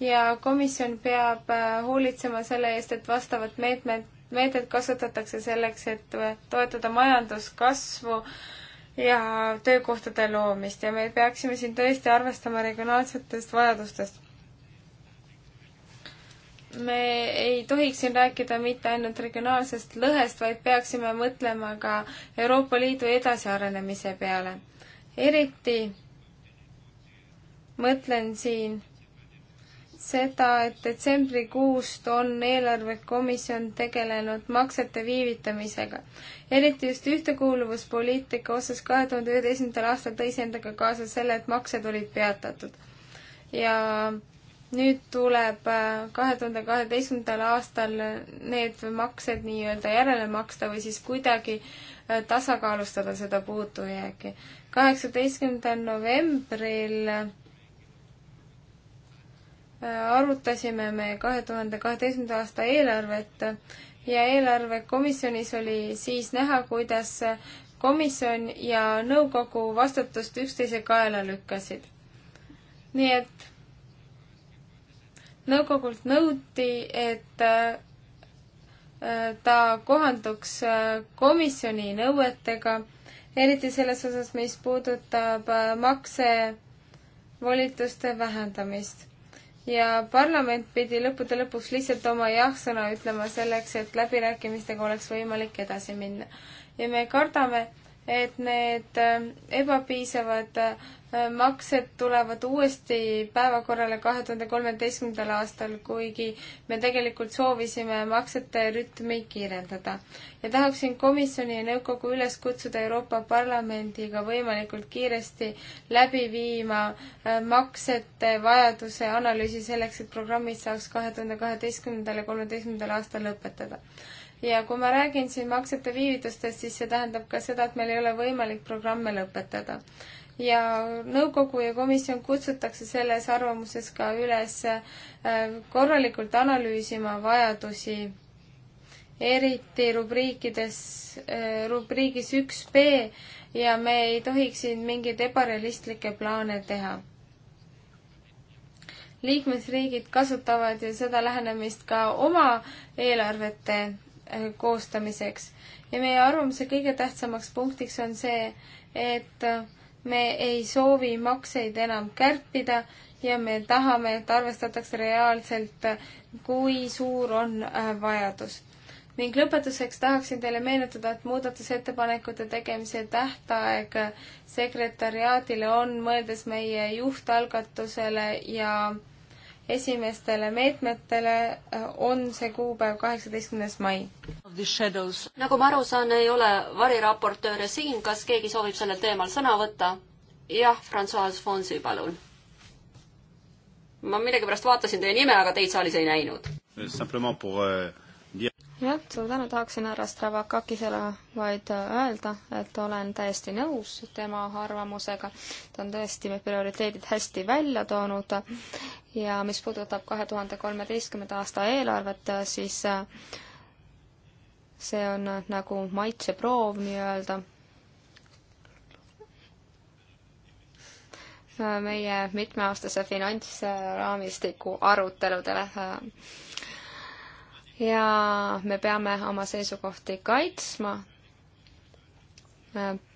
ja komisjon peab äh, hoolitsema selle eest, et vastavad meetmed, meedet kasutatakse selleks, et toetada majanduskasvu äh, ja töökohtade loomist ja me peaksime siin tõesti arvestama regionaalsetest vajadustest. me ei tohiks siin rääkida mitte ainult regionaalsest lõhest, vaid peaksime mõtlema ka Euroopa Liidu edasiarenemise peale. eriti mõtlen siin seda, et detsembrikuust on eelarvekomisjon tegelenud maksete viivitamisega. eriti just ühtekuuluvuspoliitika osas kahe tuhande üheteistkümnendal aastal tõi see endaga kaasa selle, et maksed olid peatatud. ja nüüd tuleb äh, kahe tuhande kaheteistkümnendal aastal need maksed nii-öelda järele maksta või siis kuidagi äh, tasakaalustada seda puudujääki. kaheksateistkümnendal novembril arutasime me kahe tuhande kaheteistkümnenda aasta eelarvet ja eelarvekomisjonis oli siis näha, kuidas komisjon ja nõukogu vastutust üksteise kaela lükkasid. nii et nõukogult nõuti, et äh, ta kohanduks äh, komisjoni nõuetega, eriti selles osas, mis puudutab äh, maksevolituste vähendamist ja parlament pidi lõppude lõpuks lihtsalt oma jah-sõna ütlema selleks, et läbirääkimistega oleks võimalik edasi minna. ja me kardame, et need äh, ebapiisavad äh, maksed tulevad uuesti päevakorrale kahe tuhande kolmeteistkümnendal aastal, kuigi me tegelikult soovisime maksete rütmi kiirendada. ja tahaksin komisjoni ja nõukogu üles kutsuda Euroopa Parlamendiga võimalikult kiiresti läbi viima äh, maksete vajaduse analüüsi selleks, et programmid saaks kahe tuhande kaheteistkümnendal ja kolmeteistkümnendal aastal lõpetada ja kui ma räägin siin maksete viivitustest, siis see tähendab ka seda, et meil ei ole võimalik programme lõpetada ja nõukogu ja komisjon kutsutakse selles arvamuses ka üles äh, korralikult analüüsima vajadusi, eriti rubriikides, äh, rubriigis üks B ja me ei tohiks siin mingeid ebarealistlikke plaane teha liikmesriigid kasutavad ju seda lähenemist ka oma eelarvete äh, koostamiseks. ja meie arvamuse kõige tähtsamaks punktiks on see, et me ei soovi makseid enam kärpida ja me tahame, et arvestatakse reaalselt, kui suur on äh, vajadus. ning lõpetuseks tahaksin teile meenutada, et muudatusettepanekute tegemise tähtaeg sekretäriaadile on, mõeldes meie juhtalgatusele ja esimestele meetmetele äh, on see kuupäev kaheksateistkümnes mai. nagu ma aru saan, ei ole variraportööre siin, kas keegi soovib sellel teemal sõna võtta? jah, Francois Fonsi, palun. ma millegipärast vaatasin teie nime, aga teid saalis ei näinud. Euh, euh, jah, suur tänu, tahaksin härra Stravakakisele vaid äh, öelda, et olen täiesti nõus tema arvamusega. ta on tõesti prioriteedid hästi välja toonud ja mis puudutab kahe tuhande kolmeteistkümnenda aasta eelarvet, siis äh, see on äh, nagu maitseproov nii-öelda. Äh, meie mitmeaastase finantsraamistiku aruteludele. ja me peame oma seisukohti kaitsma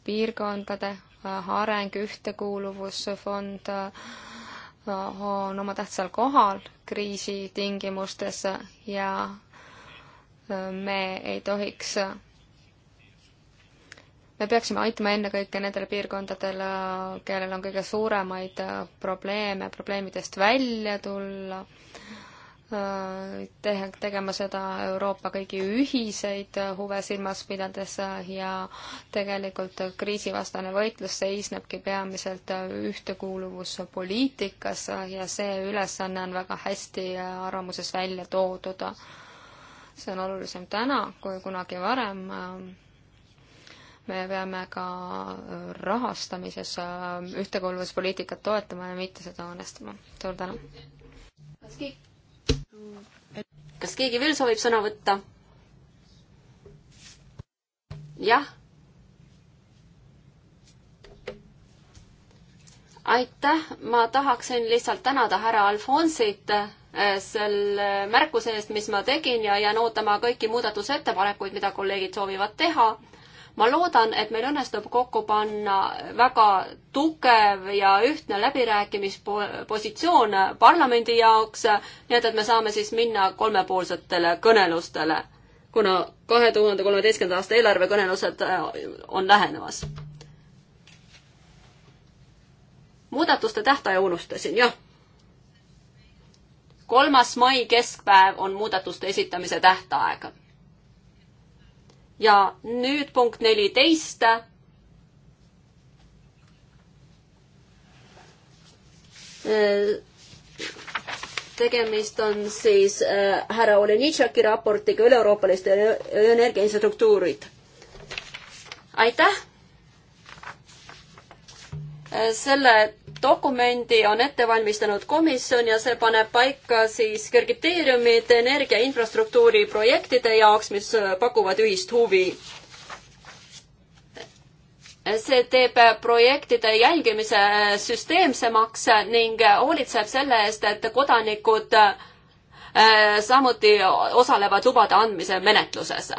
piirkondade areng, ühtekuuluvusfond, on oma tähtsal kohal kriisi tingimustes ja äh, me ei tohiks, me peaksime aitama ennekõike nendel piirkondadel, kellel on kõige suuremaid äh, probleeme, probleemidest välja tulla Äh, te-, tegema seda Euroopa kõigi ühiseid äh, huve silmas pidades äh, ja tegelikult kriisivastane võitlus seisnebki peamiselt ühtekuuluvuspoliitikas ja see ülesanne on väga hästi arvamuses välja toodud. see on olulisem täna kui kunagi varem. me peame ka rahastamises ühtekuuluvuspoliitikat toetama ja mitte seda õõnestama. suur tänu! kas keegi veel soovib sõna võtta? jah. aitäh, ma tahaksin lihtsalt tänada härra Alfonsit äh, selle märkuse eest, mis ma tegin ja jään ootama kõiki muudatusettepanekuid, mida kolleegid soovivad teha ma loodan, et meil õnnestub kokku panna väga tugev ja ühtne läbirääkimispositsioon parlamendi jaoks, nii et, et me saame siis minna kolmepoolsetele kõnelustele, kuna kahe tuhande kolmeteistkümnenda aasta eelarvekõnelused äh, on lähenemas. muudatuste tähtaja unustasin, jah kolmas mai keskpäev on muudatuste esitamise tähtaeg ja nüüd punkt neliteist. tegemist on siis äh, härra Olenitšaki raportiga üle-euroopaliste energiainstruktuurid. aitäh! Äh, selle dokumendi on ette valmistanud komisjon ja see paneb paika siis kriteeriumid energia infrastruktuuri projektide jaoks, mis äh, pakuvad ühist huvi. see teeb äh, projektide jälgimise äh, süsteemsemaks ning hoolitseb selle eest, et kodanikud samuti osalevad lubade andmise menetluses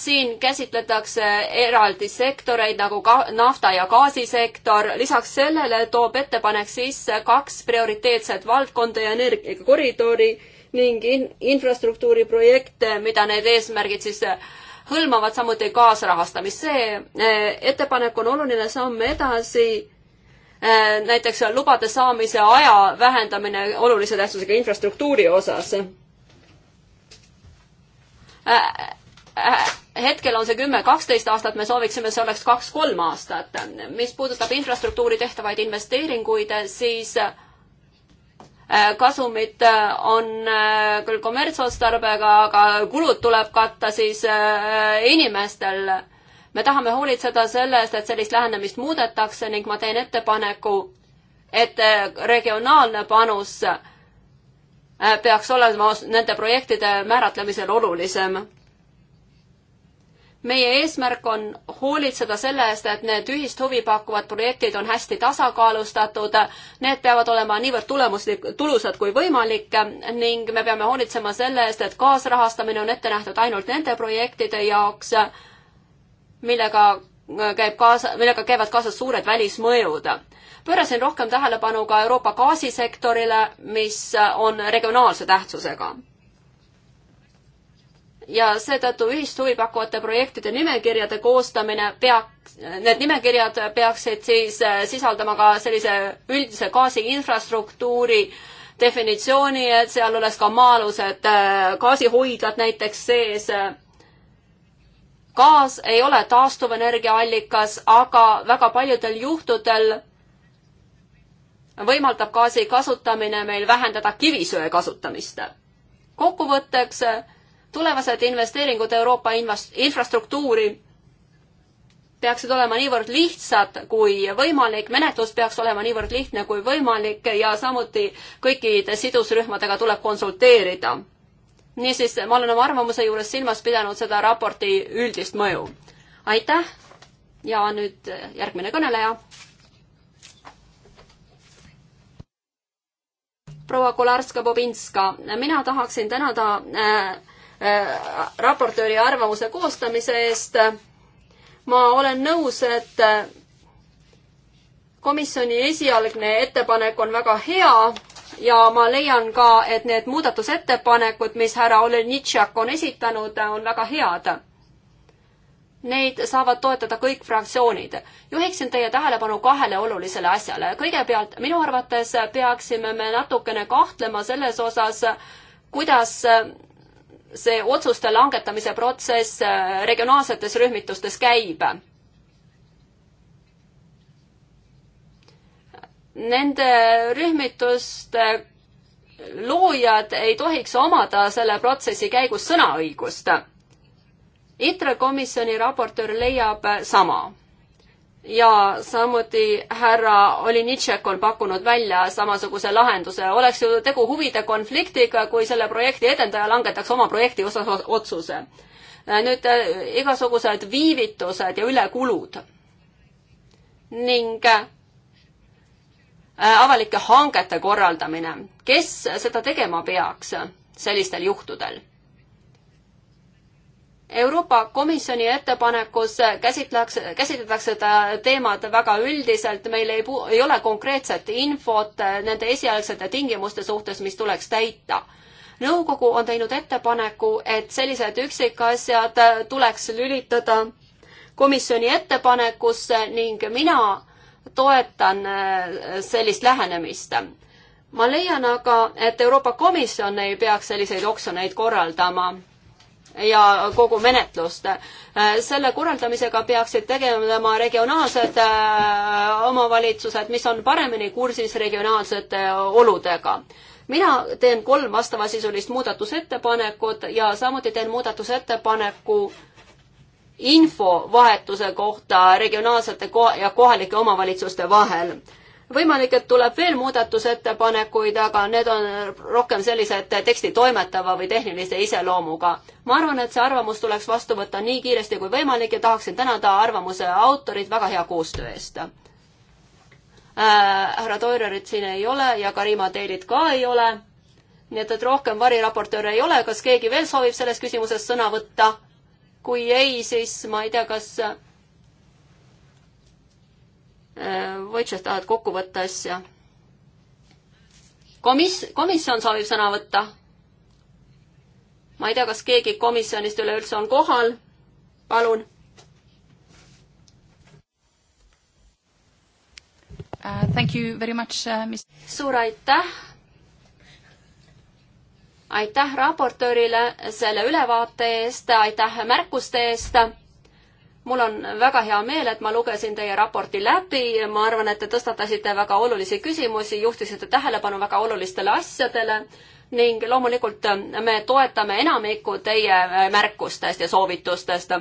siin käsitletakse eraldi sektoreid nagu ka nafta- ja gaasisektor, lisaks sellele toob ettepanek sisse kaks prioriteetset valdkonda ja energiakoridori ning in infrastruktuuriprojekte, mida need eesmärgid siis hõlmavad samuti kaasrahastamist. see eh, ettepanek on oluline samm edasi, eh, näiteks lubade saamise aja vähendamine olulise tähtsusega infrastruktuuri osas eh, hetkel on see kümme, kaksteist aastat, me sooviksime, see oleks kaks-kolm aastat. mis puudutab infrastruktuuri tehtavaid investeeringuid, siis äh, kasumid äh, on äh, küll kommertsotstarbega, aga kulud tuleb katta siis inimestel. me tahame hoolitseda selle eest, et sellist lähenemist muudetakse ning ma teen ettepaneku, et regionaalne panus peaks olema nende projektide määratlemisel olulisem meie eesmärk on hoolitseda selle eest, et need ühist huvi pakkuvad projektid on hästi tasakaalustatud, need peavad olema niivõrd tulemuslik, tulusad kui võimalik ning me peame hoolitsema selle eest, et kaasrahastamine on ette nähtud ainult nende projektide jaoks, millega käib kaasa, millega käivad kaasas suured välismõjud. pöörasin rohkem tähelepanu ka Euroopa gaasisektorile, mis on regionaalse tähtsusega ja seetõttu ühist huvi pakkuvate projektide nimekirjade koostamine peaks, need nimekirjad peaksid siis äh, sisaldama ka sellise üldise gaasiinfrastruktuuri definitsiooni, et seal oleks ka maa-alused äh, gaasihoidlad näiteks sees gaas ei ole taastuvenergia allikas, aga väga paljudel juhtudel võimaldab gaasi kasutamine meil vähendada kivisöe kasutamist. kokkuvõtteks tulevased investeeringud Euroopa infrastruktuuri peaksid olema niivõrd lihtsad kui võimalik, menetlus peaks olema niivõrd lihtne kui võimalik ja samuti kõikide sidusrühmadega tuleb konsulteerida. niisiis, ma olen oma arvamuse juures silmas pidanud seda raporti üldist mõju. aitäh ja nüüd järgmine kõneleja. proua Kolarska-Bobinska, mina tahaksin tänada äh, Äh, raportööri arvamuse koostamise eest. ma olen nõus, et komisjoni esialgne ettepanek on väga hea ja ma leian ka, et need muudatusettepanekud, mis härra Olenitšak on esitanud, on väga head. Neid saavad toetada kõik fraktsioonid. juhiksin teie tähelepanu kahele olulisele asjale. kõigepealt, minu arvates peaksime me natukene kahtlema selles osas, kuidas see otsuste langetamise protsess äh, regionaalsetes rühmitustes käib. Nende rühmituste loojad ei tohiks omada selle protsessi käigus sõnaõigust. ITRE komisjoni raportöör leiab sama ja samuti härra Olinitšek on pakkunud välja samasuguse lahenduse. oleks ju tegu huvide konfliktiga, kui selle projekti edendaja langetaks oma projekti osas otsuse. Äh, nüüd äh, igasugused viivitused ja ülekulud ning äh, avalike hangete korraldamine. kes seda tegema peaks sellistel juhtudel? Euroopa Komisjoni ettepanekus käsitletakse, käsitletakse seda teemat väga üldiselt, meil ei, ei ole konkreetset infot nende esialgsete tingimuste suhtes, mis tuleks täita. nõukogu on teinud ettepaneku, et sellised üksikasjad tuleks lülitada komisjoni ettepanekusse ning mina toetan äh, sellist lähenemist ma leian aga, et Euroopa Komisjon ei peaks selliseid oksjoneid korraldama ja kogu menetlust. Äh, selle korraldamisega peaksid tegelema regionaalsed äh, omavalitsused, mis on paremini kursis regionaalsete äh, oludega mina teen kolm vastavasisulist muudatusettepanekut ja samuti teen muudatusettepaneku infovahetuse kohta regionaalsete ja kohalike omavalitsuste vahel võimalik, et tuleb veel muudatusettepanekuid, aga need on rohkem sellised teksti toimetava või tehnilise iseloomuga. ma arvan, et see arvamus tuleks vastu võtta nii kiiresti kui võimalik ja tahaksin tänada arvamuse autorit väga hea koostöö eest äh,. härra Toilerit siin ei ole ja Karima Teilit ka ei ole. nii et, et rohkem variraportööre ei ole, kas keegi veel soovib selles küsimuses sõna võtta? kui ei, siis ma ei tea, kas Võitšest tahad kokku võtta asja? komis-, komisjon soovib sõna võtta? ma ei tea, kas keegi komisjonist üleüldse on kohal. palun Uh, thank you very much, uh, mis-. suur aitäh! aitäh raportöörile selle ülevaate eest, aitäh märkuste eest! mul on väga hea meel, et ma lugesin teie raporti läbi, ma arvan, et te tõstatasite väga olulisi küsimusi, juhtisite tähelepanu väga olulistele asjadele ning loomulikult me toetame enamikku teie äh, märkustest ja soovitustest.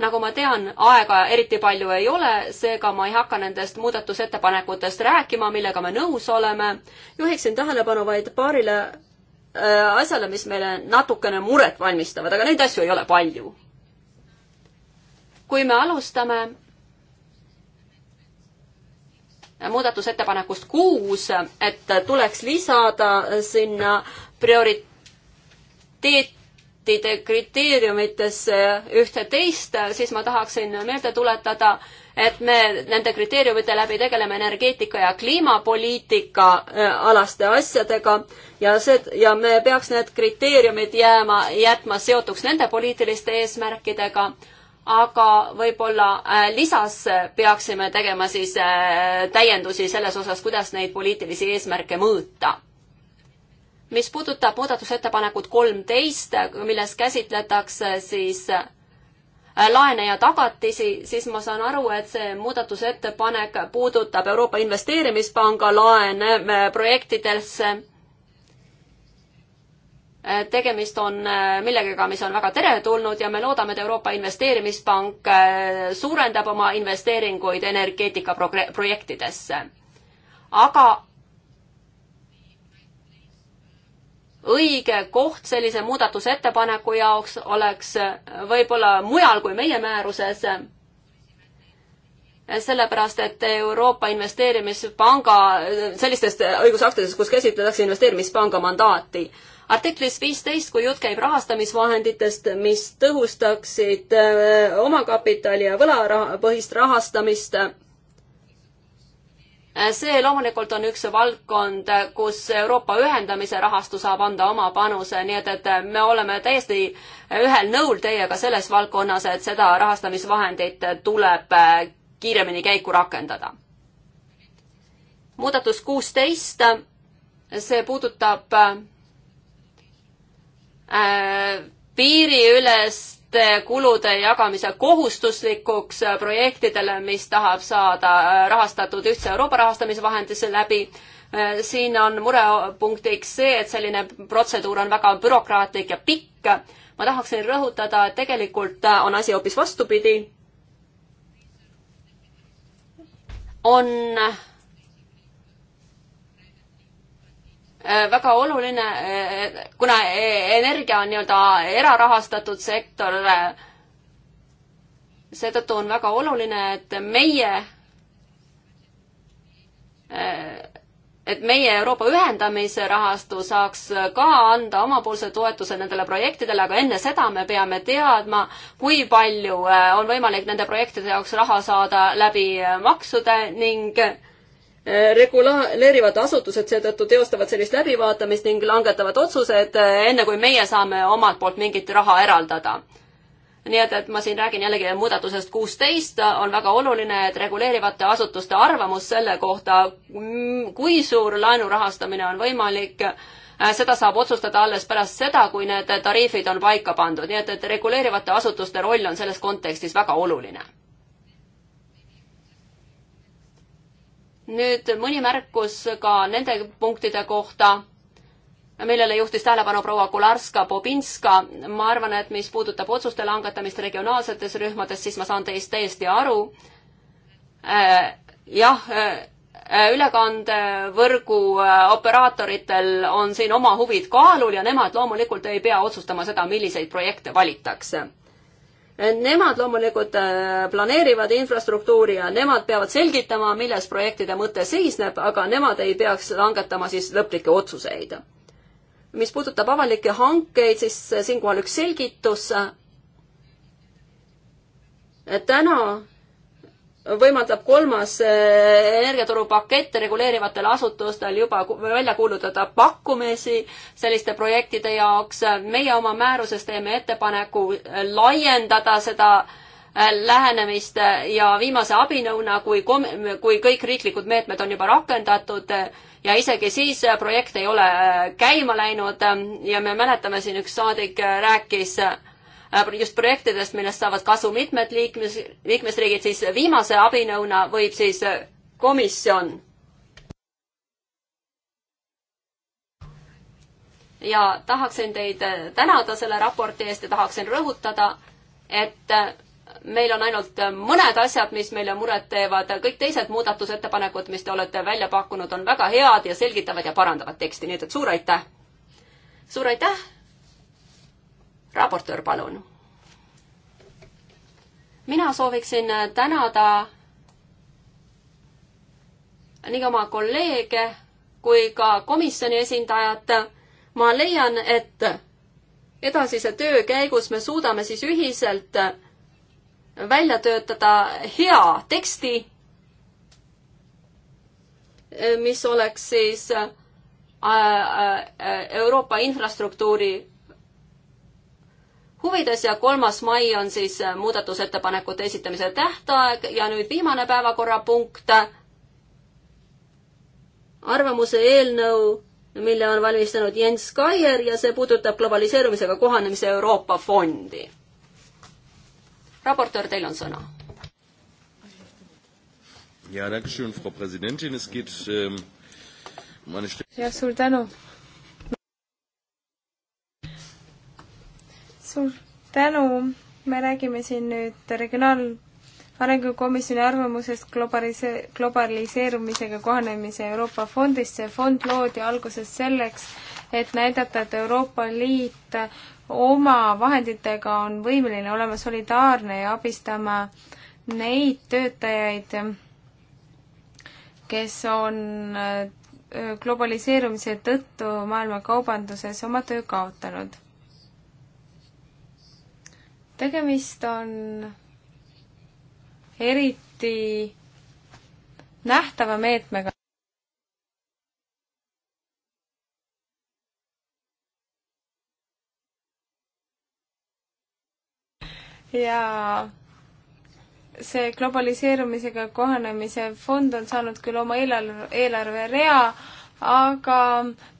nagu ma tean, aega eriti palju ei ole, seega ma ei hakka nendest muudatusettepanekutest rääkima, millega me nõus oleme. juhiksin tähelepanu vaid paarile äh, asjale, mis meile natukene muret valmistavad, aga neid asju ei ole palju kui me alustame muudatusettepanekust kuus, et tuleks lisada sinna prioriteetide kriteeriumitesse ühte-teist, siis ma tahaksin meelde tuletada, et me nende kriteeriumite läbi tegeleme energeetika ja kliimapoliitika äh, alaste asjadega ja see, ja me peaks need kriteeriumid jääma, jätma seotuks nende poliitiliste eesmärkidega aga võib-olla äh, lisas peaksime tegema siis äh, täiendusi selles osas, kuidas neid poliitilisi eesmärke mõõta. mis puudutab muudatusettepanekut kolmteist, milles käsitletakse siis äh, laene ja tagatisi, siis ma saan aru, et see muudatusettepanek puudutab Euroopa Investeerimispanga laene projektidesse Äh, tegemist on äh, millegagi, mis on väga teretulnud ja me loodame, et Euroopa Investeerimispank äh, suurendab oma investeeringuid energeetika projektidesse. aga õige koht sellise muudatusettepaneku jaoks oleks võib-olla mujal kui meie määruses sellepärast, et Euroopa Investeerimispanga sellistest õigusaktidest, kus käsitletakse investeerimispanga mandaati, artiklis viisteist, kui jutt käib rahastamisvahenditest, mis tõhustaksid äh, omakapitali ja võlapõhist rahastamist, äh, see loomulikult on üks valdkond, kus Euroopa ühendamise rahastu saab anda oma panuse, nii et, et äh, me oleme täiesti ühel nõul teiega selles valdkonnas, et seda rahastamisvahendit tuleb kiiremini käiku rakendada. muudatus kuusteist, see puudutab Äh, piiriüleste kulude jagamise kohustuslikuks projektidele, mis tahab saada äh, rahastatud ühtse Euroopa rahastamisvahendise läbi äh, siin on murepunktiks see, et selline protseduur on väga bürokraatlik ja pikk. ma tahaksin rõhutada, et tegelikult on asi hoopis vastupidi. on Äh, väga oluline, äh, kuna äh, energia on nii-öelda erarahastatud sektor, seetõttu on väga oluline, et meie, et meie Euroopa ühendamise rahastu saaks ka anda omapoolse toetuse nendele projektidele, aga enne seda me peame teadma, kui palju on võimalik nende projektide jaoks raha saada läbi maksude ning äh, Äh, reguleerivad asutused seetõttu teostavad sellist läbivaatamist ning langetavad otsused, äh, enne kui meie saame omalt poolt mingit raha eraldada. nii et, et ma siin räägin jällegi muudatusest kuusteist, on väga oluline, et reguleerivate asutuste arvamus selle kohta, mm, kui suur laenu rahastamine on võimalik, äh, seda saab otsustada alles pärast seda, kui need tariifid on paika pandud, nii et, et reguleerivate asutuste roll on selles kontekstis väga oluline nüüd mõni märkus ka nende punktide kohta, millele juhtis tähelepanu proua Kularska-Bobinska. ma arvan, et mis puudutab otsuste langetamist regionaalsetes rühmades, siis ma saan teist täiesti aru. Äh, jah, äh, ülekandevõrgu äh, operaatoritel on siin oma huvid kaalul ja nemad loomulikult ei pea otsustama seda, milliseid projekte valitakse Nemad loomulikult äh, planeerivad infrastruktuuri ja nemad peavad selgitama, milles projektide mõte seisneb, aga nemad ei peaks langetama siis lõplikke otsuseid. mis puudutab avalikke hankeid, siis siinkohal üks selgitus. täna võimaldab kolmas eh, energiaturupakett reguleerivatel asutustel juba välja kuulutada pakkumisi selliste projektide jaoks. meie oma määruses teeme ettepaneku laiendada seda eh, lähenemist ja viimase abinõuna, kui kom-, kui kõik riiklikud meetmed on juba rakendatud eh, ja isegi siis projekt ei ole käima läinud ja me mäletame, siin üks saadik rääkis äh, Äh, just projektidest, millest saavad kasu mitmed liikmes, liikmesriigid, siis viimase abinõuna võib siis äh, komisjon ja tahaksin teid äh, tänada selle raporti eest ja tahaksin rõhutada, et meil on ainult mõned asjad, mis meile muret teevad, kõik teised muudatusettepanekud, mis te olete välja pakkunud, on väga head ja selgitavad ja parandavad teksti, nii et, et suur aitäh! suur aitäh! raportöör, palun. mina sooviksin tänada nii oma kolleege kui ka komisjoni esindajat. ma leian, et edasise töö käigus me suudame siis ühiselt välja töötada hea teksti, mis oleks siis äh, äh, Euroopa infrastruktuuri huvides ja kolmas mai on siis äh, muudatusettepanekute esitamise tähtaeg ja nüüd viimane päevakorrapunkt. arvamuse eelnõu, mille on valmistanud Jens Kaier ja see puudutab globaliseerumisega kohanemise Euroopa fondi. raportöör, teil on sõna. ja, ähm, suur tänu, suur tänu, me räägime siin nüüd Regionaalarengu Komisjoni arvamusest globalise-, globaliseerumisega kohanemise Euroopa fondist, see fond loodi alguses selleks, et näidata, et Euroopa Liit oma vahenditega on võimeline olema solidaarne ja abistama neid töötajaid, kes on äh, globaliseerumise tõttu maailmakaubanduses oma töö kaotanud tegemist on eriti nähtava meetmega. ja see globaliseerumisega kohanemise fond on saanud küll oma eelarve, eelarverea, aga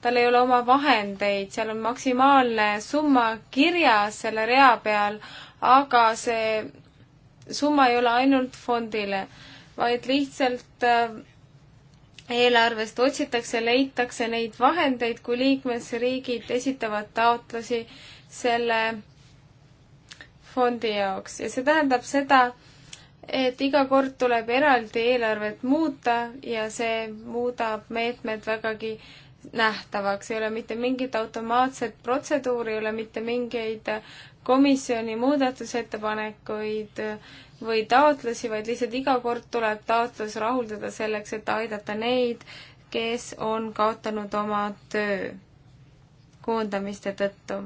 tal ei ole oma vahendeid, seal on maksimaalne summa kirjas selle rea peal, aga see summa ei ole ainult fondile, vaid lihtsalt äh, eelarvest otsitakse, leitakse neid vahendeid, kui liikmesriigid esitavad taotlusi selle fondi jaoks ja see tähendab seda, et iga kord tuleb eraldi eelarvet muuta ja see muudab meetmed vägagi nähtavaks, ei ole mitte mingit automaatset protseduuri, ei ole mitte mingeid komisjoni muudatusettepanekuid või taotlusi, vaid lihtsalt iga kord tuleb taotlus rahuldada selleks, et aidata neid, kes on kaotanud oma töö koondamiste tõttu.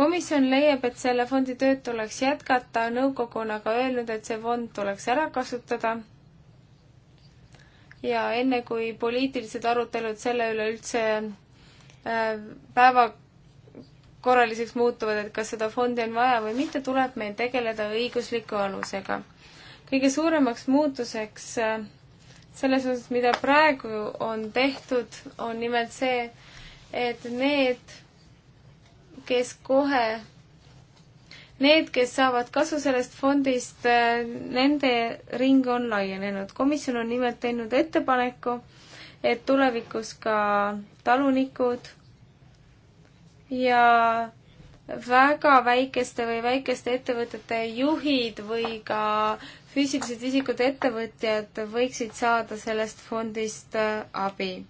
komisjon leiab, et selle fondi tööd tuleks jätkata, nõukogu on aga öelnud, et see fond tuleks ära kasutada ja enne, kui poliitilised arutelud selle üle üldse äh, päeva korraliseks muutuvad, et kas seda fondi on vaja või mitte, tuleb meil tegeleda õigusliku alusega. kõige suuremaks muutuseks äh, selles osas, mida praegu on tehtud, on nimelt see, et need, kes kohe, need, kes saavad kasu sellest fondist, äh, nende ring on laienenud. komisjon on nimelt teinud ettepaneku, et tulevikus ka talunikud ja väga väikeste või väikeste ettevõtete juhid või ka füüsilised isikud, ettevõtjad võiksid saada sellest fondist äh, abi.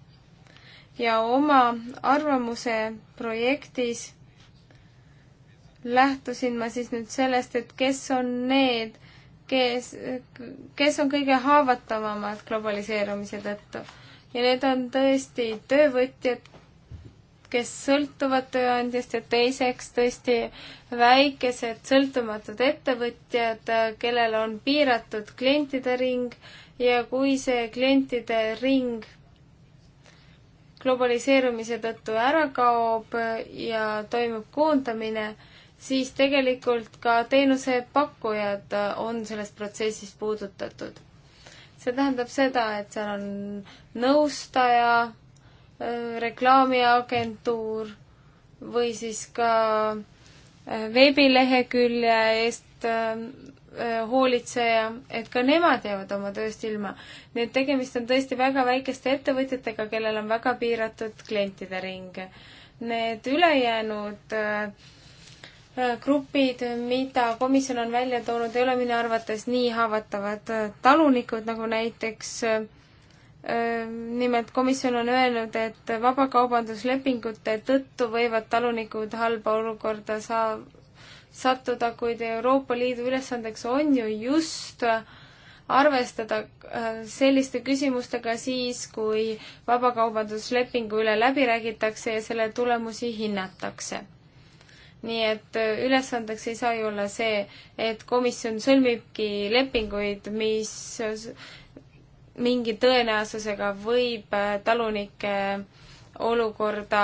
ja oma arvamuse projektis lähtusin ma siis nüüd sellest, et kes on need, kes, kes on kõige haavatavamad globaliseerumise tõttu. ja need on tõesti töövõtjad, kes sõltuvad tööandjast ja teiseks tõesti väikesed sõltumatud ettevõtjad, kellel on piiratud klientide ring ja kui see klientide ring globaliseerumise tõttu ära kaob ja toimub koondamine, siis tegelikult ka teenusepakkujad on sellest protsessist puudutatud. see tähendab seda, et seal on nõustaja, reklaamiagentuur või siis ka äh, veebilehekülje eest äh, äh, hoolitseja, et ka nemad jäävad oma tööst ilma. nii et tegemist on tõesti väga väikeste ettevõtjatega, kellel on väga piiratud klientide ring. Need ülejäänud grupid, mida komisjon on välja toonud, ei ole minu arvates nii haavatavad talunikud, nagu näiteks äh, Ehm, nimelt komisjon on öelnud, et vabakaubanduslepingute tõttu võivad talunikud halba olukorda saa-, sattuda, kuid Euroopa Liidu ülesandeks on ju just arvestada äh, selliste küsimustega siis, kui vabakaubanduslepingu üle läbi räägitakse ja selle tulemusi hinnatakse. nii et äh, ülesandeks ei saa ju olla see, et komisjon sõlmibki lepinguid, mis mingi tõenäosusega võib äh, talunike äh, olukorda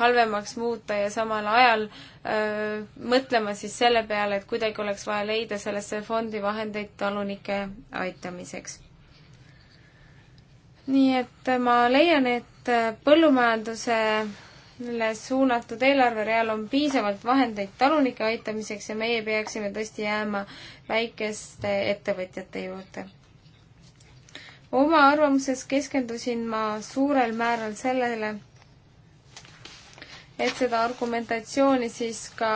halvemaks muuta ja samal ajal öö, äh, mõtlema siis selle peale, et kuidagi oleks vaja leida sellesse fondi vahendeid talunike aitamiseks. nii et ma leian, et põllumajandusele suunatud eelarvereal on piisavalt vahendeid talunike aitamiseks ja meie peaksime tõesti jääma väikeste ettevõtjate juurde oma arvamuses keskendusin ma suurel määral sellele, et seda argumentatsiooni siis ka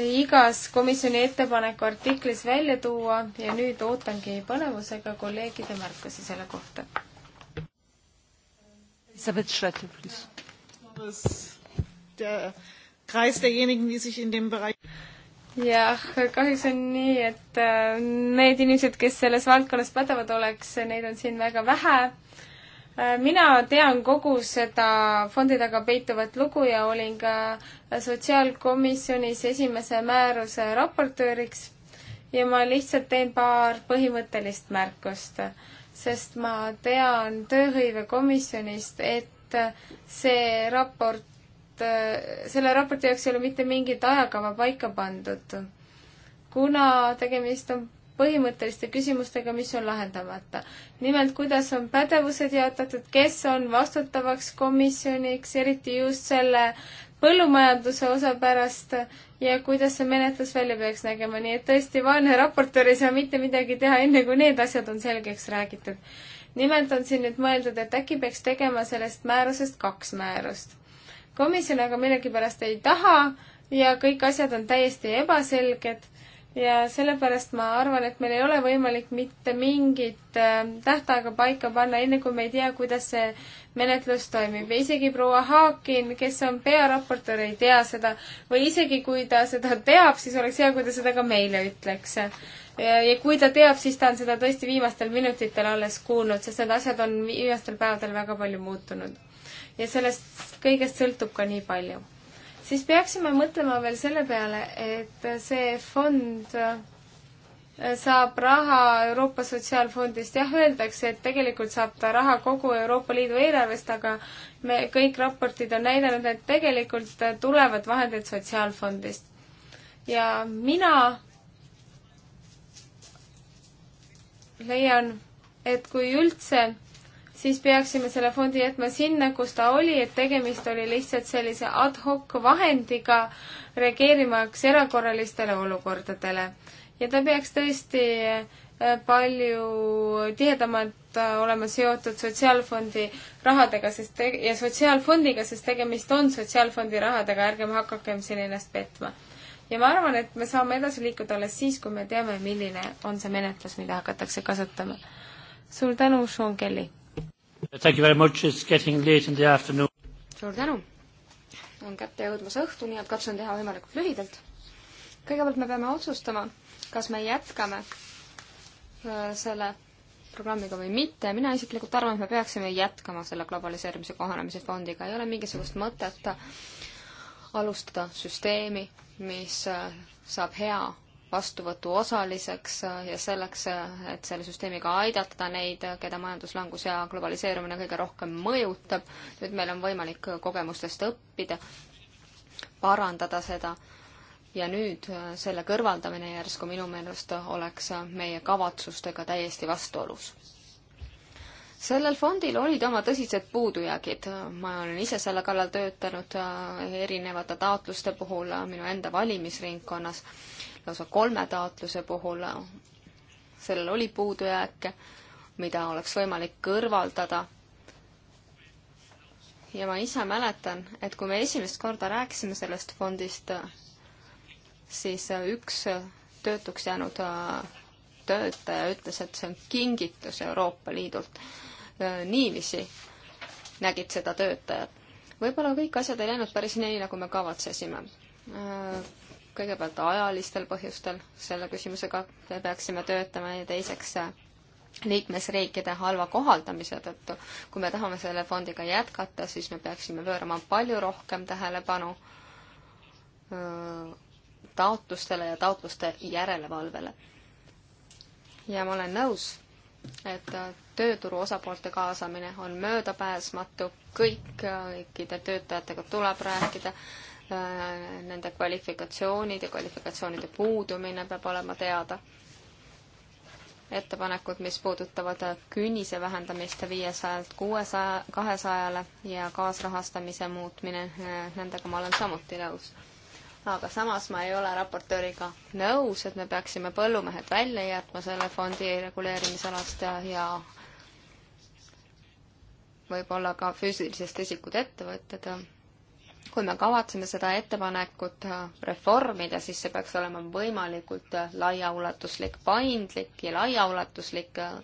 igas komisjoni ettepaneku artiklis välja tuua ja nüüd ootangi põnevusega kolleegide märkusi selle kohta. Elisabeth Schröter, please. Der Kreis derjenigen, die sich in dem Bereich jah, kahjuks on nii, et äh, need inimesed, kes selles valdkonnas pädevad oleks, neid on siin väga vähe. Äh, mina tean kogu seda fondi taga peituvat lugu ja olin ka sotsiaalkomisjonis esimese määruse raportööriks ja ma lihtsalt teen paar põhimõttelist märkust, sest ma tean tööhõivekomisjonist, et see raport et äh, selle raporti jaoks ei ole mitte mingit ajakava paika pandud, kuna tegemist on põhimõtteliste küsimustega, mis on lahendamata. nimelt, kuidas on pädevused jaotatud, kes on vastutavaks komisjoniks, eriti just selle põllumajanduse osa pärast ja kuidas see menetlus välja peaks nägema, nii et tõesti, vaene raportöör ei saa mitte midagi teha, enne kui need asjad on selgeks räägitud. nimelt on siin nüüd mõeldud, et äkki peaks tegema sellest määrusest kaks määrust komisjon aga millegipärast ei taha ja kõik asjad on täiesti ebaselged ja sellepärast ma arvan, et meil ei ole võimalik mitte mingit äh, tähtaega paika panna, enne kui me ei tea, kuidas see menetlus toimib ja isegi proua Haakin, kes on pearaportöör, ei tea seda või isegi kui ta seda teab, siis oleks hea, kui ta seda ka meile ütleks. ja kui ta teab, siis ta on seda tõesti viimastel minutitel alles kuulnud, sest need asjad on viimastel päevadel väga palju muutunud ja sellest kõigest sõltub ka nii palju. siis peaksime mõtlema veel selle peale, et see fond äh, saab raha Euroopa Sotsiaalfondist, jah, öeldakse, et tegelikult saab ta raha kogu Euroopa Liidu eelarvest, aga me kõik raportid on näidanud, et tegelikult tulevad vahendid Sotsiaalfondist. ja mina leian, et kui üldse siis peaksime selle fondi jätma sinna, kus ta oli, et tegemist oli lihtsalt sellise ad hoc vahendiga reageerimaks erakorralistele olukordadele. ja ta peaks tõesti eh, palju tihedamalt olema seotud sotsiaalfondi rahadega, sest te-, ja sotsiaalfondiga, sest tegemist on sotsiaalfondi rahadega, ärgem hakakem siin ennast petma. ja ma arvan, et me saame edasi liikuda alles siis, kui me teame, milline on see menetlus, mida hakatakse kasutama. suur tänu, Sean Kelly! suur tänu! on kätte jõudmas õhtu, nii et katsun teha võimalikult lühidalt. kõigepealt me peame otsustama, kas me jätkame äh, selle programmiga või mitte, mina isiklikult arvan, et me peaksime jätkama selle globaliseerimise kohanemise fondiga, ei ole mingisugust mõtet alustada süsteemi, mis äh, saab hea vastuvõtu osaliseks äh, ja selleks, äh, et selle süsteemiga aidata neid, äh, keda majanduslangus ja globaliseerumine kõige rohkem mõjutab. nüüd meil on võimalik kogemustest õppida, parandada seda ja nüüd selle kõrvaldamine järsku minu meelest oleks meie kavatsustega täiesti vastuolus. sellel fondil olid oma tõsised puudujäägid, ma olen ise selle kallal töötanud erinevate taotluste puhul minu enda valimisringkonnas lausa kolme taotluse puhul sellel oli puudujääke, mida oleks võimalik kõrvaldada. ja ma ise mäletan, et kui me esimest korda rääkisime sellest fondist, siis üks töötuks jäänud äh, töötaja ütles, et see on kingitus Euroopa Liidult. Äh, niiviisi nägid seda töötajad. võib-olla kõik asjad ei läinud päris nii, nagu me kavatsesime äh, kõigepealt ajalistel põhjustel selle küsimusega me peaksime töötama ja teiseks äh, liikmesriikide halva kohaldamise tõttu, kui me tahame selle fondiga jätkata, siis me peaksime pöörama palju rohkem tähelepanu äh, taotlustele ja taotluste järelevalvele. ja ma olen nõus, et äh, tööturu osapoolte kaasamine on möödapääsmatu, kõikide töötajatega tuleb rääkida Äh, nende kvalifikatsioonid ja kvalifikatsioonide puudumine peab olema teada. ettepanekud, mis puudutavad künnise vähendamist viiesajalt kuuesaja, kahesajale ja kaasrahastamise muutmine, äh, nendega ma olen samuti nõus. aga samas ma ei ole raportööriga nõus, et me peaksime põllumehed välja jätma selle fondi reguleerimisalast ja, ja võib-olla ka füüsilisest isikut ettevõtted et kui me kavatseme seda ettepanekut äh, reformida, siis see peaks olema võimalikult äh, laiaulatuslik, paindlik ja laiaulatuslik äh,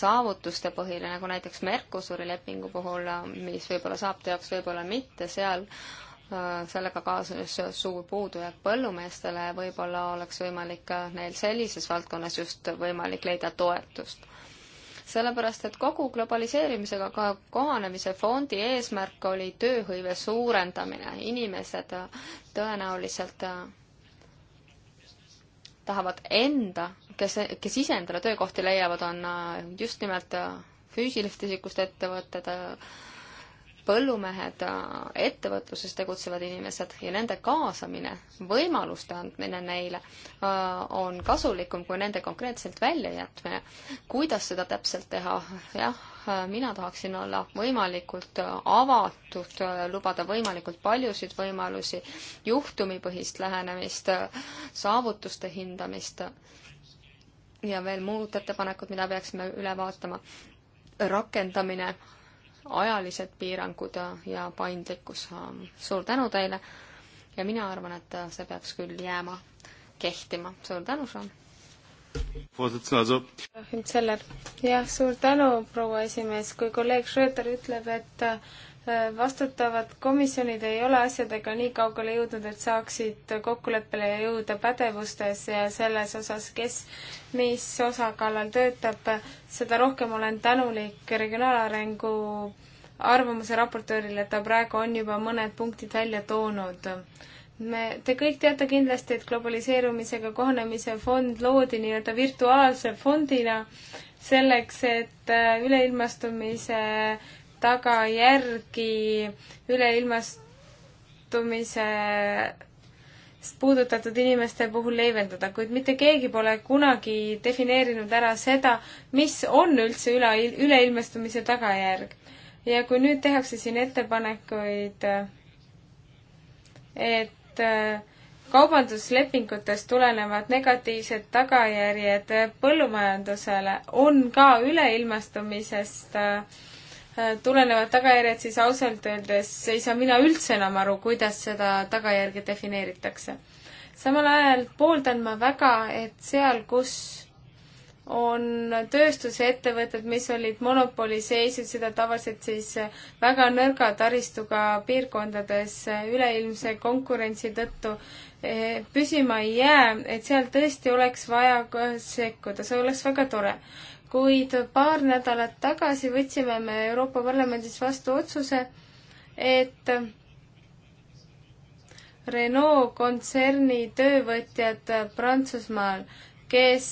saavutuste põhine, nagu näiteks Mercosuri lepingu puhul, mis võib-olla saab teoks, võib-olla mitte, seal sellega kaasnes suur puudujääk põllumeestele ja võib-olla oleks võimalik neil sellises valdkonnas just võimalik leida toetust sellepärast et kogu globaliseerimisega ka kohanemise fondi eesmärk oli tööhõive suurendamine. inimesed äh, tõenäoliselt äh, tahavad enda, kes, kes ise endale töökohti leiavad, on äh, just nimelt füüsilisest isikust ettevõtted, põllumehed, äh, ettevõtluses tegutsevad inimesed ja nende kaasamine, võimaluste andmine neile äh, on kasulikum kui nende konkreetselt väljajätmine. kuidas seda täpselt teha? jah, äh, mina tahaksin olla võimalikult avatud, lubada võimalikult paljusid võimalusi, juhtumipõhist lähenemist, saavutuste hindamist ja veel muud ettepanekud, mida peaksime üle vaatama rakendamine ajalised piirangud ja paindlikkus. suur tänu teile ja mina arvan, et see peaks küll jääma kehtima. suur tänu, Sean! Seller, jah, suur tänu, proua esimees, kui kolleeg Schröter ütleb, et vastutavad komisjonid ei ole asjadega nii kaugele jõudnud, et saaksid kokkuleppele jõuda pädevustes ja selles osas, kes mis osa kallal töötab, seda rohkem olen tänulik regionaalarengu arvamuse raportöörile, et ta praegu on juba mõned punktid välja toonud. me, te kõik teate kindlasti, et globaliseerumisega kohanemise fond loodi nii-öelda virtuaalse fondina selleks, et äh, üleilmastumise tagajärgi üleilmastumisest puudutatud inimeste puhul leevendada, kuid mitte keegi pole kunagi defineerinud ära seda, mis on üldse üle, üleilmastumise tagajärg. ja kui nüüd tehakse siin ettepanekuid, et äh, kaubanduslepingutest tulenevad negatiivsed tagajärjed põllumajandusele on ka üleilmastumisest äh, Äh, tulenevad tagajärjed, siis ausalt öeldes ei saa mina üldse enam aru, kuidas seda tagajärge defineeritakse. samal ajal pooldan ma väga, et seal, kus on tööstusettevõtted, mis olid monopoli seisus, seda tavaliselt siis väga nõrga taristuga piirkondades üleilmse konkurentsi tõttu e, püsima ei jää, et seal tõesti oleks vaja sekkuda, see oleks väga tore kuid paar nädalat tagasi võtsime me Euroopa Parlamendis vastu otsuse, et Renault kontserni töövõtjad Prantsusmaal, kes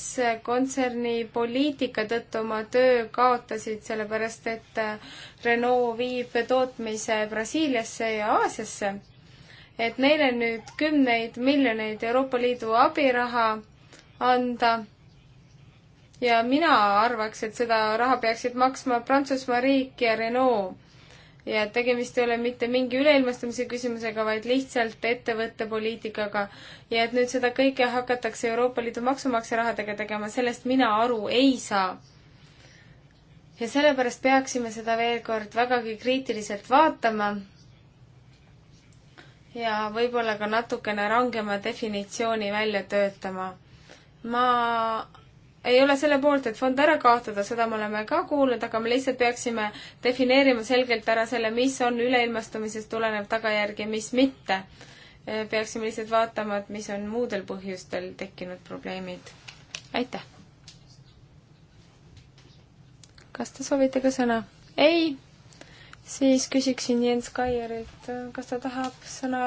kontserni poliitika tõttu oma töö kaotasid, sellepärast et Renault viib tootmise Brasiiliasse ja Aasiasse, et neile nüüd kümneid miljoneid Euroopa Liidu abiraha anda ja mina arvaks, et seda raha peaksid maksma Prantsusmaa riik ja Renault. ja tegemist ei ole mitte mingi üleilmastamise küsimusega, vaid lihtsalt ettevõtte poliitikaga. ja et nüüd seda kõike hakatakse Euroopa Liidu maksumaksja rahadega tegema, sellest mina aru ei saa. ja sellepärast peaksime seda veel kord vägagi kriitiliselt vaatama ja võib-olla ka natukene rangema definitsiooni välja töötama. ma ei ole selle poolt, et fond ära kaotada, seda me oleme ka kuulnud, aga me lihtsalt peaksime defineerima selgelt ära selle, mis on üleilmastumisest tulenev tagajärg ja mis mitte. Äh, peaksime lihtsalt vaatama, et mis on muudel põhjustel tekkinud probleemid. aitäh! kas te soovite ka sõna? ei? siis küsiksin Jens Kaierilt, kas ta tahab sõna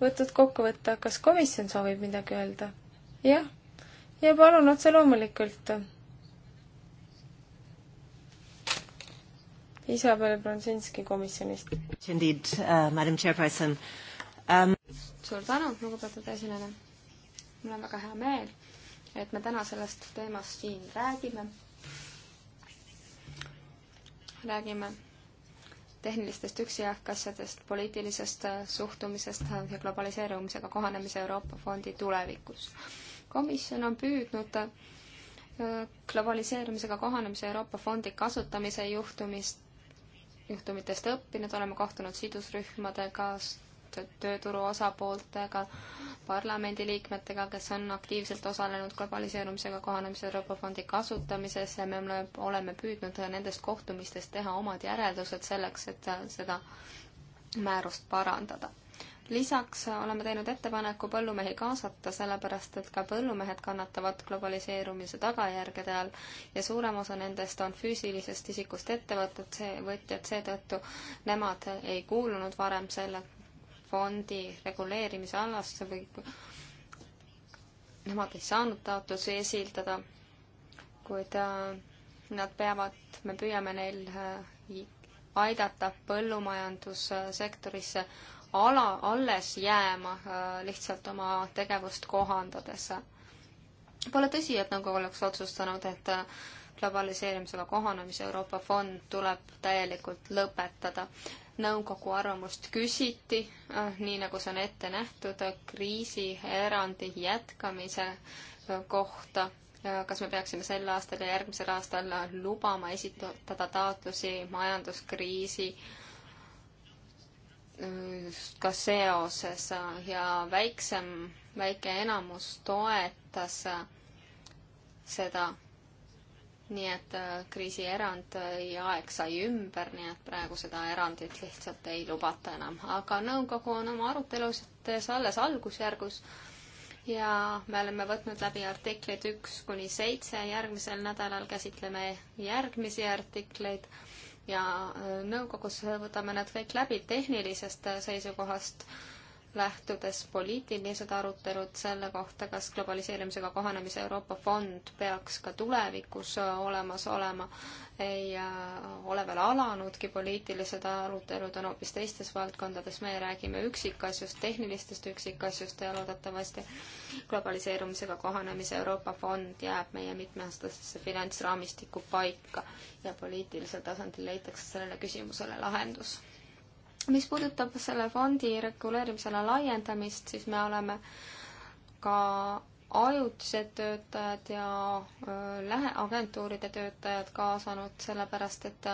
võtnud kokku võtta, kas komisjon soovib midagi öelda? jah ja palun otse loomulikult. Isabel Bronsinski komisjonist. Indeed uh,, madam chairperson um.... suur tänu, lugupeetud esineja. mul on väga hea meel, et me täna sellest teemast siin räägime. räägime tehnilistest üksijahkassadest, poliitilisest äh, suhtumisest ja globaliseerumisega kohanemise Euroopa Fondi tulevikus komisjon on püüdnud äh, globaliseerumisega kohanemise Euroopa Fondi kasutamise juhtumist, juhtumitest õppinud, oleme kohtunud sidusrühmadega, tööturu osapooltega, parlamendiliikmetega, kes on aktiivselt osalenud globaliseerumisega kohanemise Euroopa Fondi kasutamises ja me oleme püüdnud nendest kohtumistest teha omad järeldused selleks, et äh, seda määrust parandada lisaks oleme teinud ettepaneku põllumehi kaasata, sellepärast et ka põllumehed kannatavad globaliseerumise tagajärgede all ja suurem osa nendest on füüsilisest isikust ettevõtted, see, võtjad, seetõttu nemad ei kuulunud varem selle fondi reguleerimise alasse või nemad ei saanud taotlusi esildada, kuid äh, nad peavad, me püüame neil äh, aidata põllumajandussektorisse ala, alles jääma äh, lihtsalt oma tegevust kohandades. Pole tõsi, et nagu oleks otsustanud, et äh, globaliseerimisega kohanemise Euroopa fond tuleb täielikult lõpetada. nõukogu arvamust küsiti, äh, nii nagu see on ette nähtud, kriisierandi jätkamise kohta kas me peaksime sel aastal ja järgmisel aastal lubama esitada taotlusi majanduskriisi ka seoses ja väiksem, väike enamus toetas seda, nii et äh, kriisierand äh, ja aeg sai ümber, nii et praegu seda erandit lihtsalt ei lubata enam. aga nõukogu on oma aruteludes alles algusjärgus ja me oleme võtnud läbi artiklid üks kuni seitse, järgmisel nädalal käsitleme järgmisi artikleid ja äh, nõukogus võtame nad kõik läbi tehnilisest äh, seisukohast lähtudes poliitilised arutelud selle kohta, kas globaliseerimisega kohanemise Euroopa fond peaks ka tulevikus olemas olema, ei äh, ole veel alanudki, poliitilised arutelud on hoopis teistes valdkondades, meie räägime üksikasjust, tehnilistest üksikasjust ja loodetavasti globaliseerumisega kohanemise Euroopa fond jääb meie mitmeaastasesse finantsraamistikku paika ja poliitilisel tasandil leitakse sellele küsimusele lahendus mis puudutab selle fondi reguleerimisele laiendamist, siis me oleme ka ajutised töötajad ja lähe-, agentuuride töötajad kaasanud, sellepärast et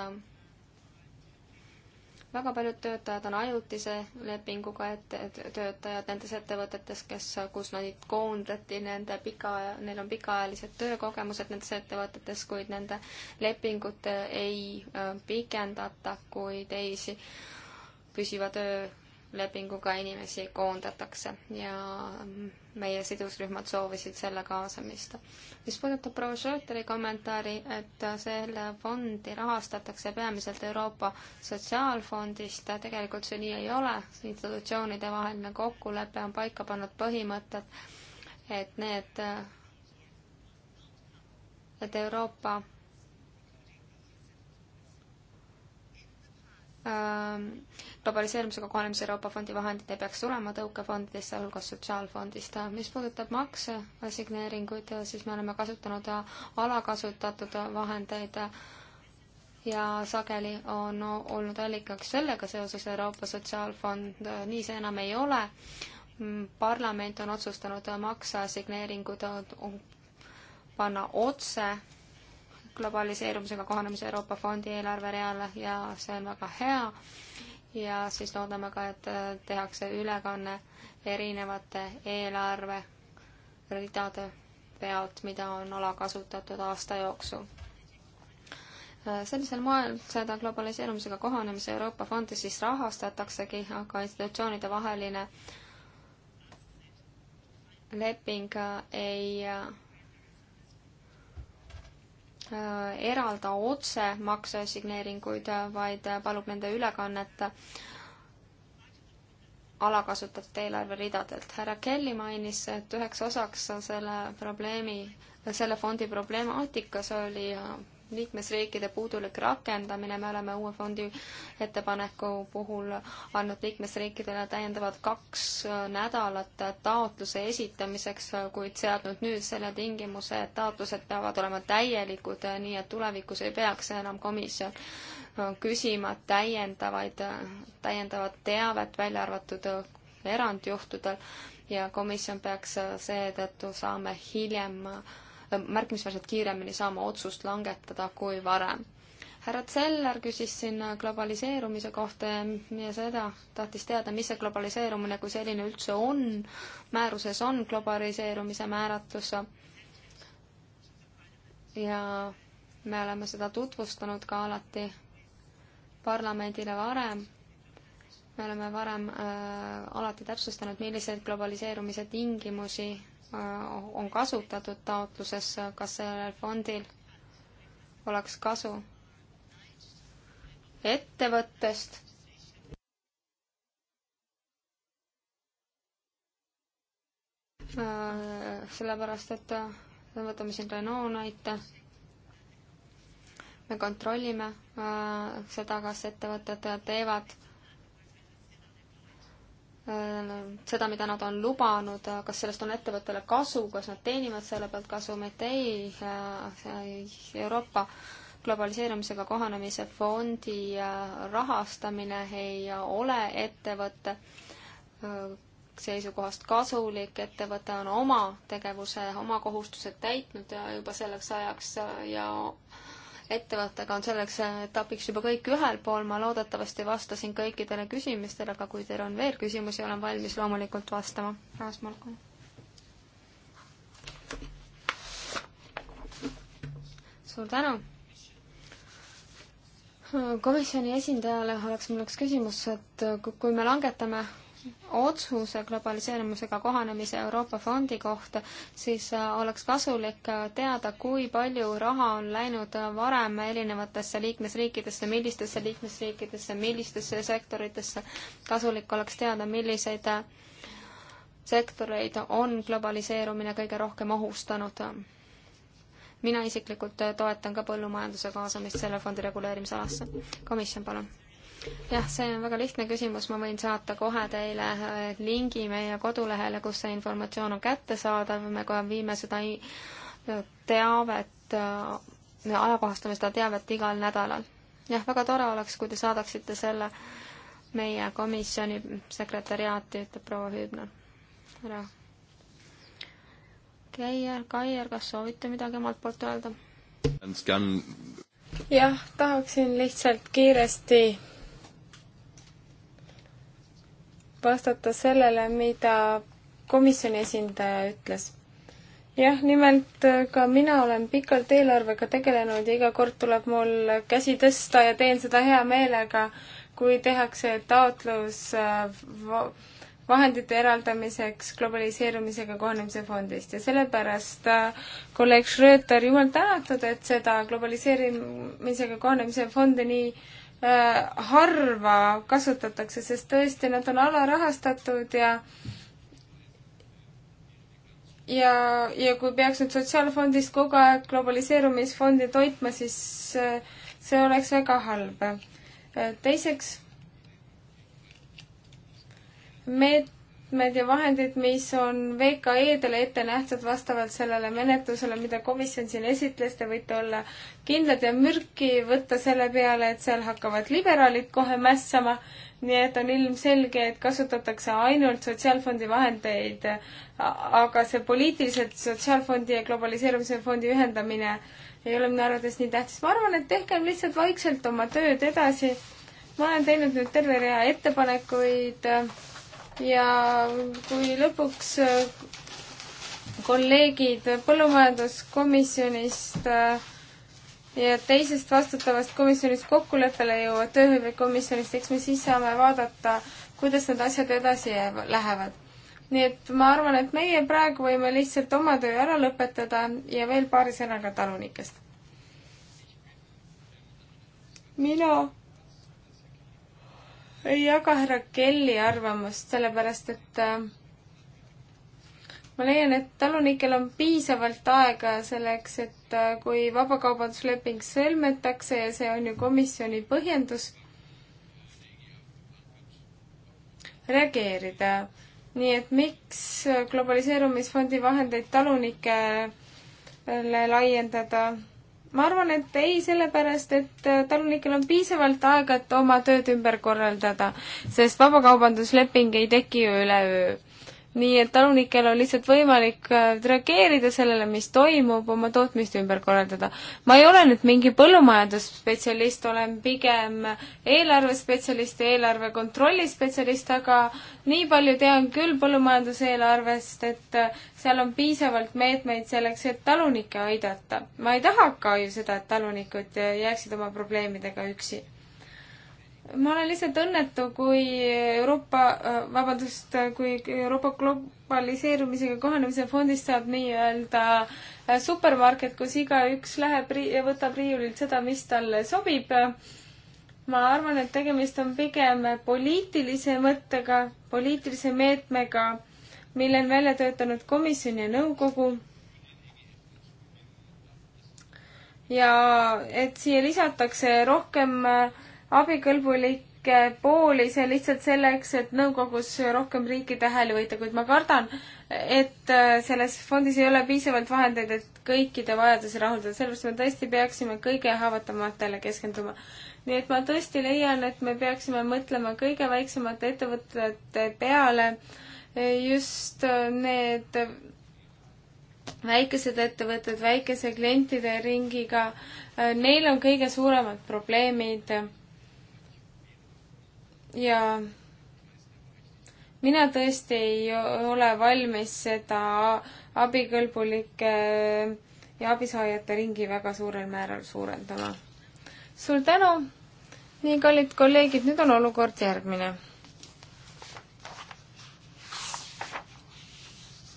väga paljud töötajad on ajutise lepinguga ette, töötajad nendes ettevõtetes, kes, kus neid koondati, nende pika, neil on pikaajalised töökogemused nendes ettevõtetes, kuid nende lepingut ei pikendata kui teisi püsiva töölepinguga inimesi koondatakse ja meie sidusrühmad soovisid selle kaasamist. mis puudutab proua Schröteri kommentaari, et selle fondi rahastatakse peamiselt Euroopa Sotsiaalfondist, tegelikult see nii ei ole, institutsioonide vaheline kokkulepe on paika pannud põhimõtted, et need, et Euroopa Ähm, globaliseerumisega kohanemise Euroopa Fondi vahendid ei peaks tulema tõukefondidest, sealhulgas Sotsiaalfondist. mis puudutab makse assigneeringuid, siis me oleme kasutanud alakasutatud vahendeid ja sageli on olnud allikaks sellega seoses Euroopa Sotsiaalfond, nii see enam ei ole. parlament on otsustanud makse assigneeringud panna otse globaliseerumisega kohanemise Euroopa Fondi eelarvereale ja see on väga hea. ja siis loodame ka, et äh, tehakse ülekanne erinevate eelarveridade pealt, mida on alakasutatud aasta jooksul. Äh, sellisel moel seda globaliseerumisega kohanemise Euroopa Fondi siis rahastataksegi, aga institutsioonide vaheline leping äh, ei Äh, eralda otse makseassigneeringuid, vaid palub nende ülekannet alakasutatud eelarveridadelt. härra Kelly mainis, et üheks osaks selle probleemi, selle fondi problemaatika, see oli äh, liikmesriikide puudulik rakendamine, me oleme uue fondi ettepaneku puhul andnud liikmesriikidele täiendavad kaks nädalat taotluse esitamiseks, kuid seadnud nüüd selle tingimuse, et taotlused peavad olema täielikud, nii et tulevikus ei peaks enam komisjon küsima täiendavaid, täiendavat teavet, välja arvatud erandjuhtudel ja komisjon peaks seetõttu saama hiljem märkimisväärselt kiiremini saama otsust langetada kui varem. härra Zeller küsis siin globaliseerumise kohta ja seda, tahtis teada, mis see globaliseerumine kui selline üldse on. määruses on globaliseerumise määratlus. ja me oleme seda tutvustanud ka alati parlamendile varem me oleme varem äh, alati täpsustanud, milliseid globaliseerumise tingimusi Äh, on kasutatud taotluses, kas sellel fondil oleks kasu ettevõttest äh, sellepärast, et äh, võtame siin Renault näite. me kontrollime seda, kas ettevõtted teevad seda, mida nad on lubanud, kas sellest on ettevõttele kasu, kas nad teenivad selle pealt kasumit, ei, Euroopa globaliseerumisega kohanemise fondi rahastamine ei ole ettevõtte seisukohast kasulik, ettevõte on oma tegevuse, oma kohustused täitnud juba selleks ajaks ja ettevõttega on selleks etapiks juba kõik ühel pool, ma loodetavasti vastasin kõikidele küsimustele, aga kui teil on veel küsimusi, olen valmis loomulikult vastama. Raas Malko. suur tänu! komisjoni esindajale oleks mul üks küsimus, et kui me langetame otsuse globaliseerumisega kohanemise Euroopa Fondi kohta, siis äh, oleks kasulik äh, teada, kui palju raha on läinud äh, varem erinevatesse liikmesriikidesse, millistesse liikmesriikidesse, millistesse sektoritesse. kasulik oleks teada, milliseid sektoreid on globaliseerumine kõige rohkem ohustanud. mina isiklikult toetan ka põllumajanduse kaasamist selle fondi reguleerimisalasse. komisjon, palun jah, see on väga lihtne küsimus, ma võin saata kohe teile äh, lingi meie kodulehele, kus see informatsioon on kättesaadav, me kohe viime seda teavet, äh, ajakohastame seda teavet igal nädalal. jah, väga tore oleks, kui te saadaksite selle meie komisjoni sekretäriaati, ütleb proua Hüübner. ära. Keier, Kaier, kas soovite midagi omalt poolt öelda? jah, tahaksin lihtsalt kiiresti vastata sellele, mida komisjoni esindaja ütles. jah, nimelt äh, ka mina olen pikalt eelarvega tegelenud ja iga kord tuleb mul käsi tõsta ja teen seda hea meelega, kui tehakse taotlus äh, vahendite eraldamiseks globaliseerumisega kohanemise fondist ja sellepärast äh, kolleeg Schröter, jumal tänatud, et seda globaliseerimisega kohanemise fondi nii Äh, harva kasutatakse, sest tõesti, nad on alarahastatud ja ja, ja kui peaks nüüd Sotsiaalfondist kogu aeg globaliseerumisfondi toitma, siis äh, see oleks väga halb. Äh, teiseks, meet-, meetmed ja vahendid, mis on VKE-dele ette nähtud vastavalt sellele menetlusele, mida komisjon siin esitles, te võite olla kindlad ja mürki võtta selle peale, et seal hakkavad liberaalid kohe mässama. nii et on ilmselge, et kasutatakse ainult sotsiaalfondi vahendeid, aga see poliitiliselt sotsiaalfondi ja globaliseerumise fondi ühendamine ei ole minu arvates nii tähtis. ma arvan, et tehkem lihtsalt vaikselt oma tööd edasi. ma olen teinud nüüd terve rea ettepanekuid äh, ja kui lõpuks äh, kolleegid põllumajanduskomisjonist äh, ja teisest vastutavast komisjonist kokkuleppele jõuavad, tööhõivekomisjonist, eks me siis saame vaadata, kuidas need asjad edasi lähevad. nii et ma arvan, et meie praegu võime lihtsalt oma töö ära lõpetada ja veel paari sõnaga talunikest. mina ei jaga härra Kelly arvamust, sellepärast et äh, ma leian, et talunikel on piisavalt aega selleks, et äh, kui vabakaubandusleping sõlmetakse ja see on ju komisjoni põhjendus, reageerida. nii et miks globaliseerumisfondi vahendeid talunikele laiendada? ma arvan, et ei, sellepärast et äh, talunikel on piisavalt aega, et oma tööd ümber korraldada, sest vabakaubandusleping ei teki ju üleöö nii et talunikel on lihtsalt võimalik äh, reageerida sellele, mis toimub, oma tootmist ümber korraldada. ma ei ole nüüd mingi põllumajandusspetsialist, olen pigem eelarvespetsialist ja eelarve kontrolli spetsialist, aga nii palju tean küll põllumajanduseelarvest, et äh, seal on piisavalt meetmeid selleks, et talunikke aidata. ma ei taha ka ju seda, et talunikud äh, jääksid oma probleemidega üksi ma olen lihtsalt õnnetu, kui Euroopa, äh, vabandust, kui Euroopa globaliseerumisega kohanemise fondist saab nii-öelda äh, supermarket, kus igaüks läheb ja võtab riiulilt seda, mis talle sobib. ma arvan, et tegemist on pigem poliitilise mõttega, poliitilise meetmega, mille on välja töötanud komisjon ja nõukogu ja et siia lisatakse rohkem äh, abikõlbulikke pooli, see lihtsalt selleks, et nõukogus rohkem riiki tähele võita, kuid ma kardan, et äh, selles fondis ei ole piisavalt vahendeid, et kõikide vajadusi rahuldada, sellepärast me tõesti peaksime kõige haavatavatele keskenduma. nii et ma tõesti leian, et me peaksime mõtlema kõige väiksemate ettevõtete peale, just äh, need väikesed ettevõtted väikese klientide ringiga, äh, neil on kõige suuremad probleemid ja mina tõesti ei ole valmis seda abikõlbulike ja abisaajate ringi väga suurel määral suurendama. suur tänu, nii kallid kolleegid, nüüd on olukord järgmine.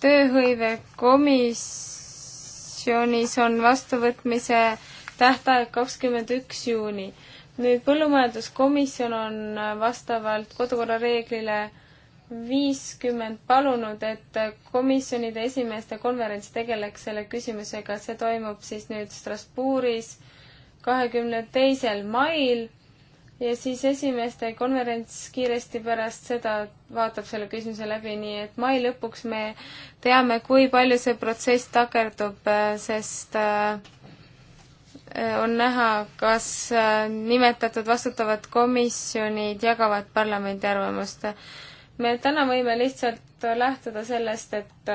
tööhõivekomisjonis on vastuvõtmise tähtaeg kakskümmend üks juuni nüüd põllumajanduskomisjon on vastavalt kodukorra reeglile viiskümmend palunud, et komisjonide esimeeste konverents tegeleks selle küsimusega, see toimub siis nüüd Strasbourgis kahekümne teisel mail ja siis esimeeste konverents kiiresti pärast seda vaatab selle küsimuse läbi, nii et mai lõpuks me teame, kui palju see protsess takerdub, sest äh, on näha, kas äh, nimetatud vastutavad komisjonid jagavad parlamendi arvamust. me täna võime lihtsalt lähtuda sellest, et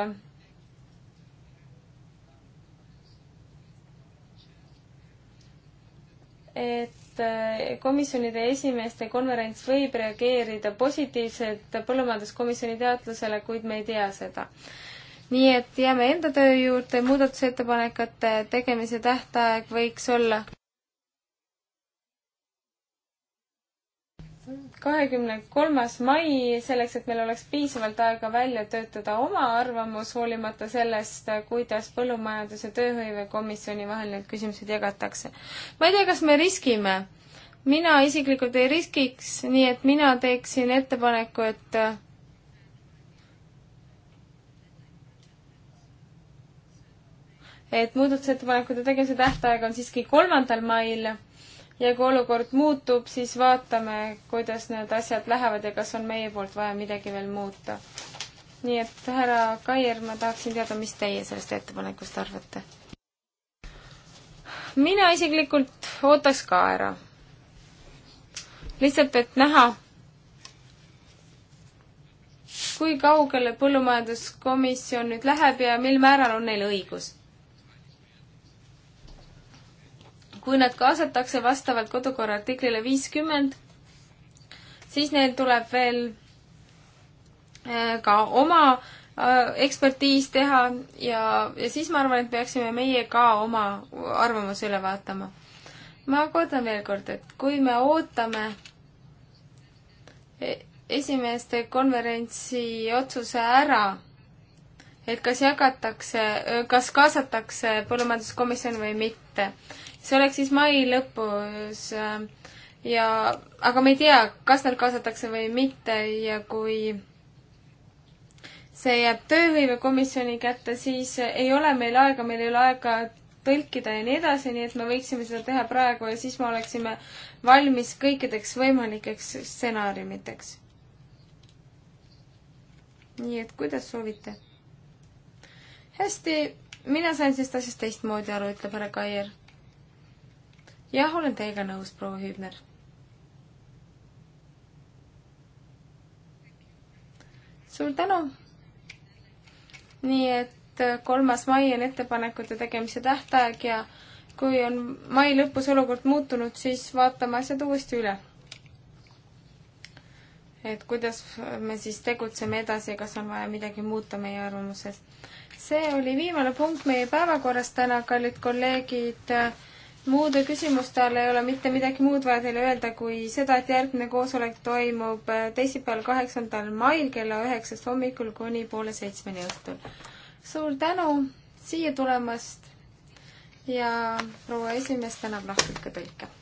et äh, komisjonide esimeeste konverents võib reageerida positiivselt põllumajanduskomisjoni teadlusele, kuid me ei tea seda nii et jääme enda töö juurde, muudatusettepanekute tegemise tähtaeg võiks olla kahekümne kolmas mai, selleks et meil oleks piisavalt aega välja töötada oma arvamus, hoolimata sellest, kuidas põllumajandus- ja tööhõivekomisjoni vahel need küsimused jagatakse. ma ei tea, kas me riskime. mina isiklikult ei riskiks, nii et mina teeksin ettepaneku, et et muudatusettepanekute tegemise tähtaeg on siiski kolmandal mail ja kui olukord muutub, siis vaatame, kuidas need asjad lähevad ja kas on meie poolt vaja midagi veel muuta. nii et härra Kaier, ma tahaksin teada, mis teie sellest ettepanekust arvate? mina isiklikult ootaks ka ära. lihtsalt, et näha, kui kaugele põllumajanduskomisjon nüüd läheb ja mil määral on neil õigus kui nad kaasatakse vastavalt kodukorra artiklile viiskümmend, siis neil tuleb veel äh, ka oma äh, ekspertiis teha ja, ja siis ma arvan, et peaksime meie ka oma arvamuse üle vaatama. ma kordan veel kord, et kui me ootame e-, esimeeste konverentsi otsuse ära, et kas jagatakse, kas kaasatakse põllumajanduskomisjon või mitte, see oleks siis mai lõpus äh, ja, aga me ei tea, kas nad kaasatakse või mitte ja kui see jääb tööhõivekomisjoni kätte, siis ei ole meil aega, meil ei ole aega tõlkida ja nii edasi, nii et me võiksime seda teha praegu ja siis me oleksime valmis kõikideks võimalikeks stsenaariumiteks. nii et kuidas soovite? hästi, mina sain sellest asjast teistmoodi aru, ütleb härra Kaier jah, olen teiega nõus, proua Hübner. suur tänu! nii et äh, kolmas mai on ettepanekute tegemise tähtaeg ja kui on mai lõpus olukord muutunud, siis vaatame asjad uuesti üle. et kuidas me siis tegutseme edasi ja kas on vaja midagi muuta meie arvamuses. see oli viimane punkt meie päevakorras täna, kallid kolleegid muude küsimuste all ei ole mitte midagi muud vaja teile öelda kui seda, et järgmine koosolek toimub äh, teisipäeval, kaheksandal mail kella üheksast hommikul kuni poole seitsmeni õhtul. suur tänu siia tulemast ja proua esimees tänab lahkelt ka tõlke